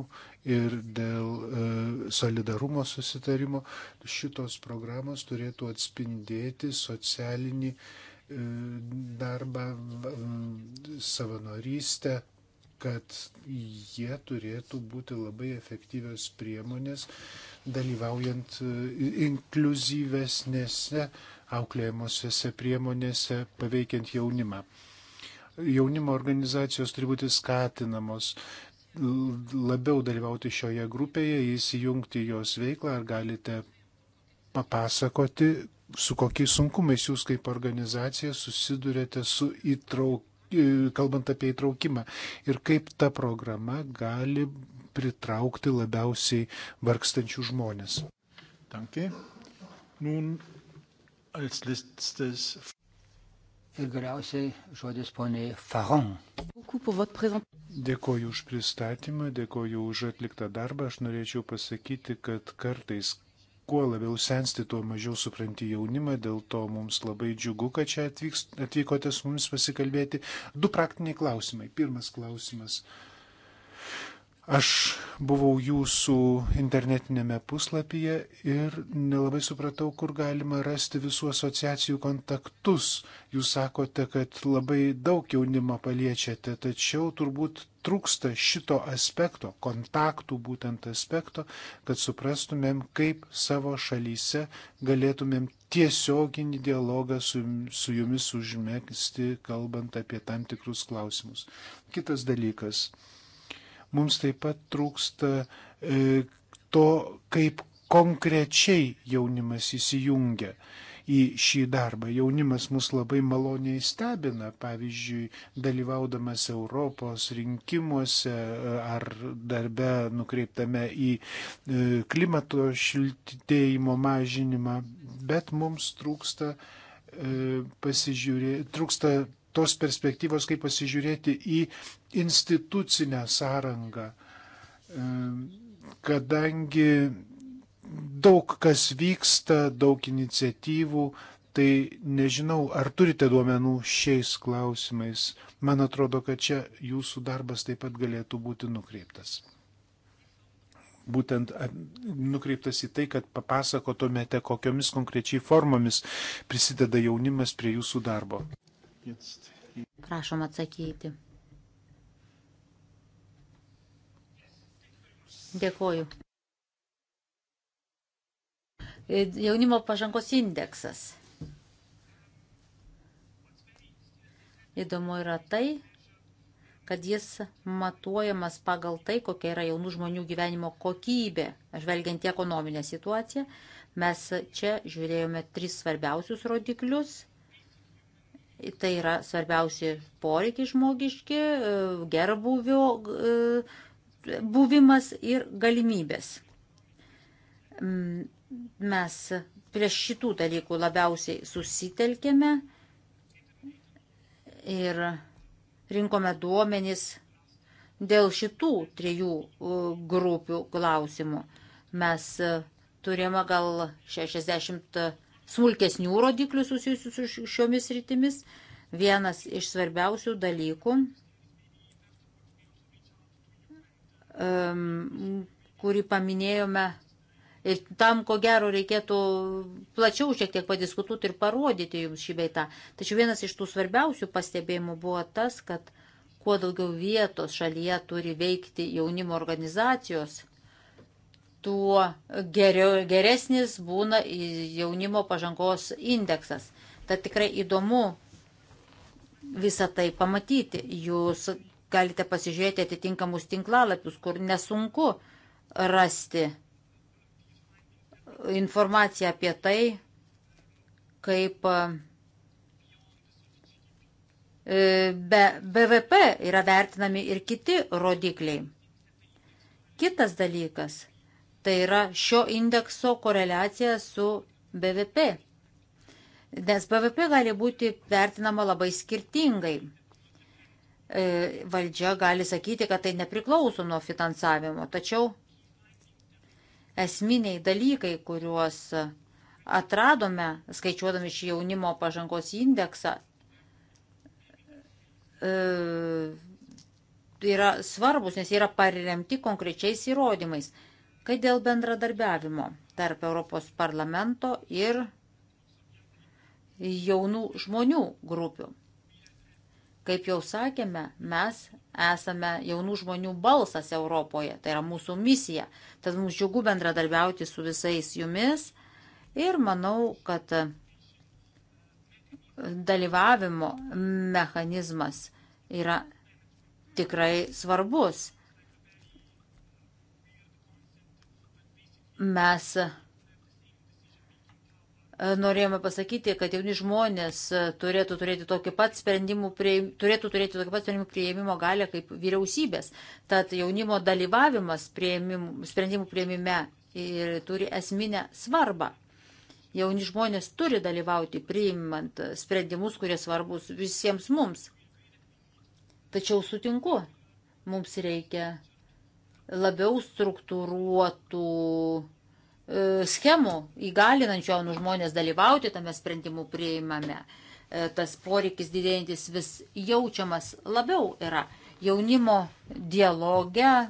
ir dėl e, solidarumo susitarimo. Šitos programos turėtų atspindėti socialinį e, darbą, savanorystę, kad jie turėtų būti labai efektyvios priemonės, dalyvaujant e, inkluzyvesnėse auklėjimosiose priemonėse, paveikiant jaunimą. Jaunimo organizacijos turi būti skatinamos labiau dalyvauti šioje grupėje, įsijungti jos veiklą, ar galite papasakoti, su kokiais sunkumais jūs kaip organizacija susidurėte su įtrauk kalbant apie įtraukimą ir kaip ta programa gali pritraukti labiausiai vargstančių žmonės. Danke. Nun als letztes. Ir galiausiai žodis poniai Faron. Dėkoju už pristatymą, dėkoju už atliktą darbą. Aš norėčiau pasakyti, kad kartais kuo labiau sensti, tuo mažiau supranti jaunimą, dėl to mums labai džiugu, kad čia atvyks, atvykote su mums pasikalbėti. Du praktiniai klausimai. Pirmas klausimas Aš buvau jūsų internetinėme puslapyje ir nelabai supratau, kur galima rasti visų asociacijų kontaktus. Jūs sakote, kad labai daug jaunimo paliečiate, tačiau turbūt trūksta šito aspekto, kontaktų būtent aspekto, kad suprastumėm, kaip savo šalyse galėtumėm tiesioginį dialogą su, su jumis užmėgsti, kalbant apie tam tikrus klausimus. Kitas dalykas Mums taip pat trūksta e, to, kaip konkrečiai jaunimas įsijungia į šį darbą. Jaunimas mus labai maloniai stebina, pavyzdžiui, dalyvaudamas Europos rinkimuose e, ar darbe nukreiptame į e, klimato šiltėjimo mažinimą, bet mums trūksta pasižiūrė, trūksta tos perspektyvos, kaip pasižiūrėti į institucinę sąrangą. Kadangi daug kas vyksta, daug iniciatyvų, tai nežinau, ar turite duomenų šiais klausimais. Man atrodo, kad čia jūsų darbas taip pat galėtų būti nukreiptas būtent nukreiptas į tai, kad papasakotumėte, kokiomis konkrečiai formomis prisideda jaunimas prie jūsų darbo. Prašom atsakyti. Dėkoju. Jaunimo pažangos indeksas. Įdomu yra tai, kad jis matuojamas pagal tai, kokia yra jaunų žmonių gyvenimo kokybė, žvelgiant į ekonominę situaciją. Mes čia žiūrėjome tris svarbiausius rodiklius Tai yra svarbiausi poreikiai žmogiški, e, gerbuvio e, buvimas ir galimybės. Mes prie šitų dalykų labiausiai susitelkėme ir rinkome duomenis dėl šitų trijų e, grupių klausimų. Mes turėjome gal 60 smulkesnių rodiklių susijusių su šiomis rytimis. Vienas iš svarbiausių dalykų, um, kurį paminėjome, ir tam, ko gero, reikėtų plačiau šiek tiek padiskutuoti ir parodyti jums šį beitą. Tačiau vienas iš tų svarbiausių pastebėjimų buvo tas, kad kuo daugiau vietos šalyje turi veikti jaunimo organizacijos, tuo geriau, geresnis būna jaunimo pažangos indeksas. Tad tikrai įdomu visą tai pamatyti. Jūs galite pasižiūrėti atitinkamus tinklalapius, kur nesunku rasti informaciją apie tai, kaip e, be BVP yra vertinami ir kiti rodikliai. Kitas dalykas – Tai yra šio indekso koreliacija su BVP. Nes BVP gali būti vertinama labai skirtingai. E, valdžia gali sakyti, kad tai nepriklauso nuo finansavimo, tačiau esminiai dalykai, kuriuos atradome, skaičiuodami šį jaunimo pažangos indeksą, e, yra svarbus, nes yra paremti konkrečiais įrodymais. Kai dėl bendradarbiavimo tarp Europos parlamento ir jaunų žmonių grupių. Kaip jau sakėme, mes esame jaunų žmonių balsas Europoje, tai yra mūsų misija. Tad mums džiugu bendradarbiauti su visais jumis ir manau, kad dalyvavimo mechanizmas yra tikrai svarbus. Mes e, norėjome pasakyti, kad jauni žmonės e, turėtų turėti tokį pat sprendimų, prieim, turėtų turėti tokį pat sprendimų prieimimo galę kaip vyriausybės. Tad jaunimo dalyvavimas prieimimų, sprendimų prieimime ir turi esminę svarbą. Jauni žmonės turi dalyvauti priimant sprendimus, kurie svarbus visiems mums. Tačiau sutinku, mums reikia labiau struktūruotų e, schemų įgalinančių jaunų žmonės dalyvauti tame sprendimų prieimame. E, tas poreikis didėjantis vis jaučiamas labiau yra. Jaunimo dialoge e,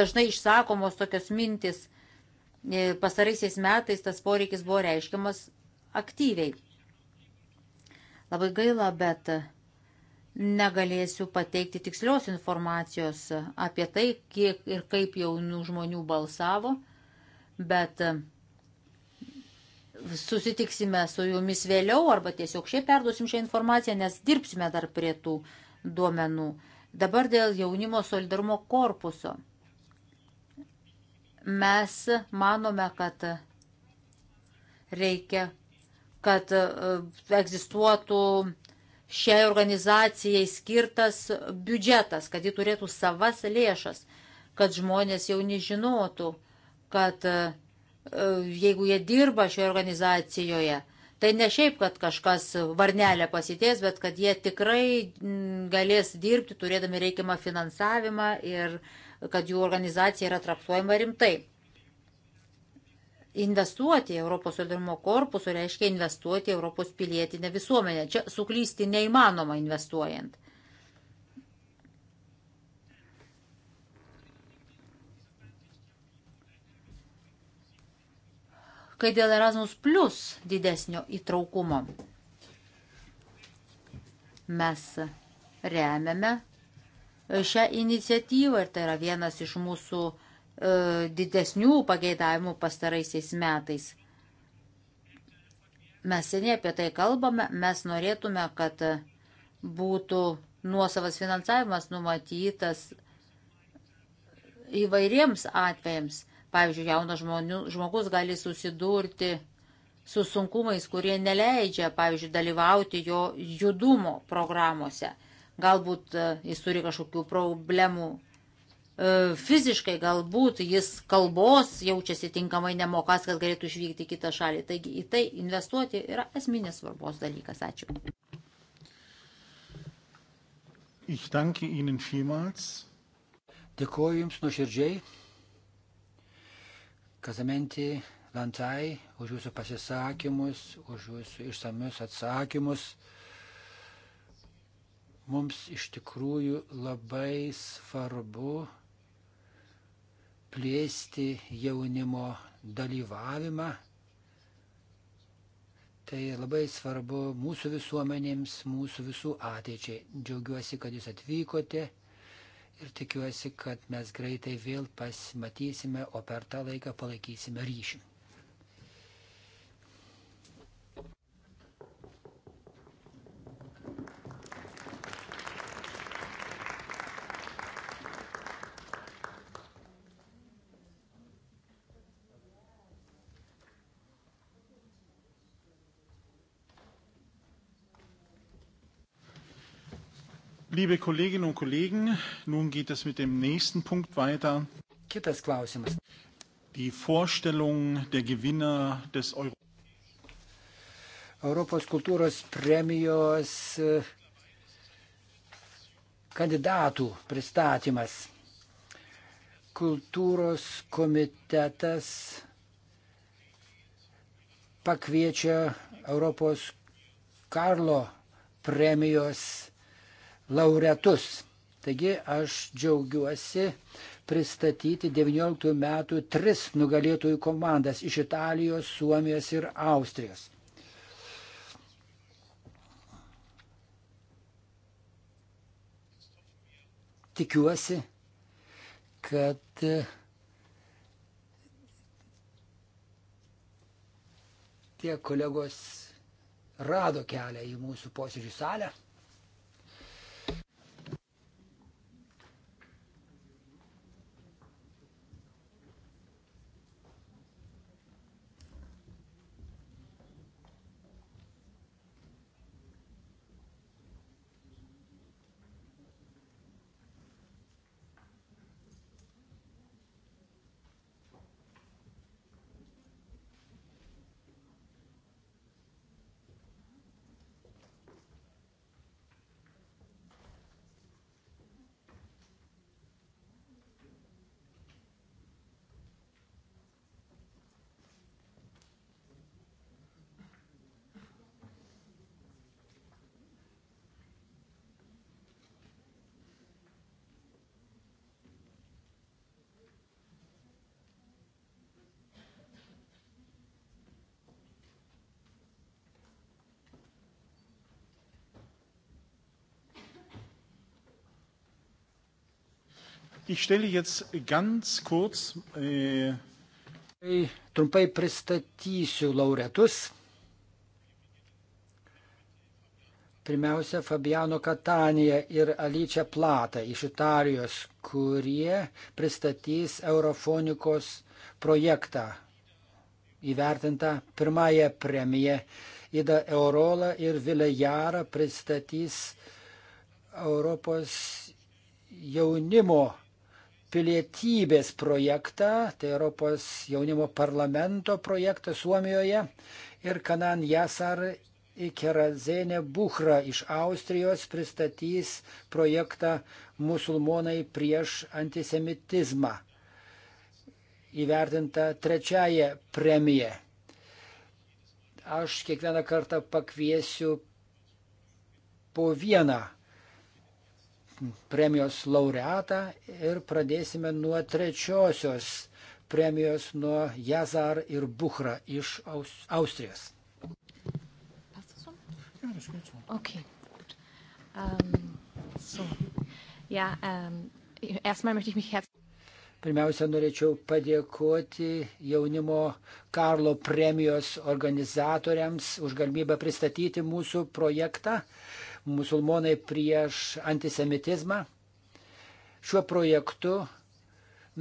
dažnai išsakomos tokios mintis. Pasaraisiais metais tas poreikis buvo reiškiamas aktyviai. Labai gaila, bet negalėsiu pateikti tikslios informacijos apie tai, kiek ir kaip jaunų žmonių balsavo, bet e, susitiksime su jumis vėliau arba tiesiog šiaip perduosim šią informaciją, nes dirbsime dar prie tų duomenų. Dabar dėl jaunimo solidarumo korpuso. Mes manome, kad reikia, kad e, egzistuotų šiai organizacijai skirtas biudžetas, kad ji turėtų savas lėšas, kad žmonės jau nežinotų, kad e, jeigu jie dirba šioje organizacijoje, tai ne šiaip, kad kažkas varnelę pasitės, bet kad jie tikrai galės dirbti turėdami reikiamą finansavimą ir kad jų organizacija yra traktuojama rimtai. Investuoti Europos solidarumo korpusu reiškia investuoti Europos pilietinę visuomenę. Čia suklysti neįmanoma investuojant. Kai dėl Erasmus plus didesnio įtraukumo mes remiame šią iniciatyvą ir tai yra vienas iš mūsų uh, E, didesnių pageidavimų pastaraisiais metais. Mes seniai apie tai kalbame, mes norėtume, kad būtų nuosavas finansavimas numatytas įvairiems atvejams. Pavyzdžiui, jaunas žmonių, žmogus gali susidurti su sunkumais, kurie neleidžia, pavyzdžiui, dalyvauti jo judumo programuose. Galbūt e, jis turi kažkokių problemų E, fiziškai galbūt jis kalbos jaučiasi tinkamai nemokas, kad galėtų išvykti į kitą šalį. Taigi į tai investuoti yra esminės svarbos dalykas. Ačiū. Ich danke Ihnen vielmals. Dėkuoju Jums nuoširdžiai, Kazamenti Lantai, už Jūsų pasisakymus, už Jūsų išsamius atsakymus mums iš tikrųjų labai svarbu plėsti jaunimo dalyvavimą. Tai labai svarbu mūsų visuomenėms, mūsų visų ateičiai. Džiaugiuosi, kad jūs atvykote ir tikiuosi, kad mes greitai vėl pasimatysime, o per tą laiką palaikysime ryšį. Liebe Kolleginnen und Kollegen, nun geht es mit dem nächsten Punkt weiter. Kitas klausimas. Die Vorstellung der Gewinner des Euro Europos kultūros premijos e, kandidatų pristatymas. Kultūros komitetas pakviečia Europos Karlo premijos laureatus. Taigi aš džiaugiuosi pristatyti 19 metų tris nugalėtojų komandas iš Italijos, Suomijos ir Austrijos. Tikiuosi, kad tie kolegos rado kelią į mūsų posėdžių salę. Ich stelle jetzt ganz kurz. Äh... Tai trumpai pristatysiu laureatus. Pirmiausia, Fabiano Katanija ir Alyčia Plata iš Italijos, kurie pristatys Eurofonikos projektą įvertinta pirmąją premiją. Ida Eurola ir Vilejara pristatys Europos jaunimo pilietybės projektą, tai Europos jaunimo parlamento projektą Suomijoje ir Kanan Jasar Kerazėne Buchra iš Austrijos pristatys projektą Musulmonai prieš antisemitizmą, įvertinta trečiaja premija. Aš kiekvieną kartą pakviesiu po vieną premijos laureatą ir pradėsime nuo trečiosios premijos nuo Jazar ir Buchra iš Aus Austrijos. Okay. Um, so. ja, um, erstmal möchte ich mich herzlich. Pirmiausia, norėčiau padėkoti jaunimo Karlo premijos organizatoriams už galimybę pristatyti mūsų projektą. Uh, musulmonai prieš antisemitizmą. Šiuo projektu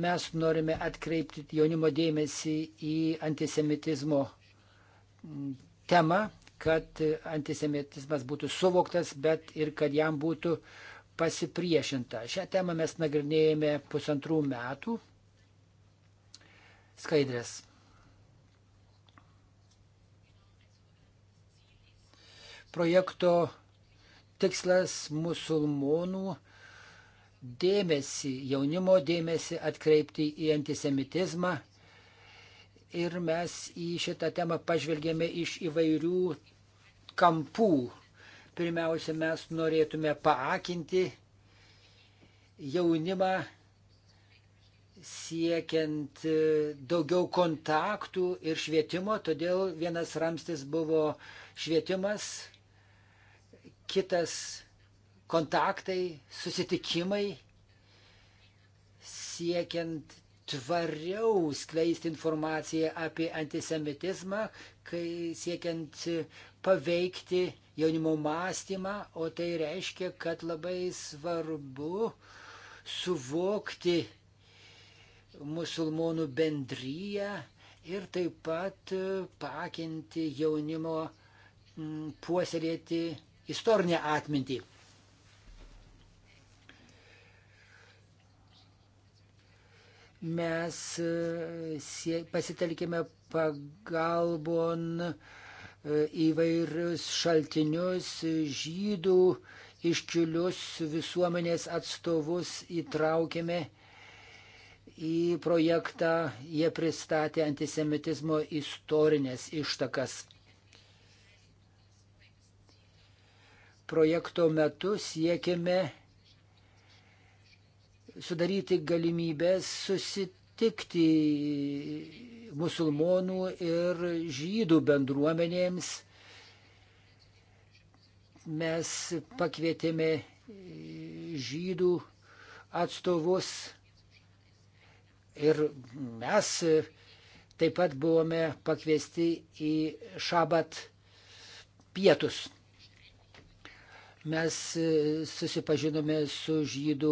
mes norime atkreipti jaunimo dėmesį į antisemitizmo temą, kad antisemitizmas būtų suvoktas, bet ir kad jam būtų pasipriešinta. Šią temą mes nagrinėjame pusantrų metų. Skaidrės. Projekto tikslas musulmonų dėmesį, jaunimo dėmesį atkreipti į antisemitizmą. Ir mes į šitą temą pažvelgėme iš įvairių kampų. Pirmiausia, mes norėtume paakinti jaunimą siekiant e, daugiau kontaktų ir švietimo, todėl vienas ramstis buvo švietimas, kitas kontaktai, susitikimai, siekiant tvariau skleisti informaciją apie antisemitizmą, kai siekiant paveikti jaunimo mąstymą, o tai reiškia, kad labai svarbu suvokti musulmonų bendryją ir taip pat pakinti jaunimo puoselėti istorinę atmintį. Mes e, pasitelkime pagalbon e, įvairius šaltinius, žydų iškilius visuomenės atstovus įtraukėme į projektą, jie pristatė antisemitizmo istorinės ištakas. projekto metu siekėme sudaryti galimybės susitikti musulmonų ir žydų bendruomenėms. Mes pakvietėme žydų atstovus ir mes taip pat buvome pakviesti į šabat pietus. Mes e, susipažinome su žydų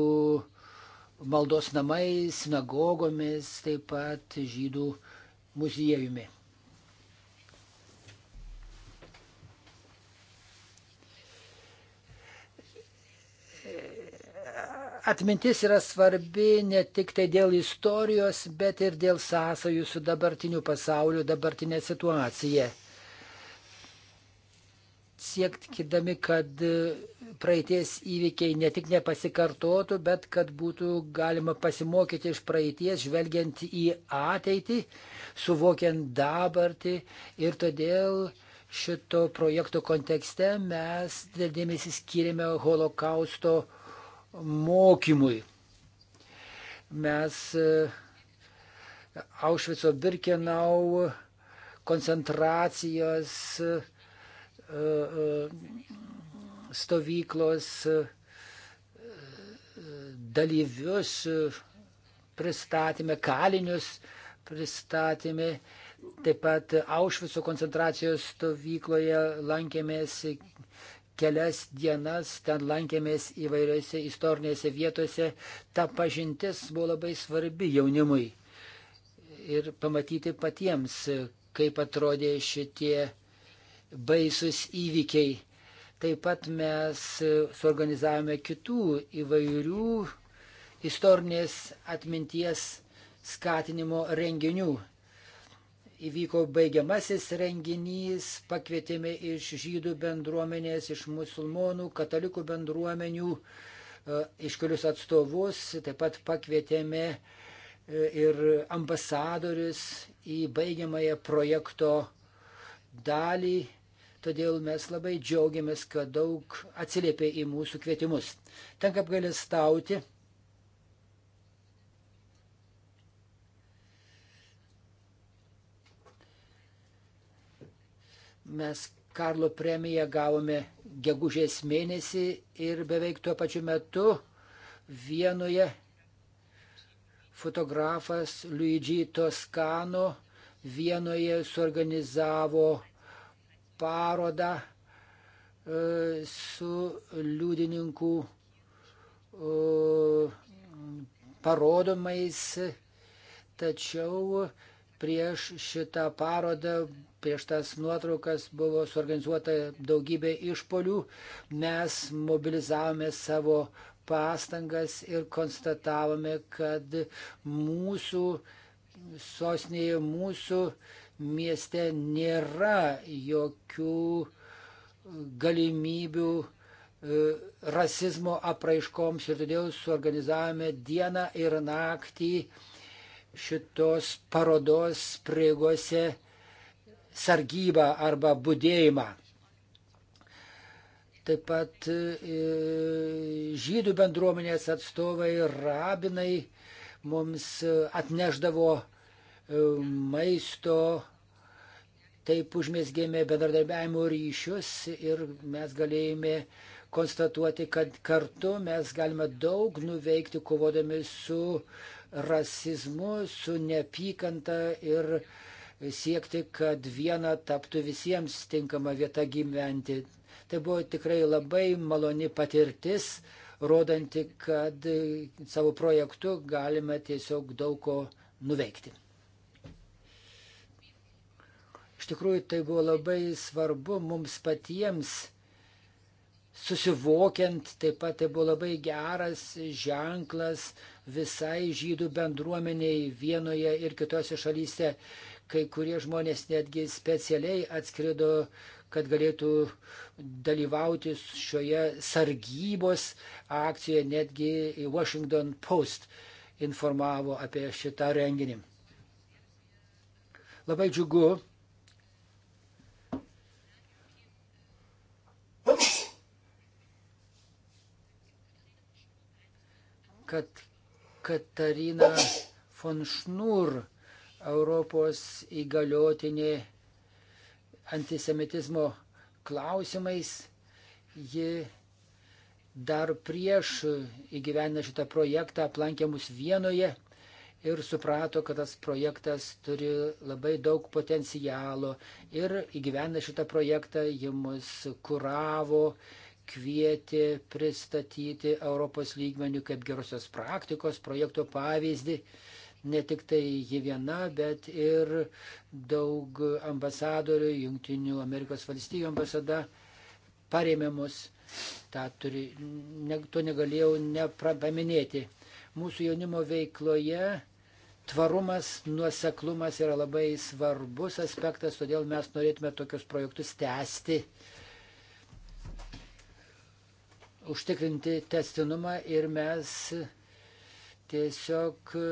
maldos namais, sinagogomis, taip pat žydų muziejumi. Atmintis yra svarbi ne tik tai dėl istorijos, bet ir dėl sąsajų su dabartiniu pasauliu, dabartinė situacija siektkidami, kad praeities įvykiai ne tik nepasikartotų, bet kad būtų galima pasimokyti iš praeities, žvelgiant į ateitį, suvokiant dabartį. Ir todėl šito projekto kontekste mes dėmesį skiriame holokausto mokymui. Mes e, Aušvico Birkenau koncentracijos uh, stovyklos dalyvius pristatėme, kalinius pristatėme. Taip pat Aušvico koncentracijos stovykloje lankėmės kelias dienas, ten lankėmės įvairiose istorinėse vietose. Ta pažintis buvo labai svarbi jaunimui ir pamatyti patiems, kaip atrodė šitie baisus įvykiai. Taip pat mes suorganizavome kitų įvairių istorinės atminties skatinimo renginių. Įvyko baigiamasis renginys, pakvietėme iš žydų bendruomenės, iš musulmonų, katalikų bendruomenių e, iškelius atstovus, taip pat pakvietėme e, ir ambasadorius į baigiamąją projekto dalį Todėl mes labai džiaugiamės, kad daug atsiliepė į mūsų kvietimus. Tenka apgalėstauti. Mes Karlo premiją gavome gegužės mėnesį ir beveik tuo pačiu metu vienoje fotografas Luigi Toscano vienoje suorganizavo parodą e, su liudininku parodomais, tačiau prieš šitą parodą, prieš tas nuotraukas buvo suorganizuota daugybė išpolių. Mes mobilizavome savo pastangas ir konstatavome, kad mūsų sosnėje, mūsų mieste nėra jokių galimybių e, rasizmo apraiškoms ir todėl suorganizavome dieną ir naktį šitos parodos prieigose sargybą arba būdėjimą. Taip pat e, žydų bendruomenės atstovai, rabinai mums e, atneždavo maisto. Taip užmėsgėme bendradarbiavimo ryšius ir mes galėjome konstatuoti, kad kartu mes galime daug nuveikti kovodami su rasizmu, su neapykanta ir siekti, kad viena taptų visiems tinkama vieta gyventi. Tai buvo tikrai labai maloni patirtis, rodanti, kad savo projektu galime tiesiog daug ko nuveikti tikrųjų tai buvo labai svarbu mums patiems susivokiant, taip pat tai buvo labai geras ženklas visai žydų bendruomeniai vienoje ir kitose šalyse. Kai kurie žmonės netgi specialiai atskrido, kad galėtų dalyvauti šioje sargybos akcijoje, netgi Washington Post informavo apie šitą renginį. Labai džiugu, kad Katarina von Šnur, Europos įgaliotinė antisemitizmo klausimais, ji dar prieš įgyvenę šitą projektą aplankė mus Vienoje ir suprato, kad tas projektas turi labai daug potencialo. Ir įgyvenę šitą projektą ji mus kuravo, kvietė pristatyti Europos lygmenių kaip gerosios praktikos projekto pavyzdį. Ne tik tai ji viena, bet ir daug ambasadorių, Junktinių Amerikos valstybių ambasada parėmė mus. Ta turi, ne, to negalėjau nepaminėti. Mūsų jaunimo veikloje tvarumas, nuoseklumas yra labai svarbus aspektas, todėl mes norėtume tokius projektus tęsti. Uh, užtikrinti testinumą ir mes tiesiog e,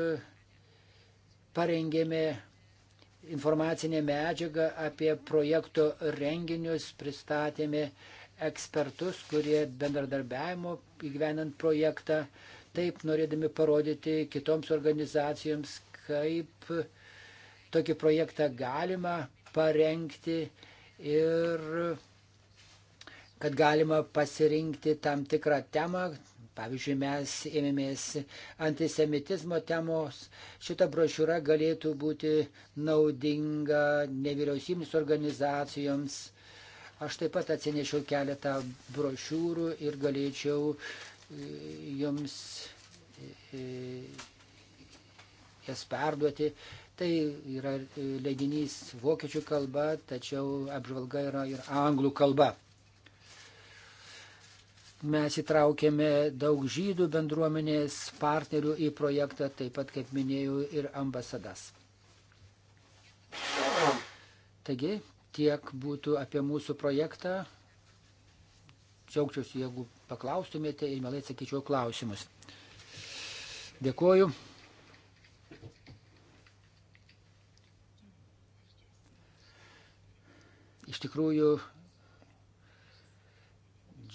parengėme informacinę medžiagą apie projekto renginius, pristatėme ekspertus, kurie bendradarbiavimo įgyvenant projektą, taip norėdami parodyti kitoms organizacijoms, kaip tokį projektą galima parengti ir kad galima pasirinkti tam tikrą temą. Pavyzdžiui, mes ėmėmės antisemitizmo temos. Šita brošiūra galėtų būti naudinga nevyriausybinėms organizacijoms. Aš taip pat atsinešiau keletą brošiūrų ir galėčiau e, jums e, jas perduoti. Tai yra e, leidinys vokiečių kalba, tačiau apžvalga yra ir anglų kalba. Mes įtraukėme daug žydų bendruomenės partnerių į projektą, taip pat, kaip minėjau, ir ambasadas. Taigi, tiek būtų apie mūsų projektą. Džiaugčiausi, jeigu paklaustumėte ir mielai atsakyčiau klausimus. Dėkuoju. Iš tikrųjų,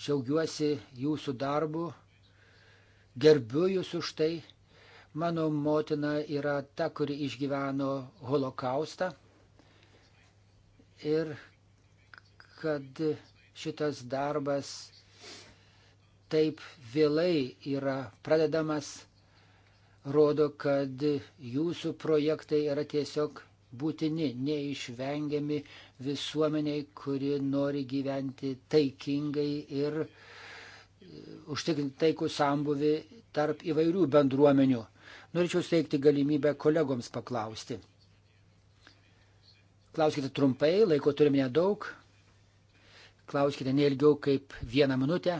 džiaugiuosi jūsų darbu, gerbiu jūs už tai. Mano motina yra ta, kuri išgyveno holokaustą. Ir kad šitas darbas taip vėlai yra pradedamas, rodo, kad jūsų projektai yra tiesiog būtini, neišvengiami visuomeniai, kuri nori gyventi taikingai ir e, užtikrinti taikų sambuvi tarp įvairių bendruomenių. Norėčiau steigti galimybę kolegoms paklausti. Klauskite trumpai, laiko turime nedaug. Klauskite neilgiau kaip vieną minutę.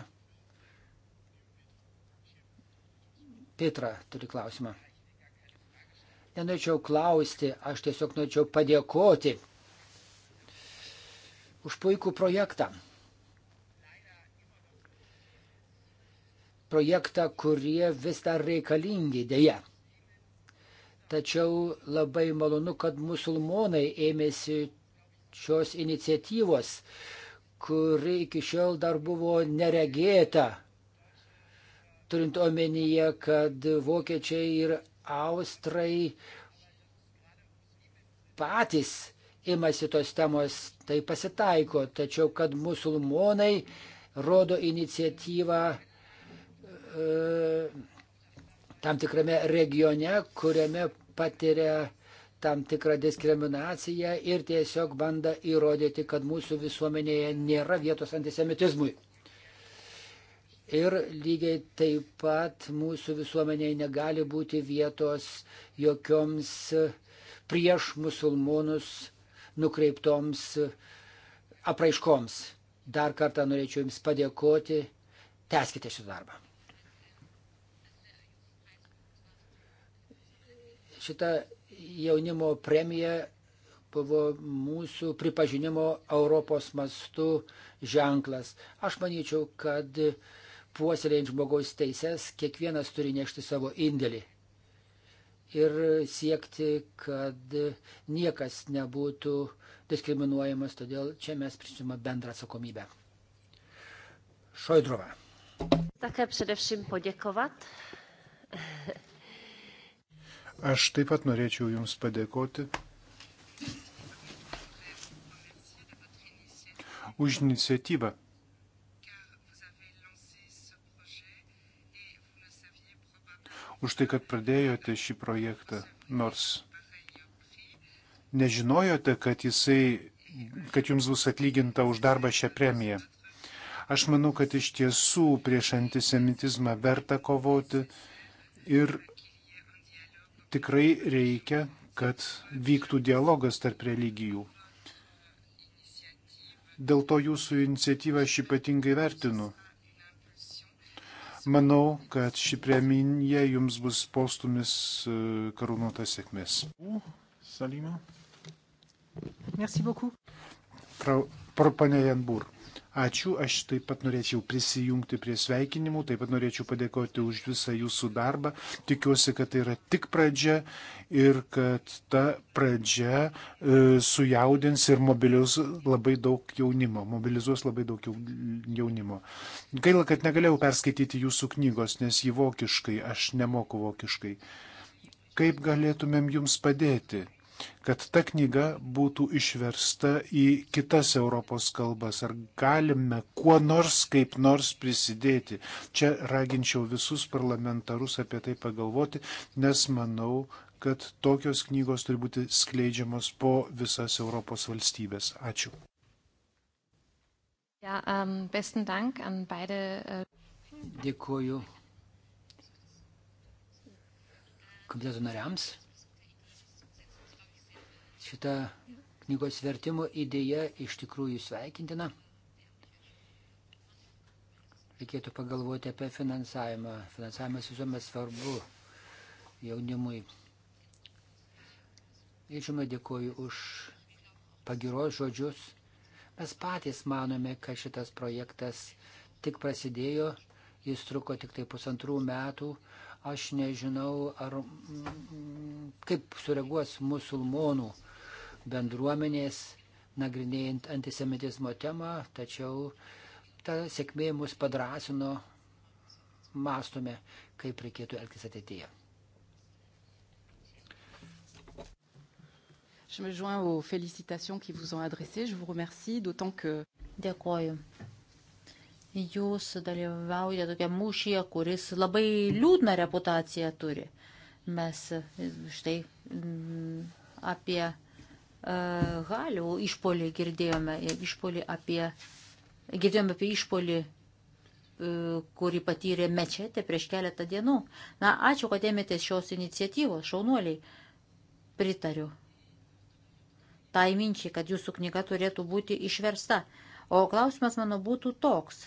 Petra turi klausimą nenorėčiau klausti, aš tiesiog norėčiau padėkoti už puikų projektą. Projektą, kurie vis dar reikalingi dėja. Tačiau labai malonu, kad musulmonai ėmėsi šios iniciatyvos, kuri iki šiol dar buvo neregėta turint omenyje, kad vokiečiai ir Austrai patys imasi tos temos, tai pasitaiko, tačiau kad musulmonai rodo iniciatyvą e, tam tikrame regione, kuriame patiria tam tikrą diskriminaciją ir tiesiog bando įrodyti, kad mūsų visuomenėje nėra vietos antisemitizmui. Ir lygiai taip pat mūsų visuomeniai negali būti vietos jokioms prieš musulmonus nukreiptoms apraiškoms. Dar kartą norėčiau Jums padėkoti. Teskite šį darbą. Šita jaunimo premija buvo mūsų pripažinimo Europos mastu ženklas. Aš manyčiau, kad puoselėjant žmogaus teises, kiekvienas turi nešti savo indėlį ir siekti, kad niekas nebūtų diskriminuojamas, todėl čia mes prisimame bendrą atsakomybę. Šojdrova. Také především poděkovat. Aš taip pat norėčiau Jums padėkoti už iniciatyvą už tai, kad pradėjote šį projektą, nors nežinojote, kad, jisai, kad jums bus atlyginta už darbą šią premiją. Aš manau, kad iš tiesų prieš antisemitizmą verta kovoti ir tikrai reikia, kad vyktų dialogas tarp religijų. Dėl to jūsų iniciatyvą aš ypatingai vertinu. Manau, kad ši premija jums bus postumis e, karūnuotas sėkmės. Salima. Merci beaucoup. Pra, pra, Pane Janbūr. Ačiū, aš taip pat norėčiau prisijungti prie sveikinimų, taip pat norėčiau padėkoti už visą jūsų darbą. Tikiuosi, kad tai yra tik pradžia ir kad ta pradžia e, sujaudins ir mobilius labai daug jaunimo, mobilizuos labai daug jaunimo. Gaila, kad negalėjau perskaityti jūsų knygos, nes jį vokiškai, aš nemoku vokiškai. Kaip galėtumėm jums padėti? kad ta knyga būtų išversta į kitas Europos kalbas. Ar galime kuo nors kaip nors prisidėti? Čia raginčiau visus parlamentarus apie tai pagalvoti, nes manau, kad tokios knygos turi būti skleidžiamos po visas Europos valstybės. Ačiū. Ja, um, besten Dank an beide. Uh... Äh, Dėkuoju komiteto nariams šita knygos vertimo idėja iš tikrųjų sveikintina. Reikėtų pagalvoti apie finansavimą. Finansavimas visuomet svarbu jaunimui. Ir žinoma, dėkoju už pagiros žodžius. Mes patys manome, kad šitas projektas tik prasidėjo, jis truko tik tai pusantrų metų. Aš nežinau, ar, mm, kaip sureaguos musulmonų uh, bendruomenės, nagrinėjant antisemitizmo temą, tačiau ta sėkmė mus padrasino, mastome, kaip reikėtų elgtis ateityje. Je me joins aux félicitations qui vous ont adressées. Je vous remercie, d'autant que. Dėkoju. Jūs dalyvaujate tokia mūšyje, kuris labai liūdną reputaciją turi. Mes štai m, apie E, galių išpolį girdėjome, e, išpolį apie, girdėjome apie išpolį, e, kurį patyrė mečetė prieš keletą dienų. Na, ačiū, kad ėmėtės šios iniciatyvos, šaunuoliai. Pritariu. Tai minčiai, kad jūsų knyga turėtų būti išversta. O klausimas mano būtų toks.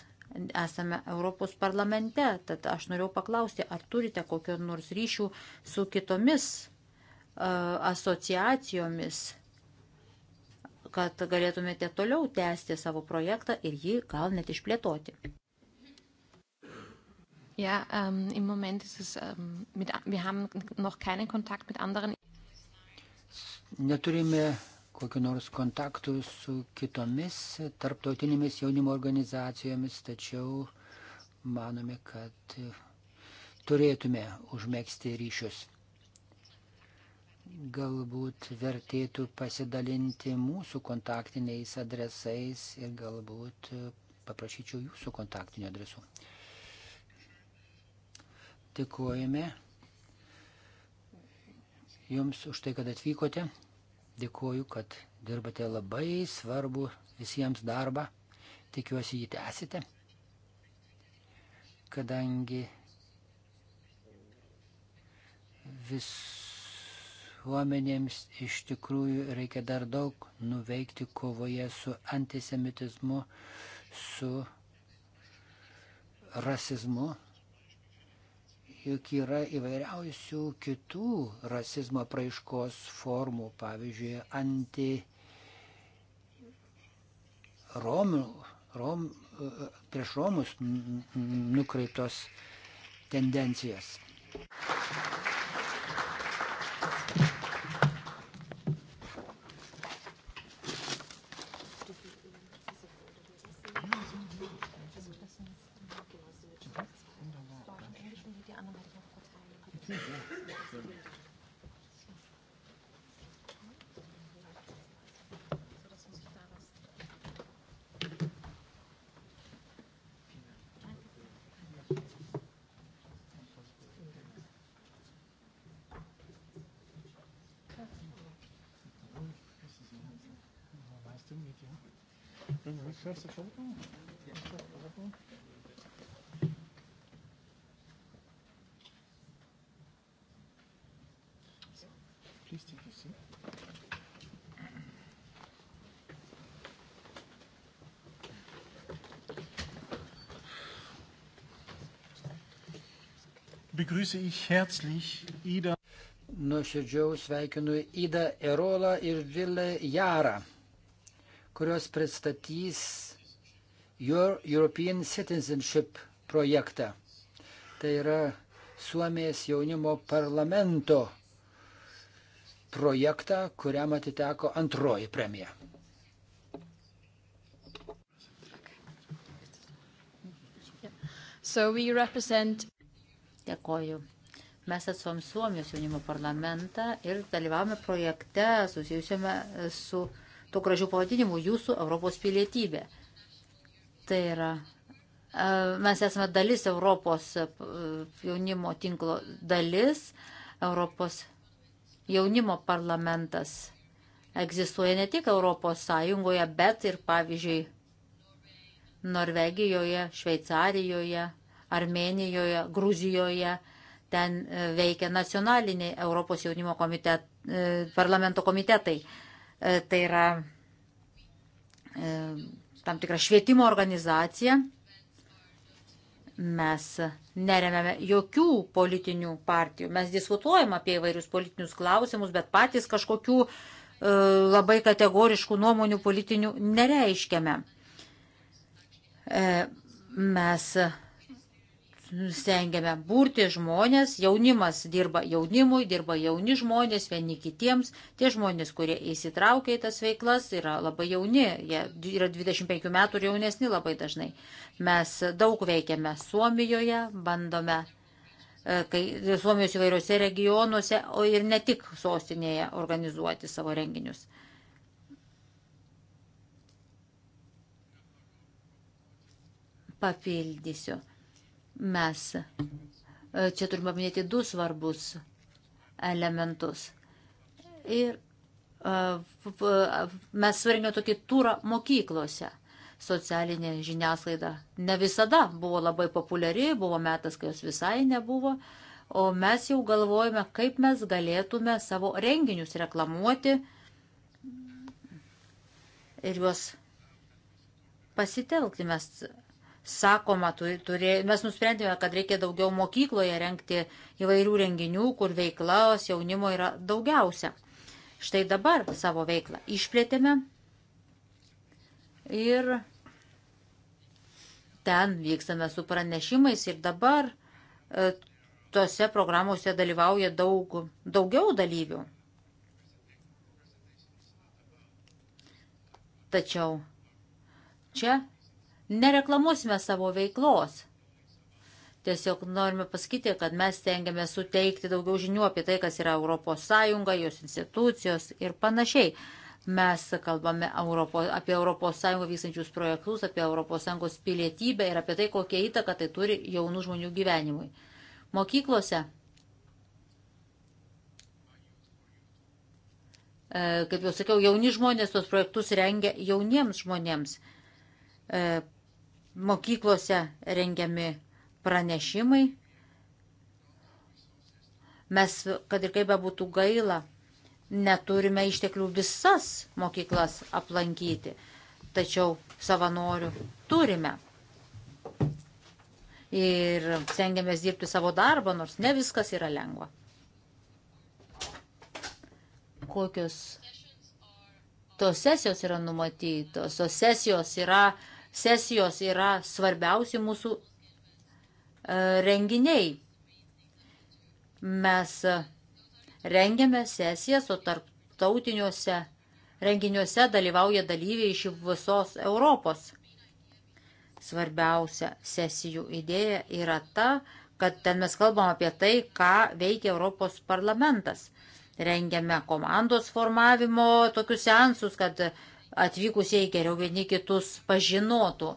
Esame Europos parlamente, tad aš norėjau paklausti, ar turite kokio nors ryšių su kitomis uh, asociacijomis, kad galėtumėte toliau tęsti savo projektą ir jį gal net išplėtoti. Ja, ähm, im Moment ist es, ähm, mit, wir haben noch keinen Kontakt mit anderen. Neturime kokiu nors kontaktu su kitomis tarptautinėmis jaunimo organizacijomis, tačiau manome, kad turėtume užmėgsti ryšius galbūt vertėtų pasidalinti mūsų kontaktiniais adresais ir galbūt e, paprašyčiau jūsų kontaktinių adresų. Dėkojame Jums už tai, kad atvykote. Dėkoju, kad dirbate labai svarbu visiems darbą. Tikiuosi jį tęsite, kadangi vis bendruomenėms iš tikrųjų reikia dar daug nuveikti kovoje su antisemitizmu, su rasizmu. Juk yra įvairiausių kitų rasizmo praiškos formų, pavyzdžiui, anti romų, rom, prieš romus nukreiptos tendencijos. Thank you. Serce kogo? Please take your seat. Begrüße ich herzlich Ida. Nuoširdžiau sveikinu Ida Erolą ir Vilę Jarą kurios pristatys Your European Citizenship projektą. Tai yra Suomijos jaunimo parlamento projektą, kuriam atiteko antroji premija. So we represent. Dėkoju. Mes atsuom Suomijos jaunimo parlamentą ir dalyvavome projekte susijusiame su uh, tų gražių pavadinimų jūsų Europos pilietybė. Tai yra, e, mes esame dalis Europos e, jaunimo tinklo dalis, Europos jaunimo parlamentas egzistuoja ne tik Europos Sąjungoje, bet ir pavyzdžiui Norvegijoje, Šveicarijoje, Armenijoje, Gruzijoje. Ten e, veikia nacionaliniai Europos jaunimo komitet, parlamento komitetai. E, tai yra e, tam tikra švietimo organizacija. Mes neremėme jokių politinių partijų. Mes diskutuojam apie įvairius politinius klausimus, bet patys kažkokių e, labai kategoriškų nuomonių politinių nereiškiame. Mes stengiame būrti žmonės, jaunimas dirba jaunimui, dirba jauni žmonės vieni kitiems, tie žmonės, kurie įsitraukia į tas veiklas, yra labai jauni, jie yra 25 metų ir jaunesni labai dažnai. Mes daug veikiame Suomijoje, bandome, e, kai Suomijos įvairiose regionuose, o ir ne tik sostinėje organizuoti savo renginius. Papildysiu Mes e, čia turime paminėti du svarbus elementus. Ir e, e, mes surengėme tokį turą mokyklose. Socialinė žiniasklaida ne visada buvo labai populiari, buvo metas, kai jos visai nebuvo, o mes jau galvojame, kaip mes galėtume savo renginius reklamuoti ir juos pasitelkti. Mes sakoma, turė, mes nusprendėme, kad reikia daugiau mokykloje renkti įvairių renginių, kur veiklos jaunimo yra daugiausia. Štai dabar savo veiklą išplėtėme ir ten vykstame su pranešimais ir dabar e, tose programuose dalyvauja daug, daugiau dalyvių. Tačiau čia nereklamuosime savo veiklos. Tiesiog norime pasakyti, kad mes tengiame suteikti daugiau žinių apie tai, kas yra ES, jos institucijos ir panašiai. Mes kalbame Europo, apie ES vykstančius projektus, apie ES pilietybę ir apie tai, kokią įtaką tai turi jaunų žmonių gyvenimui. Mokyklose, e, kaip jau sakiau, jauni žmonės tos projektus rengia jauniems žmonėms e, mokyklose rengiami pranešimai. Mes, kad ir kaip bebūtų gaila, neturime išteklių visas mokyklas aplankyti, tačiau savanorių turime. Ir stengiamės dirbti savo darbą, nors ne viskas yra lengva. Kokios tos sesijos yra numatytos? Tos sesijos yra uh, sesijos yra svarbiausi mūsų e, renginiai. Mes e, rengiame sesijas, o tarptautiniuose renginiuose dalyvauja dalyviai iš visos Europos. Svarbiausia sesijų idėja yra ta, kad ten mes kalbam apie tai, ką veikia Europos parlamentas. Rengiame komandos formavimo tokius seansus, kad atvykusieji geriau vieni kitus pažinotų.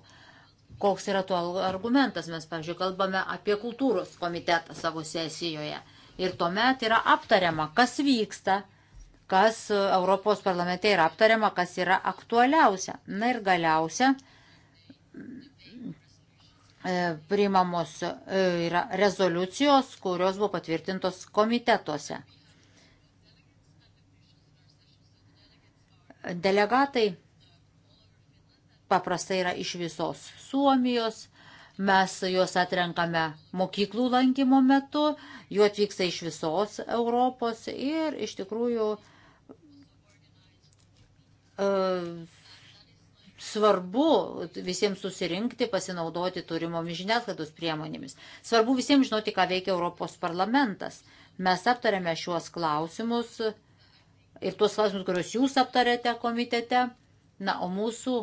Koks yra tuo argumentas? Mes, pavyzdžiui, kalbame apie kultūros komitetą savo sesijoje. Ir tuomet yra aptariama, kas vyksta, kas Europos parlamente yra aptariama, kas yra aktualiausia. Na ir galiausia, e, priimamos e, yra rezoliucijos, kurios buvo patvirtintos komitetuose. Delegatai paprastai yra iš visos Suomijos. Mes juos atrenkame mokyklų lankymo metu, jų atvyksta iš visos Europos ir iš tikrųjų e, svarbu visiems susirinkti, pasinaudoti turimomis žiniasklaidos priemonėmis. Svarbu visiems žinoti, ką veikia Europos parlamentas. Mes aptarėme šiuos klausimus ir tuos klausimus, kuriuos jūs aptarėte komitete. Na, o mūsų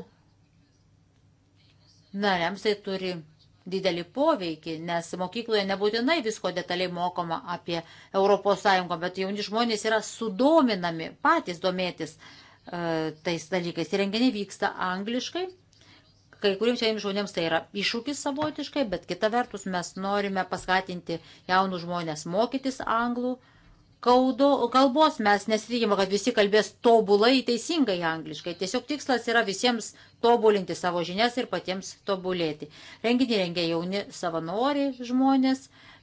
nariams tai turi didelį poveikį, nes mokykloje nebūtinai visko detaliai mokoma apie ES, bet jauni žmonės yra sudominami patys domėtis e, tais dalykais. Renginiai vyksta angliškai, kai kuriems jiems žmonėms tai yra iššūkis savotiškai, bet kita vertus mes norime paskatinti jaunus žmonės mokytis anglų. E, kaudo, kalbos mes nesitikime, kad visi kalbės tobulai teisingai angliškai. Tiesiog tikslas yra visiems tobulinti savo žinias ir patiems tobulėti. Renginį rengia jauni savanori žmonės,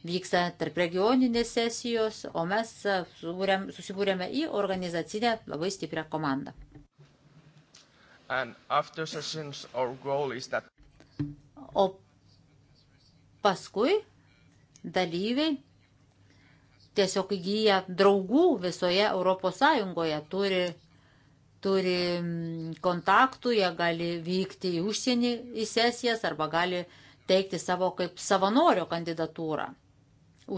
vyksta tarp regioninės sesijos, o mes susibūrėme į organizacinę labai stiprią komandą. That... O paskui dalyviai tiesiog įgyja draugų visoje Europos Sąjungoje, turi, turi mm, kontaktų, jie gali vykti į užsienį į sesijas arba gali teikti savo kaip savanorio kandidatūrą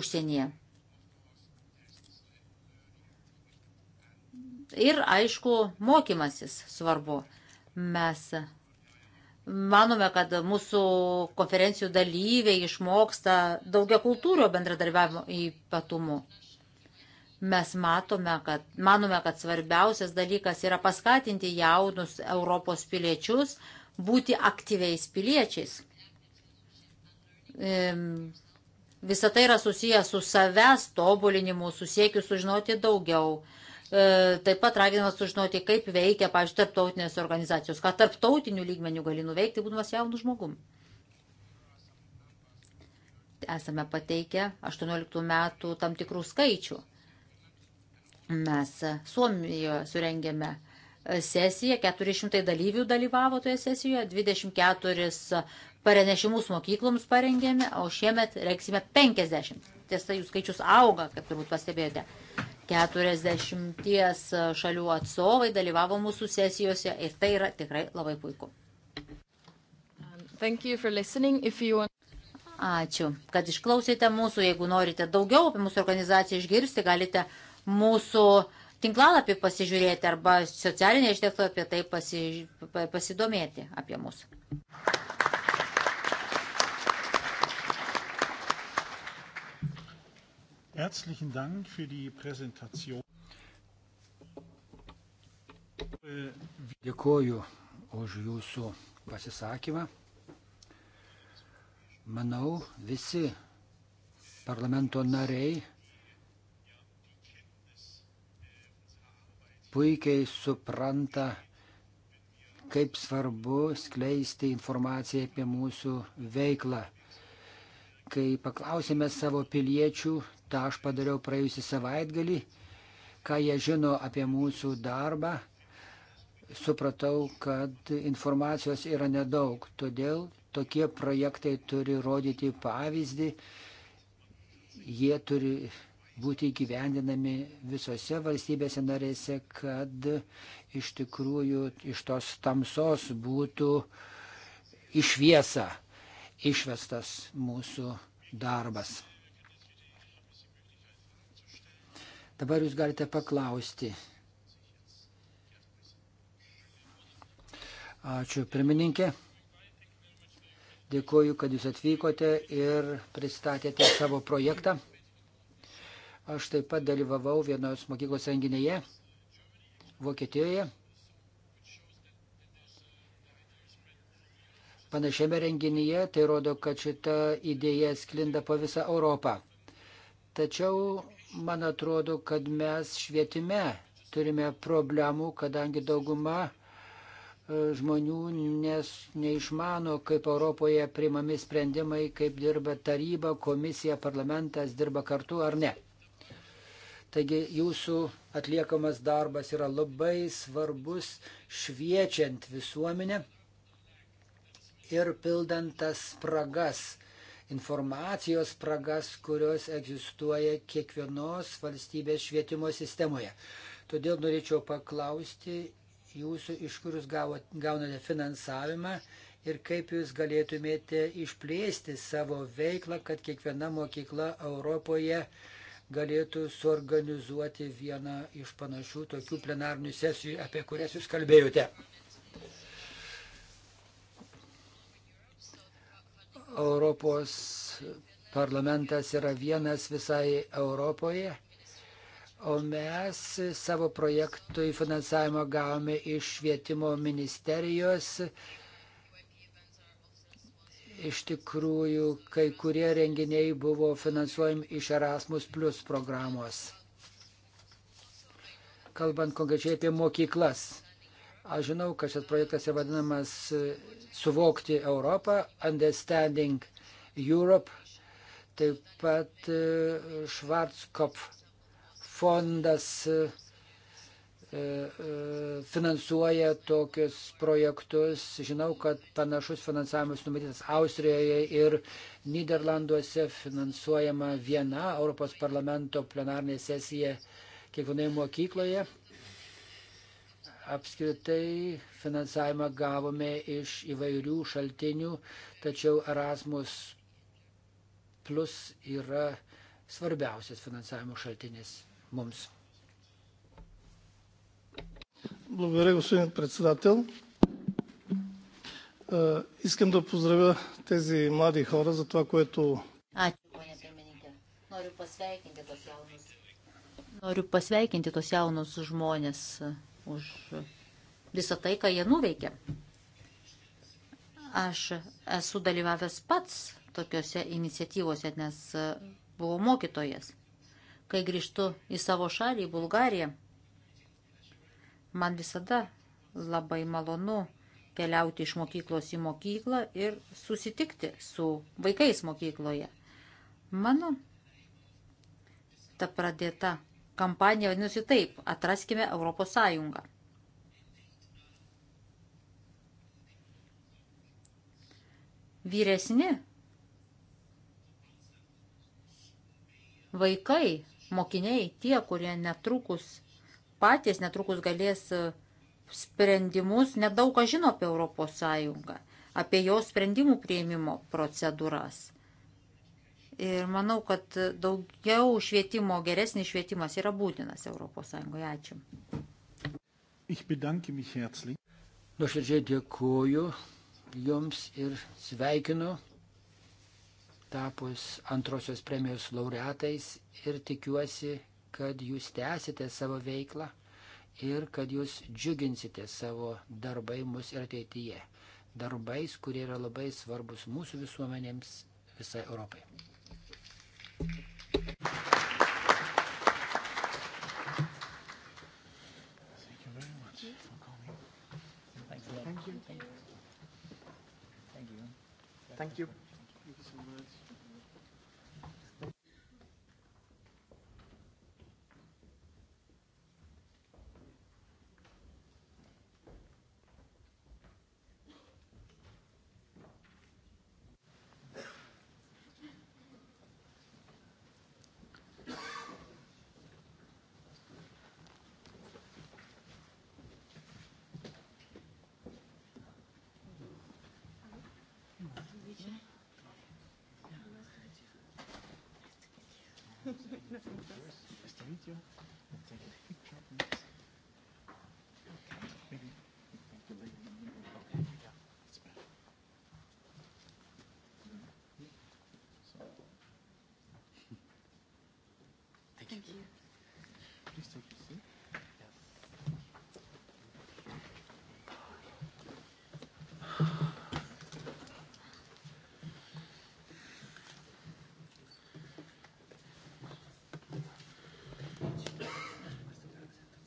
užsienyje. Ir aišku, mokymasis svarbu. Mes Manome, kad mūsų konferencijų dalyviai išmoksta daugia kultūrio bendradarbiavimo ypatumų. Mes matome, kad, manome, kad svarbiausias dalykas yra paskatinti jaunus Europos piliečius būti aktyviais piliečiais. Visą tai yra susijęs su savęs tobulinimu, susiekiu sužinoti daugiau. E, taip pat raginamas sužinoti, kaip veikia, pavyzdžiui, tarptautinės organizacijos, ką tarptautinių lygmenių gali nuveikti, būdamas jaunų žmogum. Esame pateikę 18 metų tam tikrų skaičių. Mes Suomijoje surengėme e, sesiją, 400 dalyvių dalyvavo toje sesijoje, 24 parenešimus mokykloms parengėme, o šiemet reiksime 50. Tiesa, jų skaičius auga, kaip turbūt pastebėjote. 40 šalių atstovai dalyvavo mūsų sesijose ir tai yra tikrai labai puiku. Want... Ačiū, kad išklausėte mūsų. Jeigu norite daugiau apie mūsų organizaciją išgirsti, galite mūsų tinklalapį pasižiūrėti arba socialinėje ištekloje apie tai pasi... pasidomėti apie mūsų. Herzlichen Dank für die Präsentation. Dėkoju už jūsų pasisakymą. Manau, visi parlamento nariai puikiai supranta, kaip svarbu skleisti informaciją apie mūsų veiklą. Kai paklausėme savo piliečių, tą aš padariau praėjusį savaitgalį, ką jie žino apie mūsų darbą, supratau, kad informacijos yra nedaug. Todėl tokie projektai turi rodyti pavyzdį, jie turi būti įgyvendinami visose valstybėse narėse, kad iš tikrųjų iš tos tamsos būtų išviesa išvestas mūsų darbas. Dabar jūs galite paklausti. Ačiū pirmininkė. Dėkuoju, kad jūs atvykote ir pristatėte savo projektą. Aš taip pat dalyvavau vienos mokyklos renginėje Vokietijoje. panašiame renginyje, tai rodo, kad šita idėja sklinda po visą Europą. Tačiau man atrodo, kad mes švietime turime problemų, kadangi dauguma e, žmonių nes, neišmano, kaip Europoje priimami sprendimai, kaip dirba taryba, komisija, parlamentas, dirba kartu ar ne. Taigi jūsų atliekamas darbas yra labai svarbus šviečiant visuomenę ir pildant tas spragas, informacijos spragas, kurios egzistuoja kiekvienos valstybės švietimo sistemoje. Todėl norėčiau paklausti jūsų, iš kur jūs gavot, gaunate finansavimą ir kaip jūs galėtumėte išplėsti savo veiklą, kad kiekviena mokykla Europoje galėtų suorganizuoti vieną iš panašių tokių plenarnių sesijų, apie kurias jūs kalbėjote. Europos parlamentas yra vienas visai Europoje, o mes savo projektui finansavimą gavome iš švietimo ministerijos. Iš tikrųjų, kai kurie renginiai buvo finansuojami iš Erasmus Plus programos. Kalbant konkrečiai apie mokyklas Aš žinau, kad šis projektas yra vadinamas e, Suvokti Europą, Understanding Europe, taip pat e, Schwarzkopf fondas e, finansuoja tokius projektus. Žinau, kad panašus finansavimas numatytas Austrijoje ir Niderlanduose finansuojama viena Europos parlamento plenarnė sesija kiekvienoje mokykloje. Apskritai finansavimą gavome iš įvairių šaltinių, tačiau Erasmus Plus yra svarbiausias finansavimo šaltinis mums. Благодаря, господин председател. Искам да поздравя тези млади хора за това, което. Ačiū, ponė pirmininkė. Noriu pasveikinti tos jaunus. Noriu pasveikinti tos jaunus žmonės už visą tai, ką jie nuveikė. Aš esu dalyvavęs pats tokiuose iniciatyvose, nes buvau mokytojas. Kai grįžtu į savo šalį, į Bulgariją, man visada labai malonu keliauti iš mokyklos į mokyklą ir susitikti su vaikais mokykloje. Mano ta pradėta Kampanija vadinasi taip - atraskime Europos Sąjungą. Vyresni vaikai, mokiniai, tie, kurie netrukus patys netrukus galės e, sprendimus, nedaug ką žino apie Europos Sąjungą, apie jos sprendimų prieimimo procedūras. Ir manau, kad daugiau švietimo, geresnis švietimas yra būtinas ES. Ačiū. Nuoširdžiai dėkuoju Jums ir sveikinu tapus antrosios premijos laureatais ir tikiuosi, kad Jūs tęsite savo veiklą ir kad Jūs džiuginsite savo darbai mus ir ateityje. Darbais, kurie yra labai svarbus mūsų visuomenėms visai Europai. Thank you. Thank you so much. Nice to meet you. I'll take a picture of this. Okay, maybe. Thank you, lady. Okay, yeah, that's better. So. Thank you. Thank you.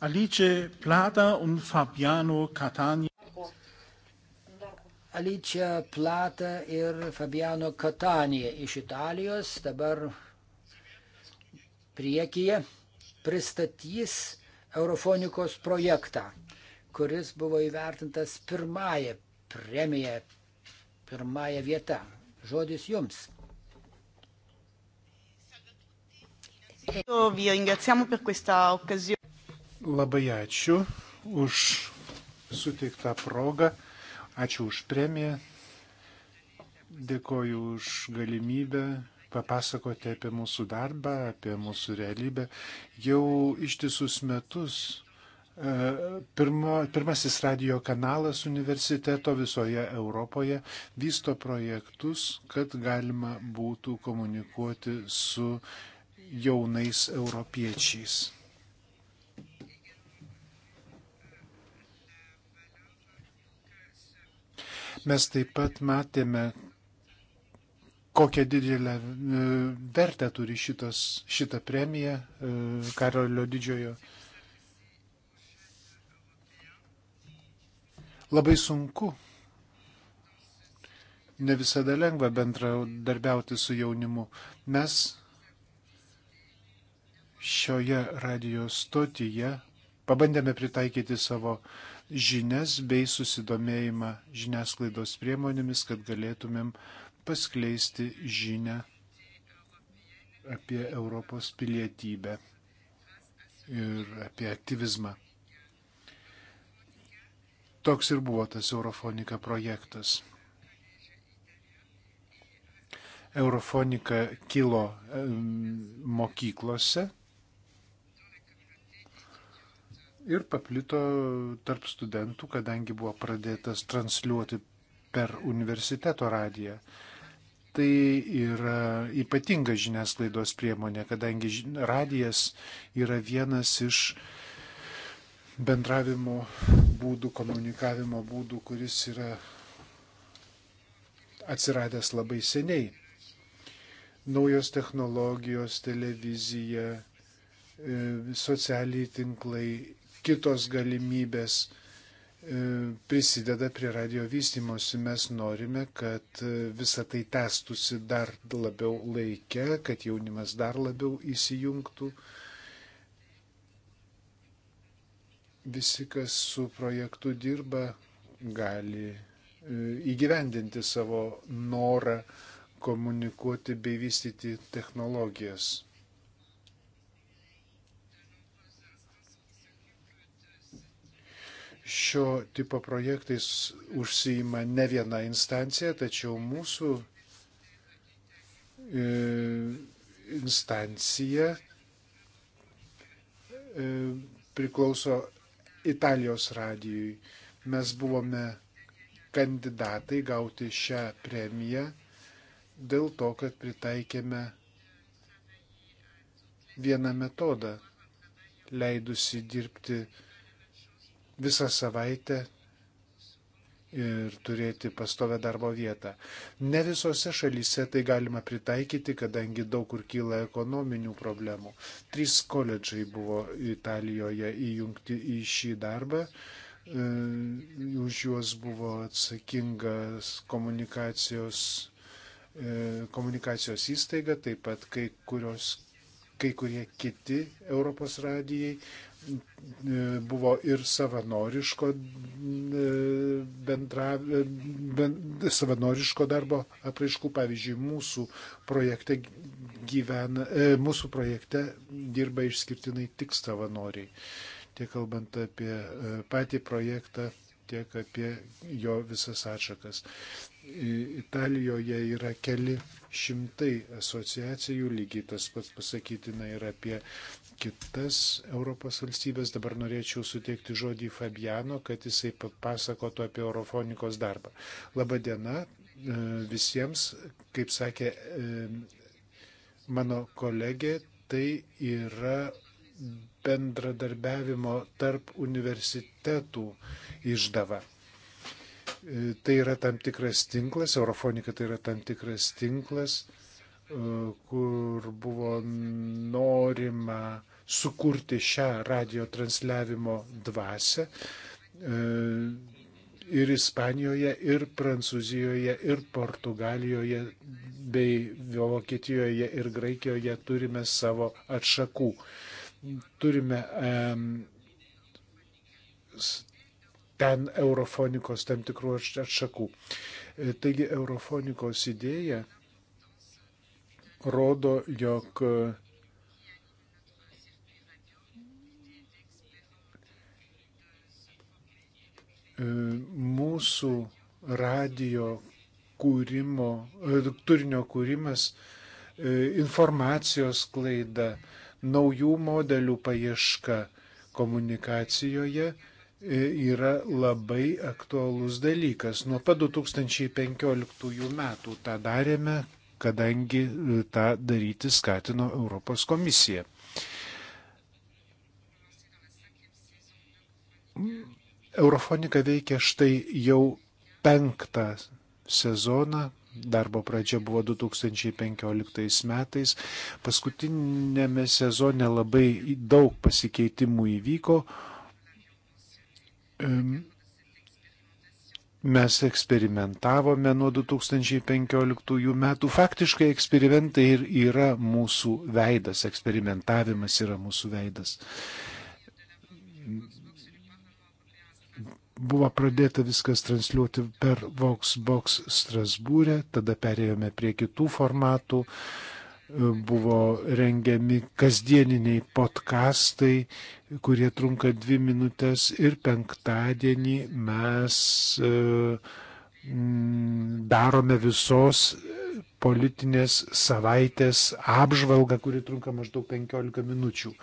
Alice Plata und Fabiano Catania. Alicia Plata ir Fabiano Catania iš Italijos dabar priekyje pristatys Eurofonikos projektą, kuris buvo įvertintas pirmąją premiją, pirmąją vietą. Žodis jums. Vi ringraziamo per questa occasione. Labai ačiū už suteiktą progą, ačiū už premiją, dėkoju už galimybę papasakoti apie mūsų darbą, apie mūsų realybę. Jau ištisus metus e, pirmo, pirmasis radio kanalas universiteto visoje Europoje vysto projektus, kad galima būtų komunikuoti su jaunais europiečiais. Mes taip pat matėme, kokią didelę e, vertę turi šitas, šitą premiją e, Karolio didžiojo. Labai sunku ne visada lengva bendradarbiauti su jaunimu. Mes šioje radio stotyje pabandėme pritaikyti savo žinias bei susidomėjimą žiniasklaidos priemonėmis, kad galėtumėm paskleisti žinę apie Europos pilietybę ir apie aktyvizmą. Toks ir buvo tas Eurofonika projektas. Eurofonika kilo mokyklose ir paplito tarp studentų, kadangi buvo pradėtas transliuoti per universiteto radiją. Tai yra ypatinga žiniasklaidos priemonė, kadangi radijas yra vienas iš bendravimo būdų, komunikavimo būdų, kuris yra atsiradęs labai seniai. Naujos technologijos, televizija, e, socialiniai tinklai kitos galimybės e, prisideda prie radio vystimosi. Mes norime, kad e, visa tai tęstusi dar labiau laikę, kad jaunimas dar labiau įsijungtų. Visi, kas su projektu dirba, gali e, įgyvendinti savo norą komunikuoti bei vystyti technologijas. šio tipo projektais užsijima ne viena instancija, tačiau mūsų e, instancija e, priklauso Italijos radijui. Mes buvome kandidatai gauti šią premiją dėl to, kad pritaikėme vieną metodą, leidusi dirbti visą savaitę ir turėti pastovę darbo vietą. Ne visose šalyse tai galima pritaikyti, kadangi daug kur kyla ekonominių problemų. Trys koledžai buvo Italijoje įjungti į šį darbą. E, už juos buvo atsakingas komunikacijos, e, komunikacijos įstaiga, taip pat kai, kurios, kai kurie kiti Europos radijai, buvo ir savanoriško, e, bendra, e, ben, savanoriško darbo apraiškų. Pavyzdžiui, mūsų projekte, gyvena, e, mūsų projekte dirba išskirtinai tik savanoriai. Tiek kalbant apie patį projektą, tiek apie jo visas atšakas. Italijoje yra keli šimtai asociacijų, lygiai tas pats pasakytina ir apie kitas Europos valstybės. Dabar norėčiau suteikti žodį Fabiano, kad jisai papasakotų apie eurofonikos darbą. Labadiena e, visiems, kaip sakė e, mano kolegė, tai yra bendradarbiavimo tarp universitetų išdava. E, tai yra tam tikras tinklas, eurofonika tai yra tam tikras tinklas, kur buvo norima sukurti šią radio transliavimo dvasę e, ir Ispanijoje, ir Prancūzijoje, ir Portugalijoje, bei Vokietijoje ir Graikijoje turime savo atšakų. Turime um, ten eurofonikos tam tikrų atšakų. E, taigi eurofonikos idėja rodo, jog mūsų radio kūrimo, turinio kūrimas, informacijos klaida, naujų modelių paieška komunikacijoje e, yra labai aktualus dalykas. Nuo pat 2015 metų tą darėme, kadangi e, tą daryti skatino Europos komisija. Eurofonika veikia štai jau penktą sezoną, Darbo pradžia buvo 2015 metais. Paskutinėme sezone labai daug pasikeitimų įvyko. Mes eksperimentavome nuo 2015 metų. Faktiškai eksperimentai ir yra mūsų veidas, eksperimentavimas yra mūsų veidas. Buvo pradėta viskas transliuoti per Voxbox Strasbūrę, tada perėjome prie kitų formatų. Uh, buvo rengiami kasdieniniai podkastai, kurie trunka dvi minutės ir penktadienį mes e, darome visos politinės savaitės apžvalgą, kuri trunka maždaug 15 minučių.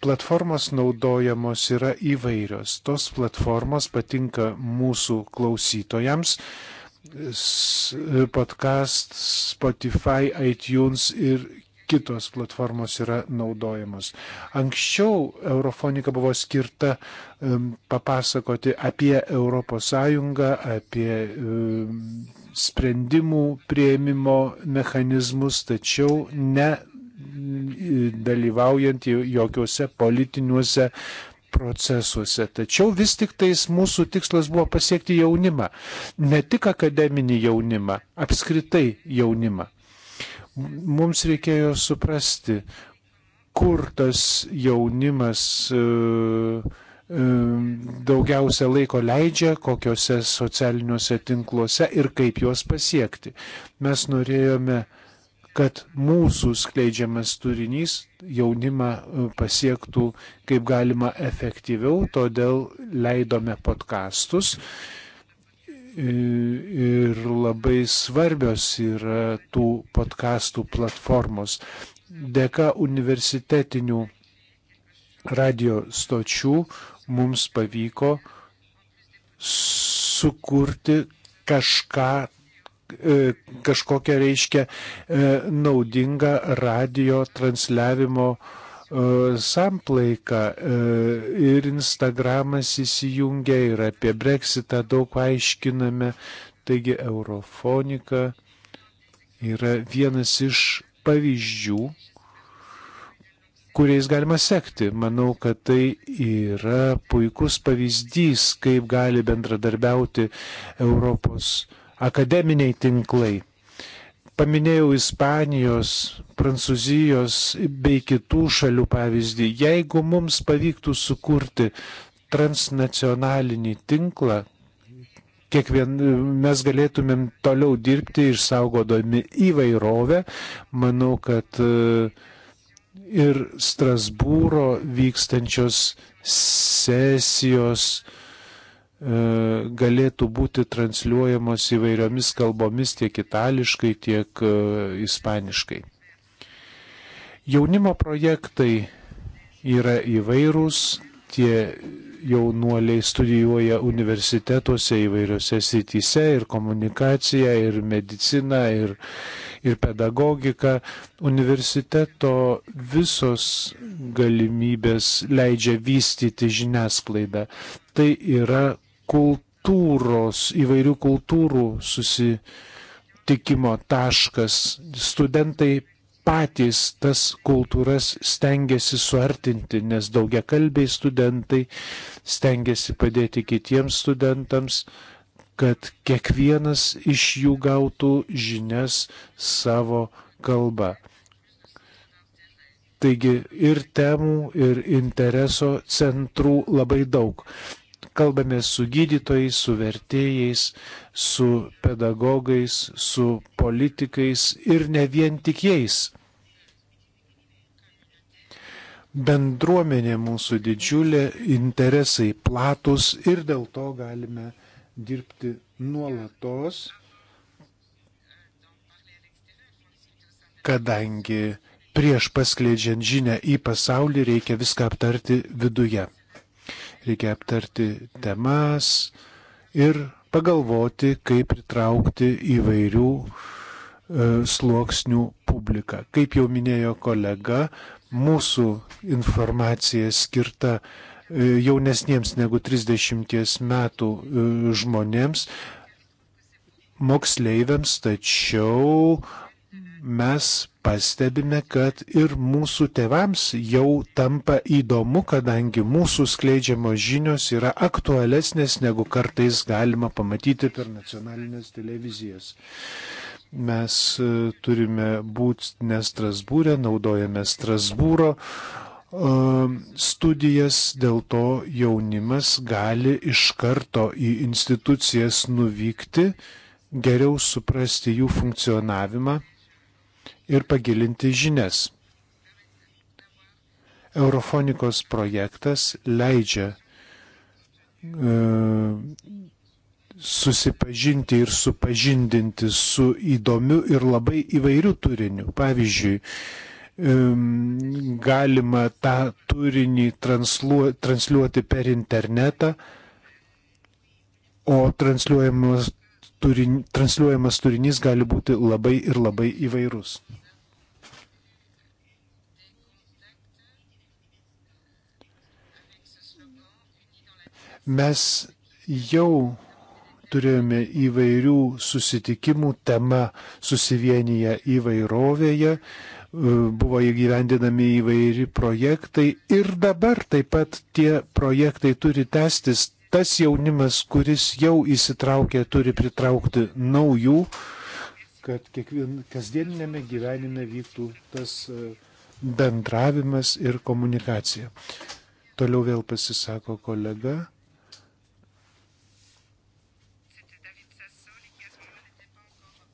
Platformos naudojamos yra įvairios. Tos platformos patinka mūsų klausytojams podcast, Spotify, iTunes ir kitos platformos yra naudojamos. Anksčiau Eurofonika buvo skirta um, papasakoti apie ES, apie um, sprendimų prieimimo mechanizmus, tačiau ne dalyvaujant jokiuose politiniuose procesuose. Tačiau vis tik tais mūsų tikslas buvo pasiekti jaunimą. Ne tik akademinį jaunimą, apskritai jaunimą. Mums reikėjo suprasti, kur tas jaunimas e, e, daugiausia laiko leidžia, kokiuose socialiniuose tinkluose ir kaip juos pasiekti. Mes norėjome uh, kad mūsų skleidžiamas turinys jaunimą e, pasiektų kaip galima efektyviau, todėl leidome podkastus. E, ir labai svarbios yra tų podkastų platformos. Dėka universitetinių radio stočių mums pavyko sukurti kažką E, kažkokią reiškia e, naudingą radio transliavimo e, samplaiką ir Instagramas įsijungia ir apie Brexitą daug aiškiname. Taigi eurofonika yra vienas iš pavyzdžių, kuriais galima sekti. Manau, kad tai yra puikus pavyzdys, kaip gali bendradarbiauti Europos akademiniai tinklai. Paminėjau Ispanijos, Prancūzijos bei kitų šalių pavyzdį. Jeigu mums pavyktų sukurti transnacionalinį tinklą, kiekvien mes galėtumėm toliau dirbti išsaugodami įvairovę. Manau, kad e, ir Strasbūro vykstančios sesijos uh, E, galėtų būti transliuojamos įvairiomis kalbomis tiek itališkai, tiek e, ispaniškai. Jaunimo projektai yra įvairūs, tie jaunuoliai studijuoja universitetuose įvairiose srityse ir komunikaciją, ir mediciną, ir, ir pedagogiką. Universiteto visos galimybės leidžia vystyti žiniasklaidą. Tai yra kultūros, įvairių kultūrų susitikimo taškas. Studentai patys tas kultūras stengiasi suartinti, nes daugia kalbiai studentai stengiasi padėti kitiems studentams, kad kiekvienas iš jų gautų žinias savo kalbą. Taigi ir temų, ir intereso centrų labai daug kalbame su gydytojais, su vertėjais, su pedagogais, su politikais ir ne vien tik jais. Bendruomenė mūsų didžiulė, interesai platus ir dėl to galime dirbti nuolatos, kadangi prieš paskleidžiant žinę į pasaulį reikia viską aptarti viduje. Reikia aptarti temas ir pagalvoti, kaip pritraukti įvairių e, sluoksnių publiką. Kaip jau minėjo kolega, mūsų informacija skirta e, jaunesniems negu 30 metų e, žmonėms, moksleiviams, tačiau mes pastebime, kad ir mūsų tėvams jau tampa įdomu, kadangi mūsų skleidžiamos žinios yra aktualesnės negu kartais galima pamatyti per nacionalinės televizijas. Mes e, turime būti ne Strasbūrė, naudojame Strasbūro e, studijas, dėl to jaunimas gali iš karto į institucijas nuvykti, geriau suprasti jų funkcionavimą ir pagilinti žinias. Eurofonikos projektas leidžia e, susipažinti ir supažindinti su įdomiu ir labai įvairių turiniu. Pavyzdžiui, e, galima tą turinį transliuoti per internetą, o transliuojamas turin, transliuojamas turinys gali būti labai ir labai įvairus. Mes jau turėjome įvairių susitikimų, tema susivienyje įvairovėje, e, buvo įgyvendinami įvairi projektai ir dabar taip pat tie projektai turi tęstis tas jaunimas, kuris jau įsitraukė, turi pritraukti naujų, kad kiekvien, kasdieninėme gyvenime vyktų tas e, bendravimas ir komunikacija. Toliau vėl pasisako kolega.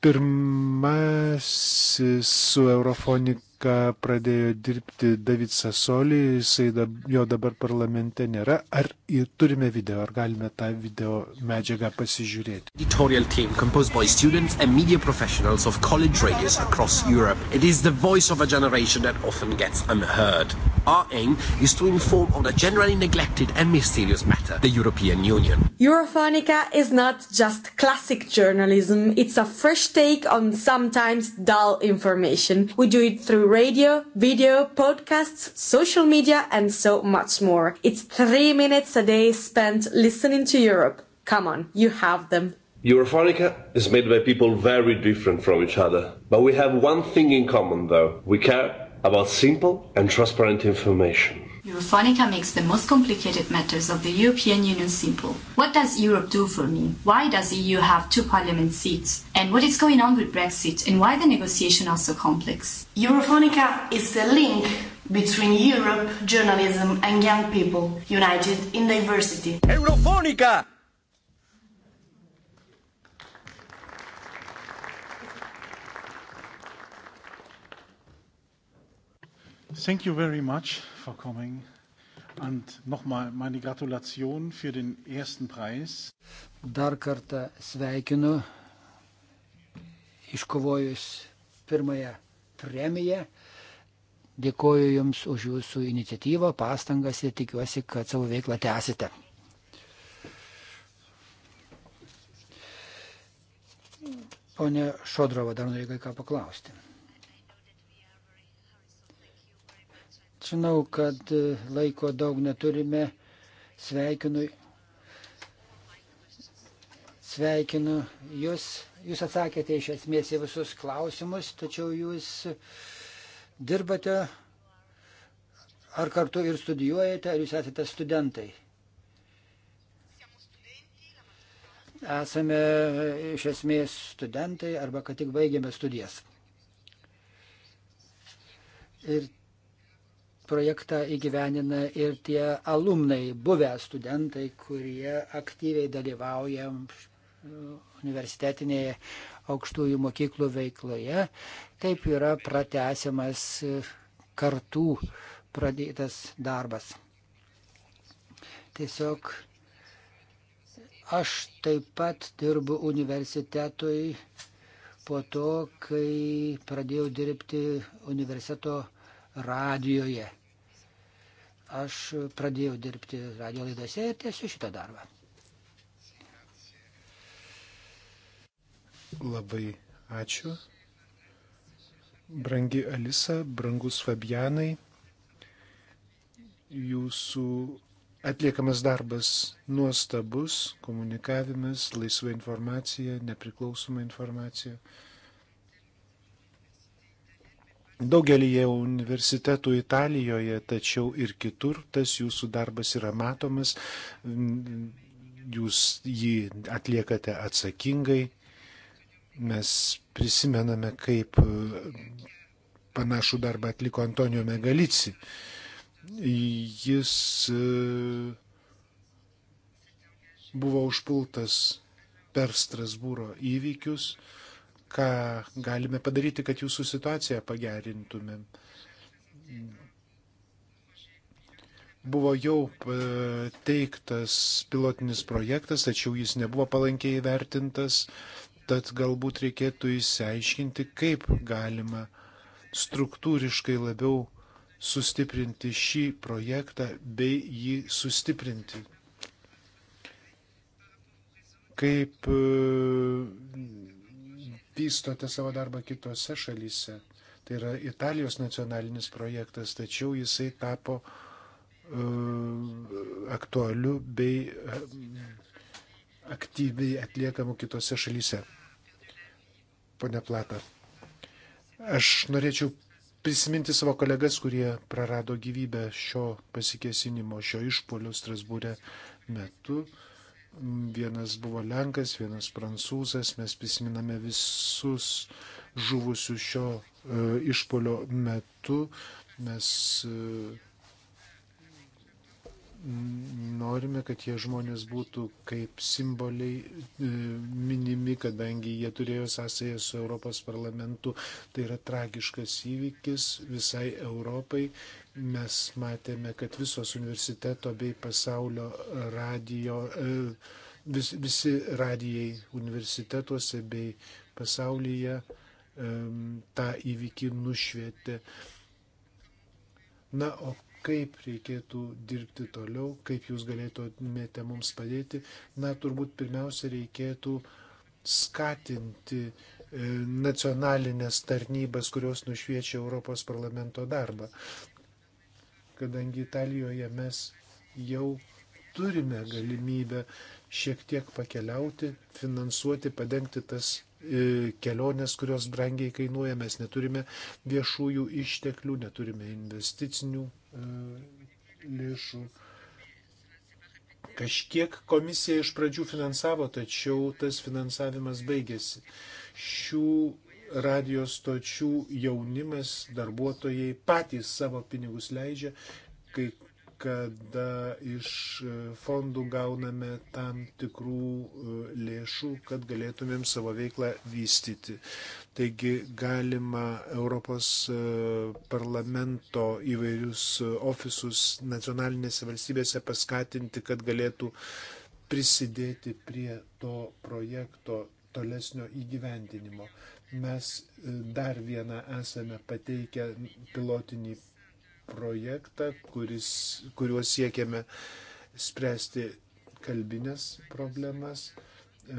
Pirmasis su Eurofonika ką pradėjo dirbti David Sasoli, jisai dab, jo dabar parlamente nėra. Ar ir turime video, ar galime tą video medžiagą pasižiūrėti? Editorial team composed by students and media professionals of college radios across Europe. It is the voice of a generation that often gets unheard. Our aim is to inform on a generally neglected and mysterious matter, the European Union. Europhonica is not just classic journalism, it's a fresh take on sometimes dull information. We do it through radio, video, podcasts, social media, and so much more. It's three minutes a day spent listening to Europe. Come on, you have them. Europhonica is made by people very different from each other. But we have one thing in common though. We care about simple and transparent information. Europhonica makes the most complicated matters of the European Union simple. What does Europe do for me? Why does EU have two parliament seats? And what is going on with Brexit and why the negotiations are so complex? Europhonica is the link between Europe, journalism and young people united in diversity. Europhonica! Thank you very much for coming. Und nochmal meine Gratulation für den ersten Preis. Dar kartą sveikinu iškovojus pirmąją premiją. Dėkoju Jums už Jūsų iniciatyvą, pastangas ir tikiuosi, kad savo veiklą tęsite. Pone Šodrovo, dar norėjau ką paklausti. Žinau, kad e, laiko daug neturime. Sveikinu. Sveikinu jūs. Jūs atsakėte iš esmės į visus klausimus, tačiau jūs dirbate ar kartu ir studijuojate, ar jūs esate studentai. Esame e, iš esmės studentai arba kad tik baigėme studijas. Ir projektą įgyvenina ir tie alumnai, buvę studentai, kurie aktyviai dalyvauja universitetinėje aukštųjų mokyklų veikloje. Taip yra pratesiamas kartų pradėtas darbas. Tiesiog aš taip pat dirbu universitetui po to, kai pradėjau dirbti universiteto radijoje. Aš pradėjau dirbti radio laidose ir tiesiu šitą darbą. Labai ačiū. Brangi Alisa, brangus Fabianai, jūsų atliekamas darbas nuostabus, komunikavimas, laisva informacija, nepriklausoma informacija daugelį universitetų Italijoje, tačiau ir kitur tas jūsų darbas yra matomas, mm, jūs jį atliekate atsakingai. Mes prisimename, kaip mm, panašų darbą atliko Antonijo Megalici. Jis mm, buvo užpultas per Strasbūro įvykius, ką galime padaryti, kad jūsų situaciją pagerintumėm. Buvo jau e, teiktas pilotinis projektas, tačiau jis nebuvo palankiai įvertintas, tad galbūt reikėtų įsiaiškinti, kaip galima struktūriškai labiau sustiprinti šį projektą bei jį sustiprinti. Kaip e, vystote savo darbą kitose šalyse. Tai yra Italijos nacionalinis projektas, tačiau jisai tapo uh, aktualiu bei uh, aktyviai atliekamu kitose šalyse. Pone Plata, aš norėčiau prisiminti savo kolegas, kurie prarado gyvybę šio pasikesinimo, šio išpolio Strasbūrė metu. Uh, Vienas buvo Lenkas, vienas Prancūzas. Mes prisiminame visus žuvusius šio e, išpolio metu. Mes e, norime, kad tie žmonės būtų kaip simboliai e, minimi, kadangi jie turėjo sąsąją su Europos parlamentu. Tai yra tragiškas įvykis visai Europai. E, Mes matėme, kad visos universiteto bei pasaulio radio, e, vis, visi radijai universitetuose bei pasaulyje e, tą įvykį nušvietė. Na, o kaip reikėtų dirbti toliau, kaip jūs galėtumėte mums padėti, na, turbūt pirmiausia reikėtų skatinti e, nacionalinės tarnybas, kurios nušviečia Europos parlamento darbą kadangi Italijoje mes jau turime galimybę šiek tiek pakeliauti, finansuoti, padengti tas e, keliones, kurios brangiai kainuoja, mes neturime viešųjų išteklių, neturime investicinių e, lėšų. Kažkiek komisija iš pradžių finansavo, tačiau tas finansavimas baigėsi. Šių radijos stočių jaunimas, darbuotojai patys savo pinigus leidžia, kai kada iš fondų gauname tam tikrų e, lėšų, kad galėtumėm savo veiklą vystyti. Taigi galima Europos e, parlamento įvairius ofisus nacionalinėse valstybėse paskatinti, kad galėtų prisidėti prie to projekto tolesnio įgyvendinimo. Mes e, dar vieną esame pateikę pilotinį projektą, kuris, kuriuo siekiame spręsti kalbinės problemas. E,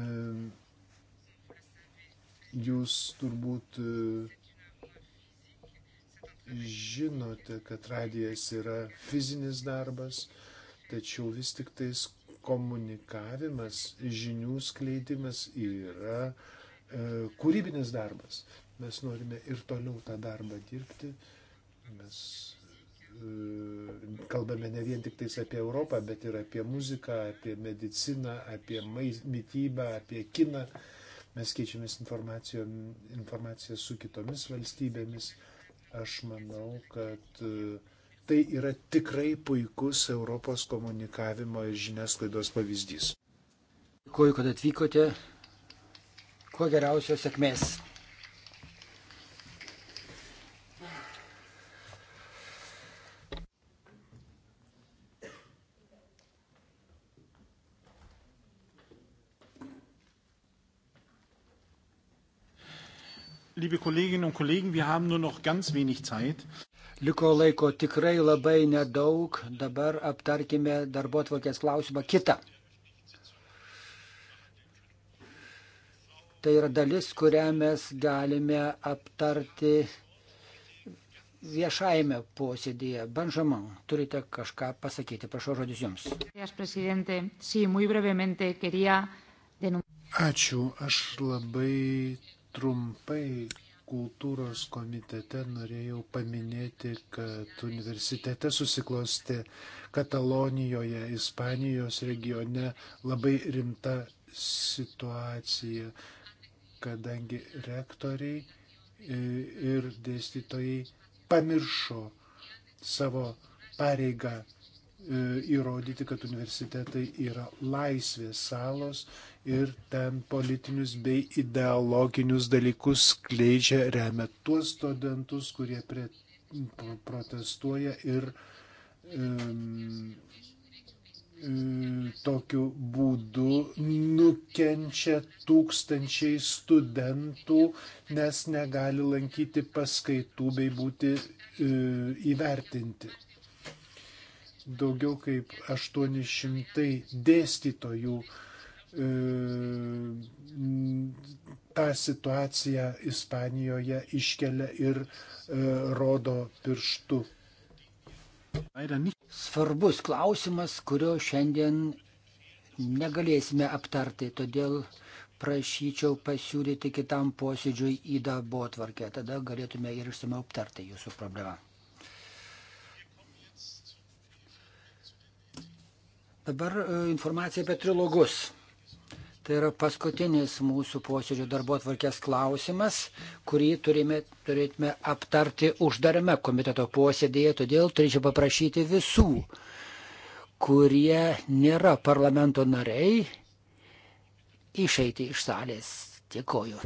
jūs turbūt e, žinote, kad radijas yra fizinis darbas, tačiau vis tik tais komunikavimas, žinių skleidimas yra uh, E, kūrybinis darbas. Mes norime ir toliau tą darbą dirbti. Mes e, kalbame ne vien tik tais apie Europą, bet ir apie muziką, apie mediciną, apie mytybą, apie kiną. Mes keičiamės informaciją su kitomis valstybėmis. Aš manau, kad e, tai yra tikrai puikus Europos komunikavimo ir žiniasklaidos pavyzdys. Dėkuoju, kad atvykote kuo geriausios sėkmės. Liebe Kolleginnen und Kollegen, wir haben nur noch ganz wenig Zeit. Liko laiko tikrai labai nedaug, dabar aptarkime darbo atvarkės klausimą kitą. Tai yra dalis, kurią mes galime aptarti viešajame posėdėje. Benžamau, turite kažką pasakyti, prašau žodis jums. Ačiū, aš labai trumpai kultūros komitete norėjau paminėti, kad universitete susiklosti Katalonijoje, Ispanijos regione labai rimta situacija kadangi rektoriai e, ir dėstytojai pamiršo savo pareigą e, įrodyti, kad universitetai yra laisvės salos ir ten politinius bei ideologinius dalykus skleidžia, remia tuos studentus, kurie prie, protestuoja ir um, Mm, tokiu būdu nukenčia tūkstančiai studentų, nes negali lankyti paskaitų bei būti e, įvertinti. Daugiau kaip 800 dėstytojų e, tą situaciją Ispanijoje iškelia ir e, rodo pirštu svarbus klausimas, kurio šiandien negalėsime aptarti, todėl prašyčiau pasiūlyti kitam posėdžiui į darbo tvarkę. Tada galėtume ir išsamiau aptarti jūsų problemą. Dabar e, informacija apie trilogus. Tai yra paskutinis mūsų posėdžio darbo atvarkės klausimas, kurį turime, turėtume aptarti uždarame komiteto posėdėje, todėl turėčiau paprašyti visų, kurie nėra parlamento nariai, išeiti iš salės. Dėkoju.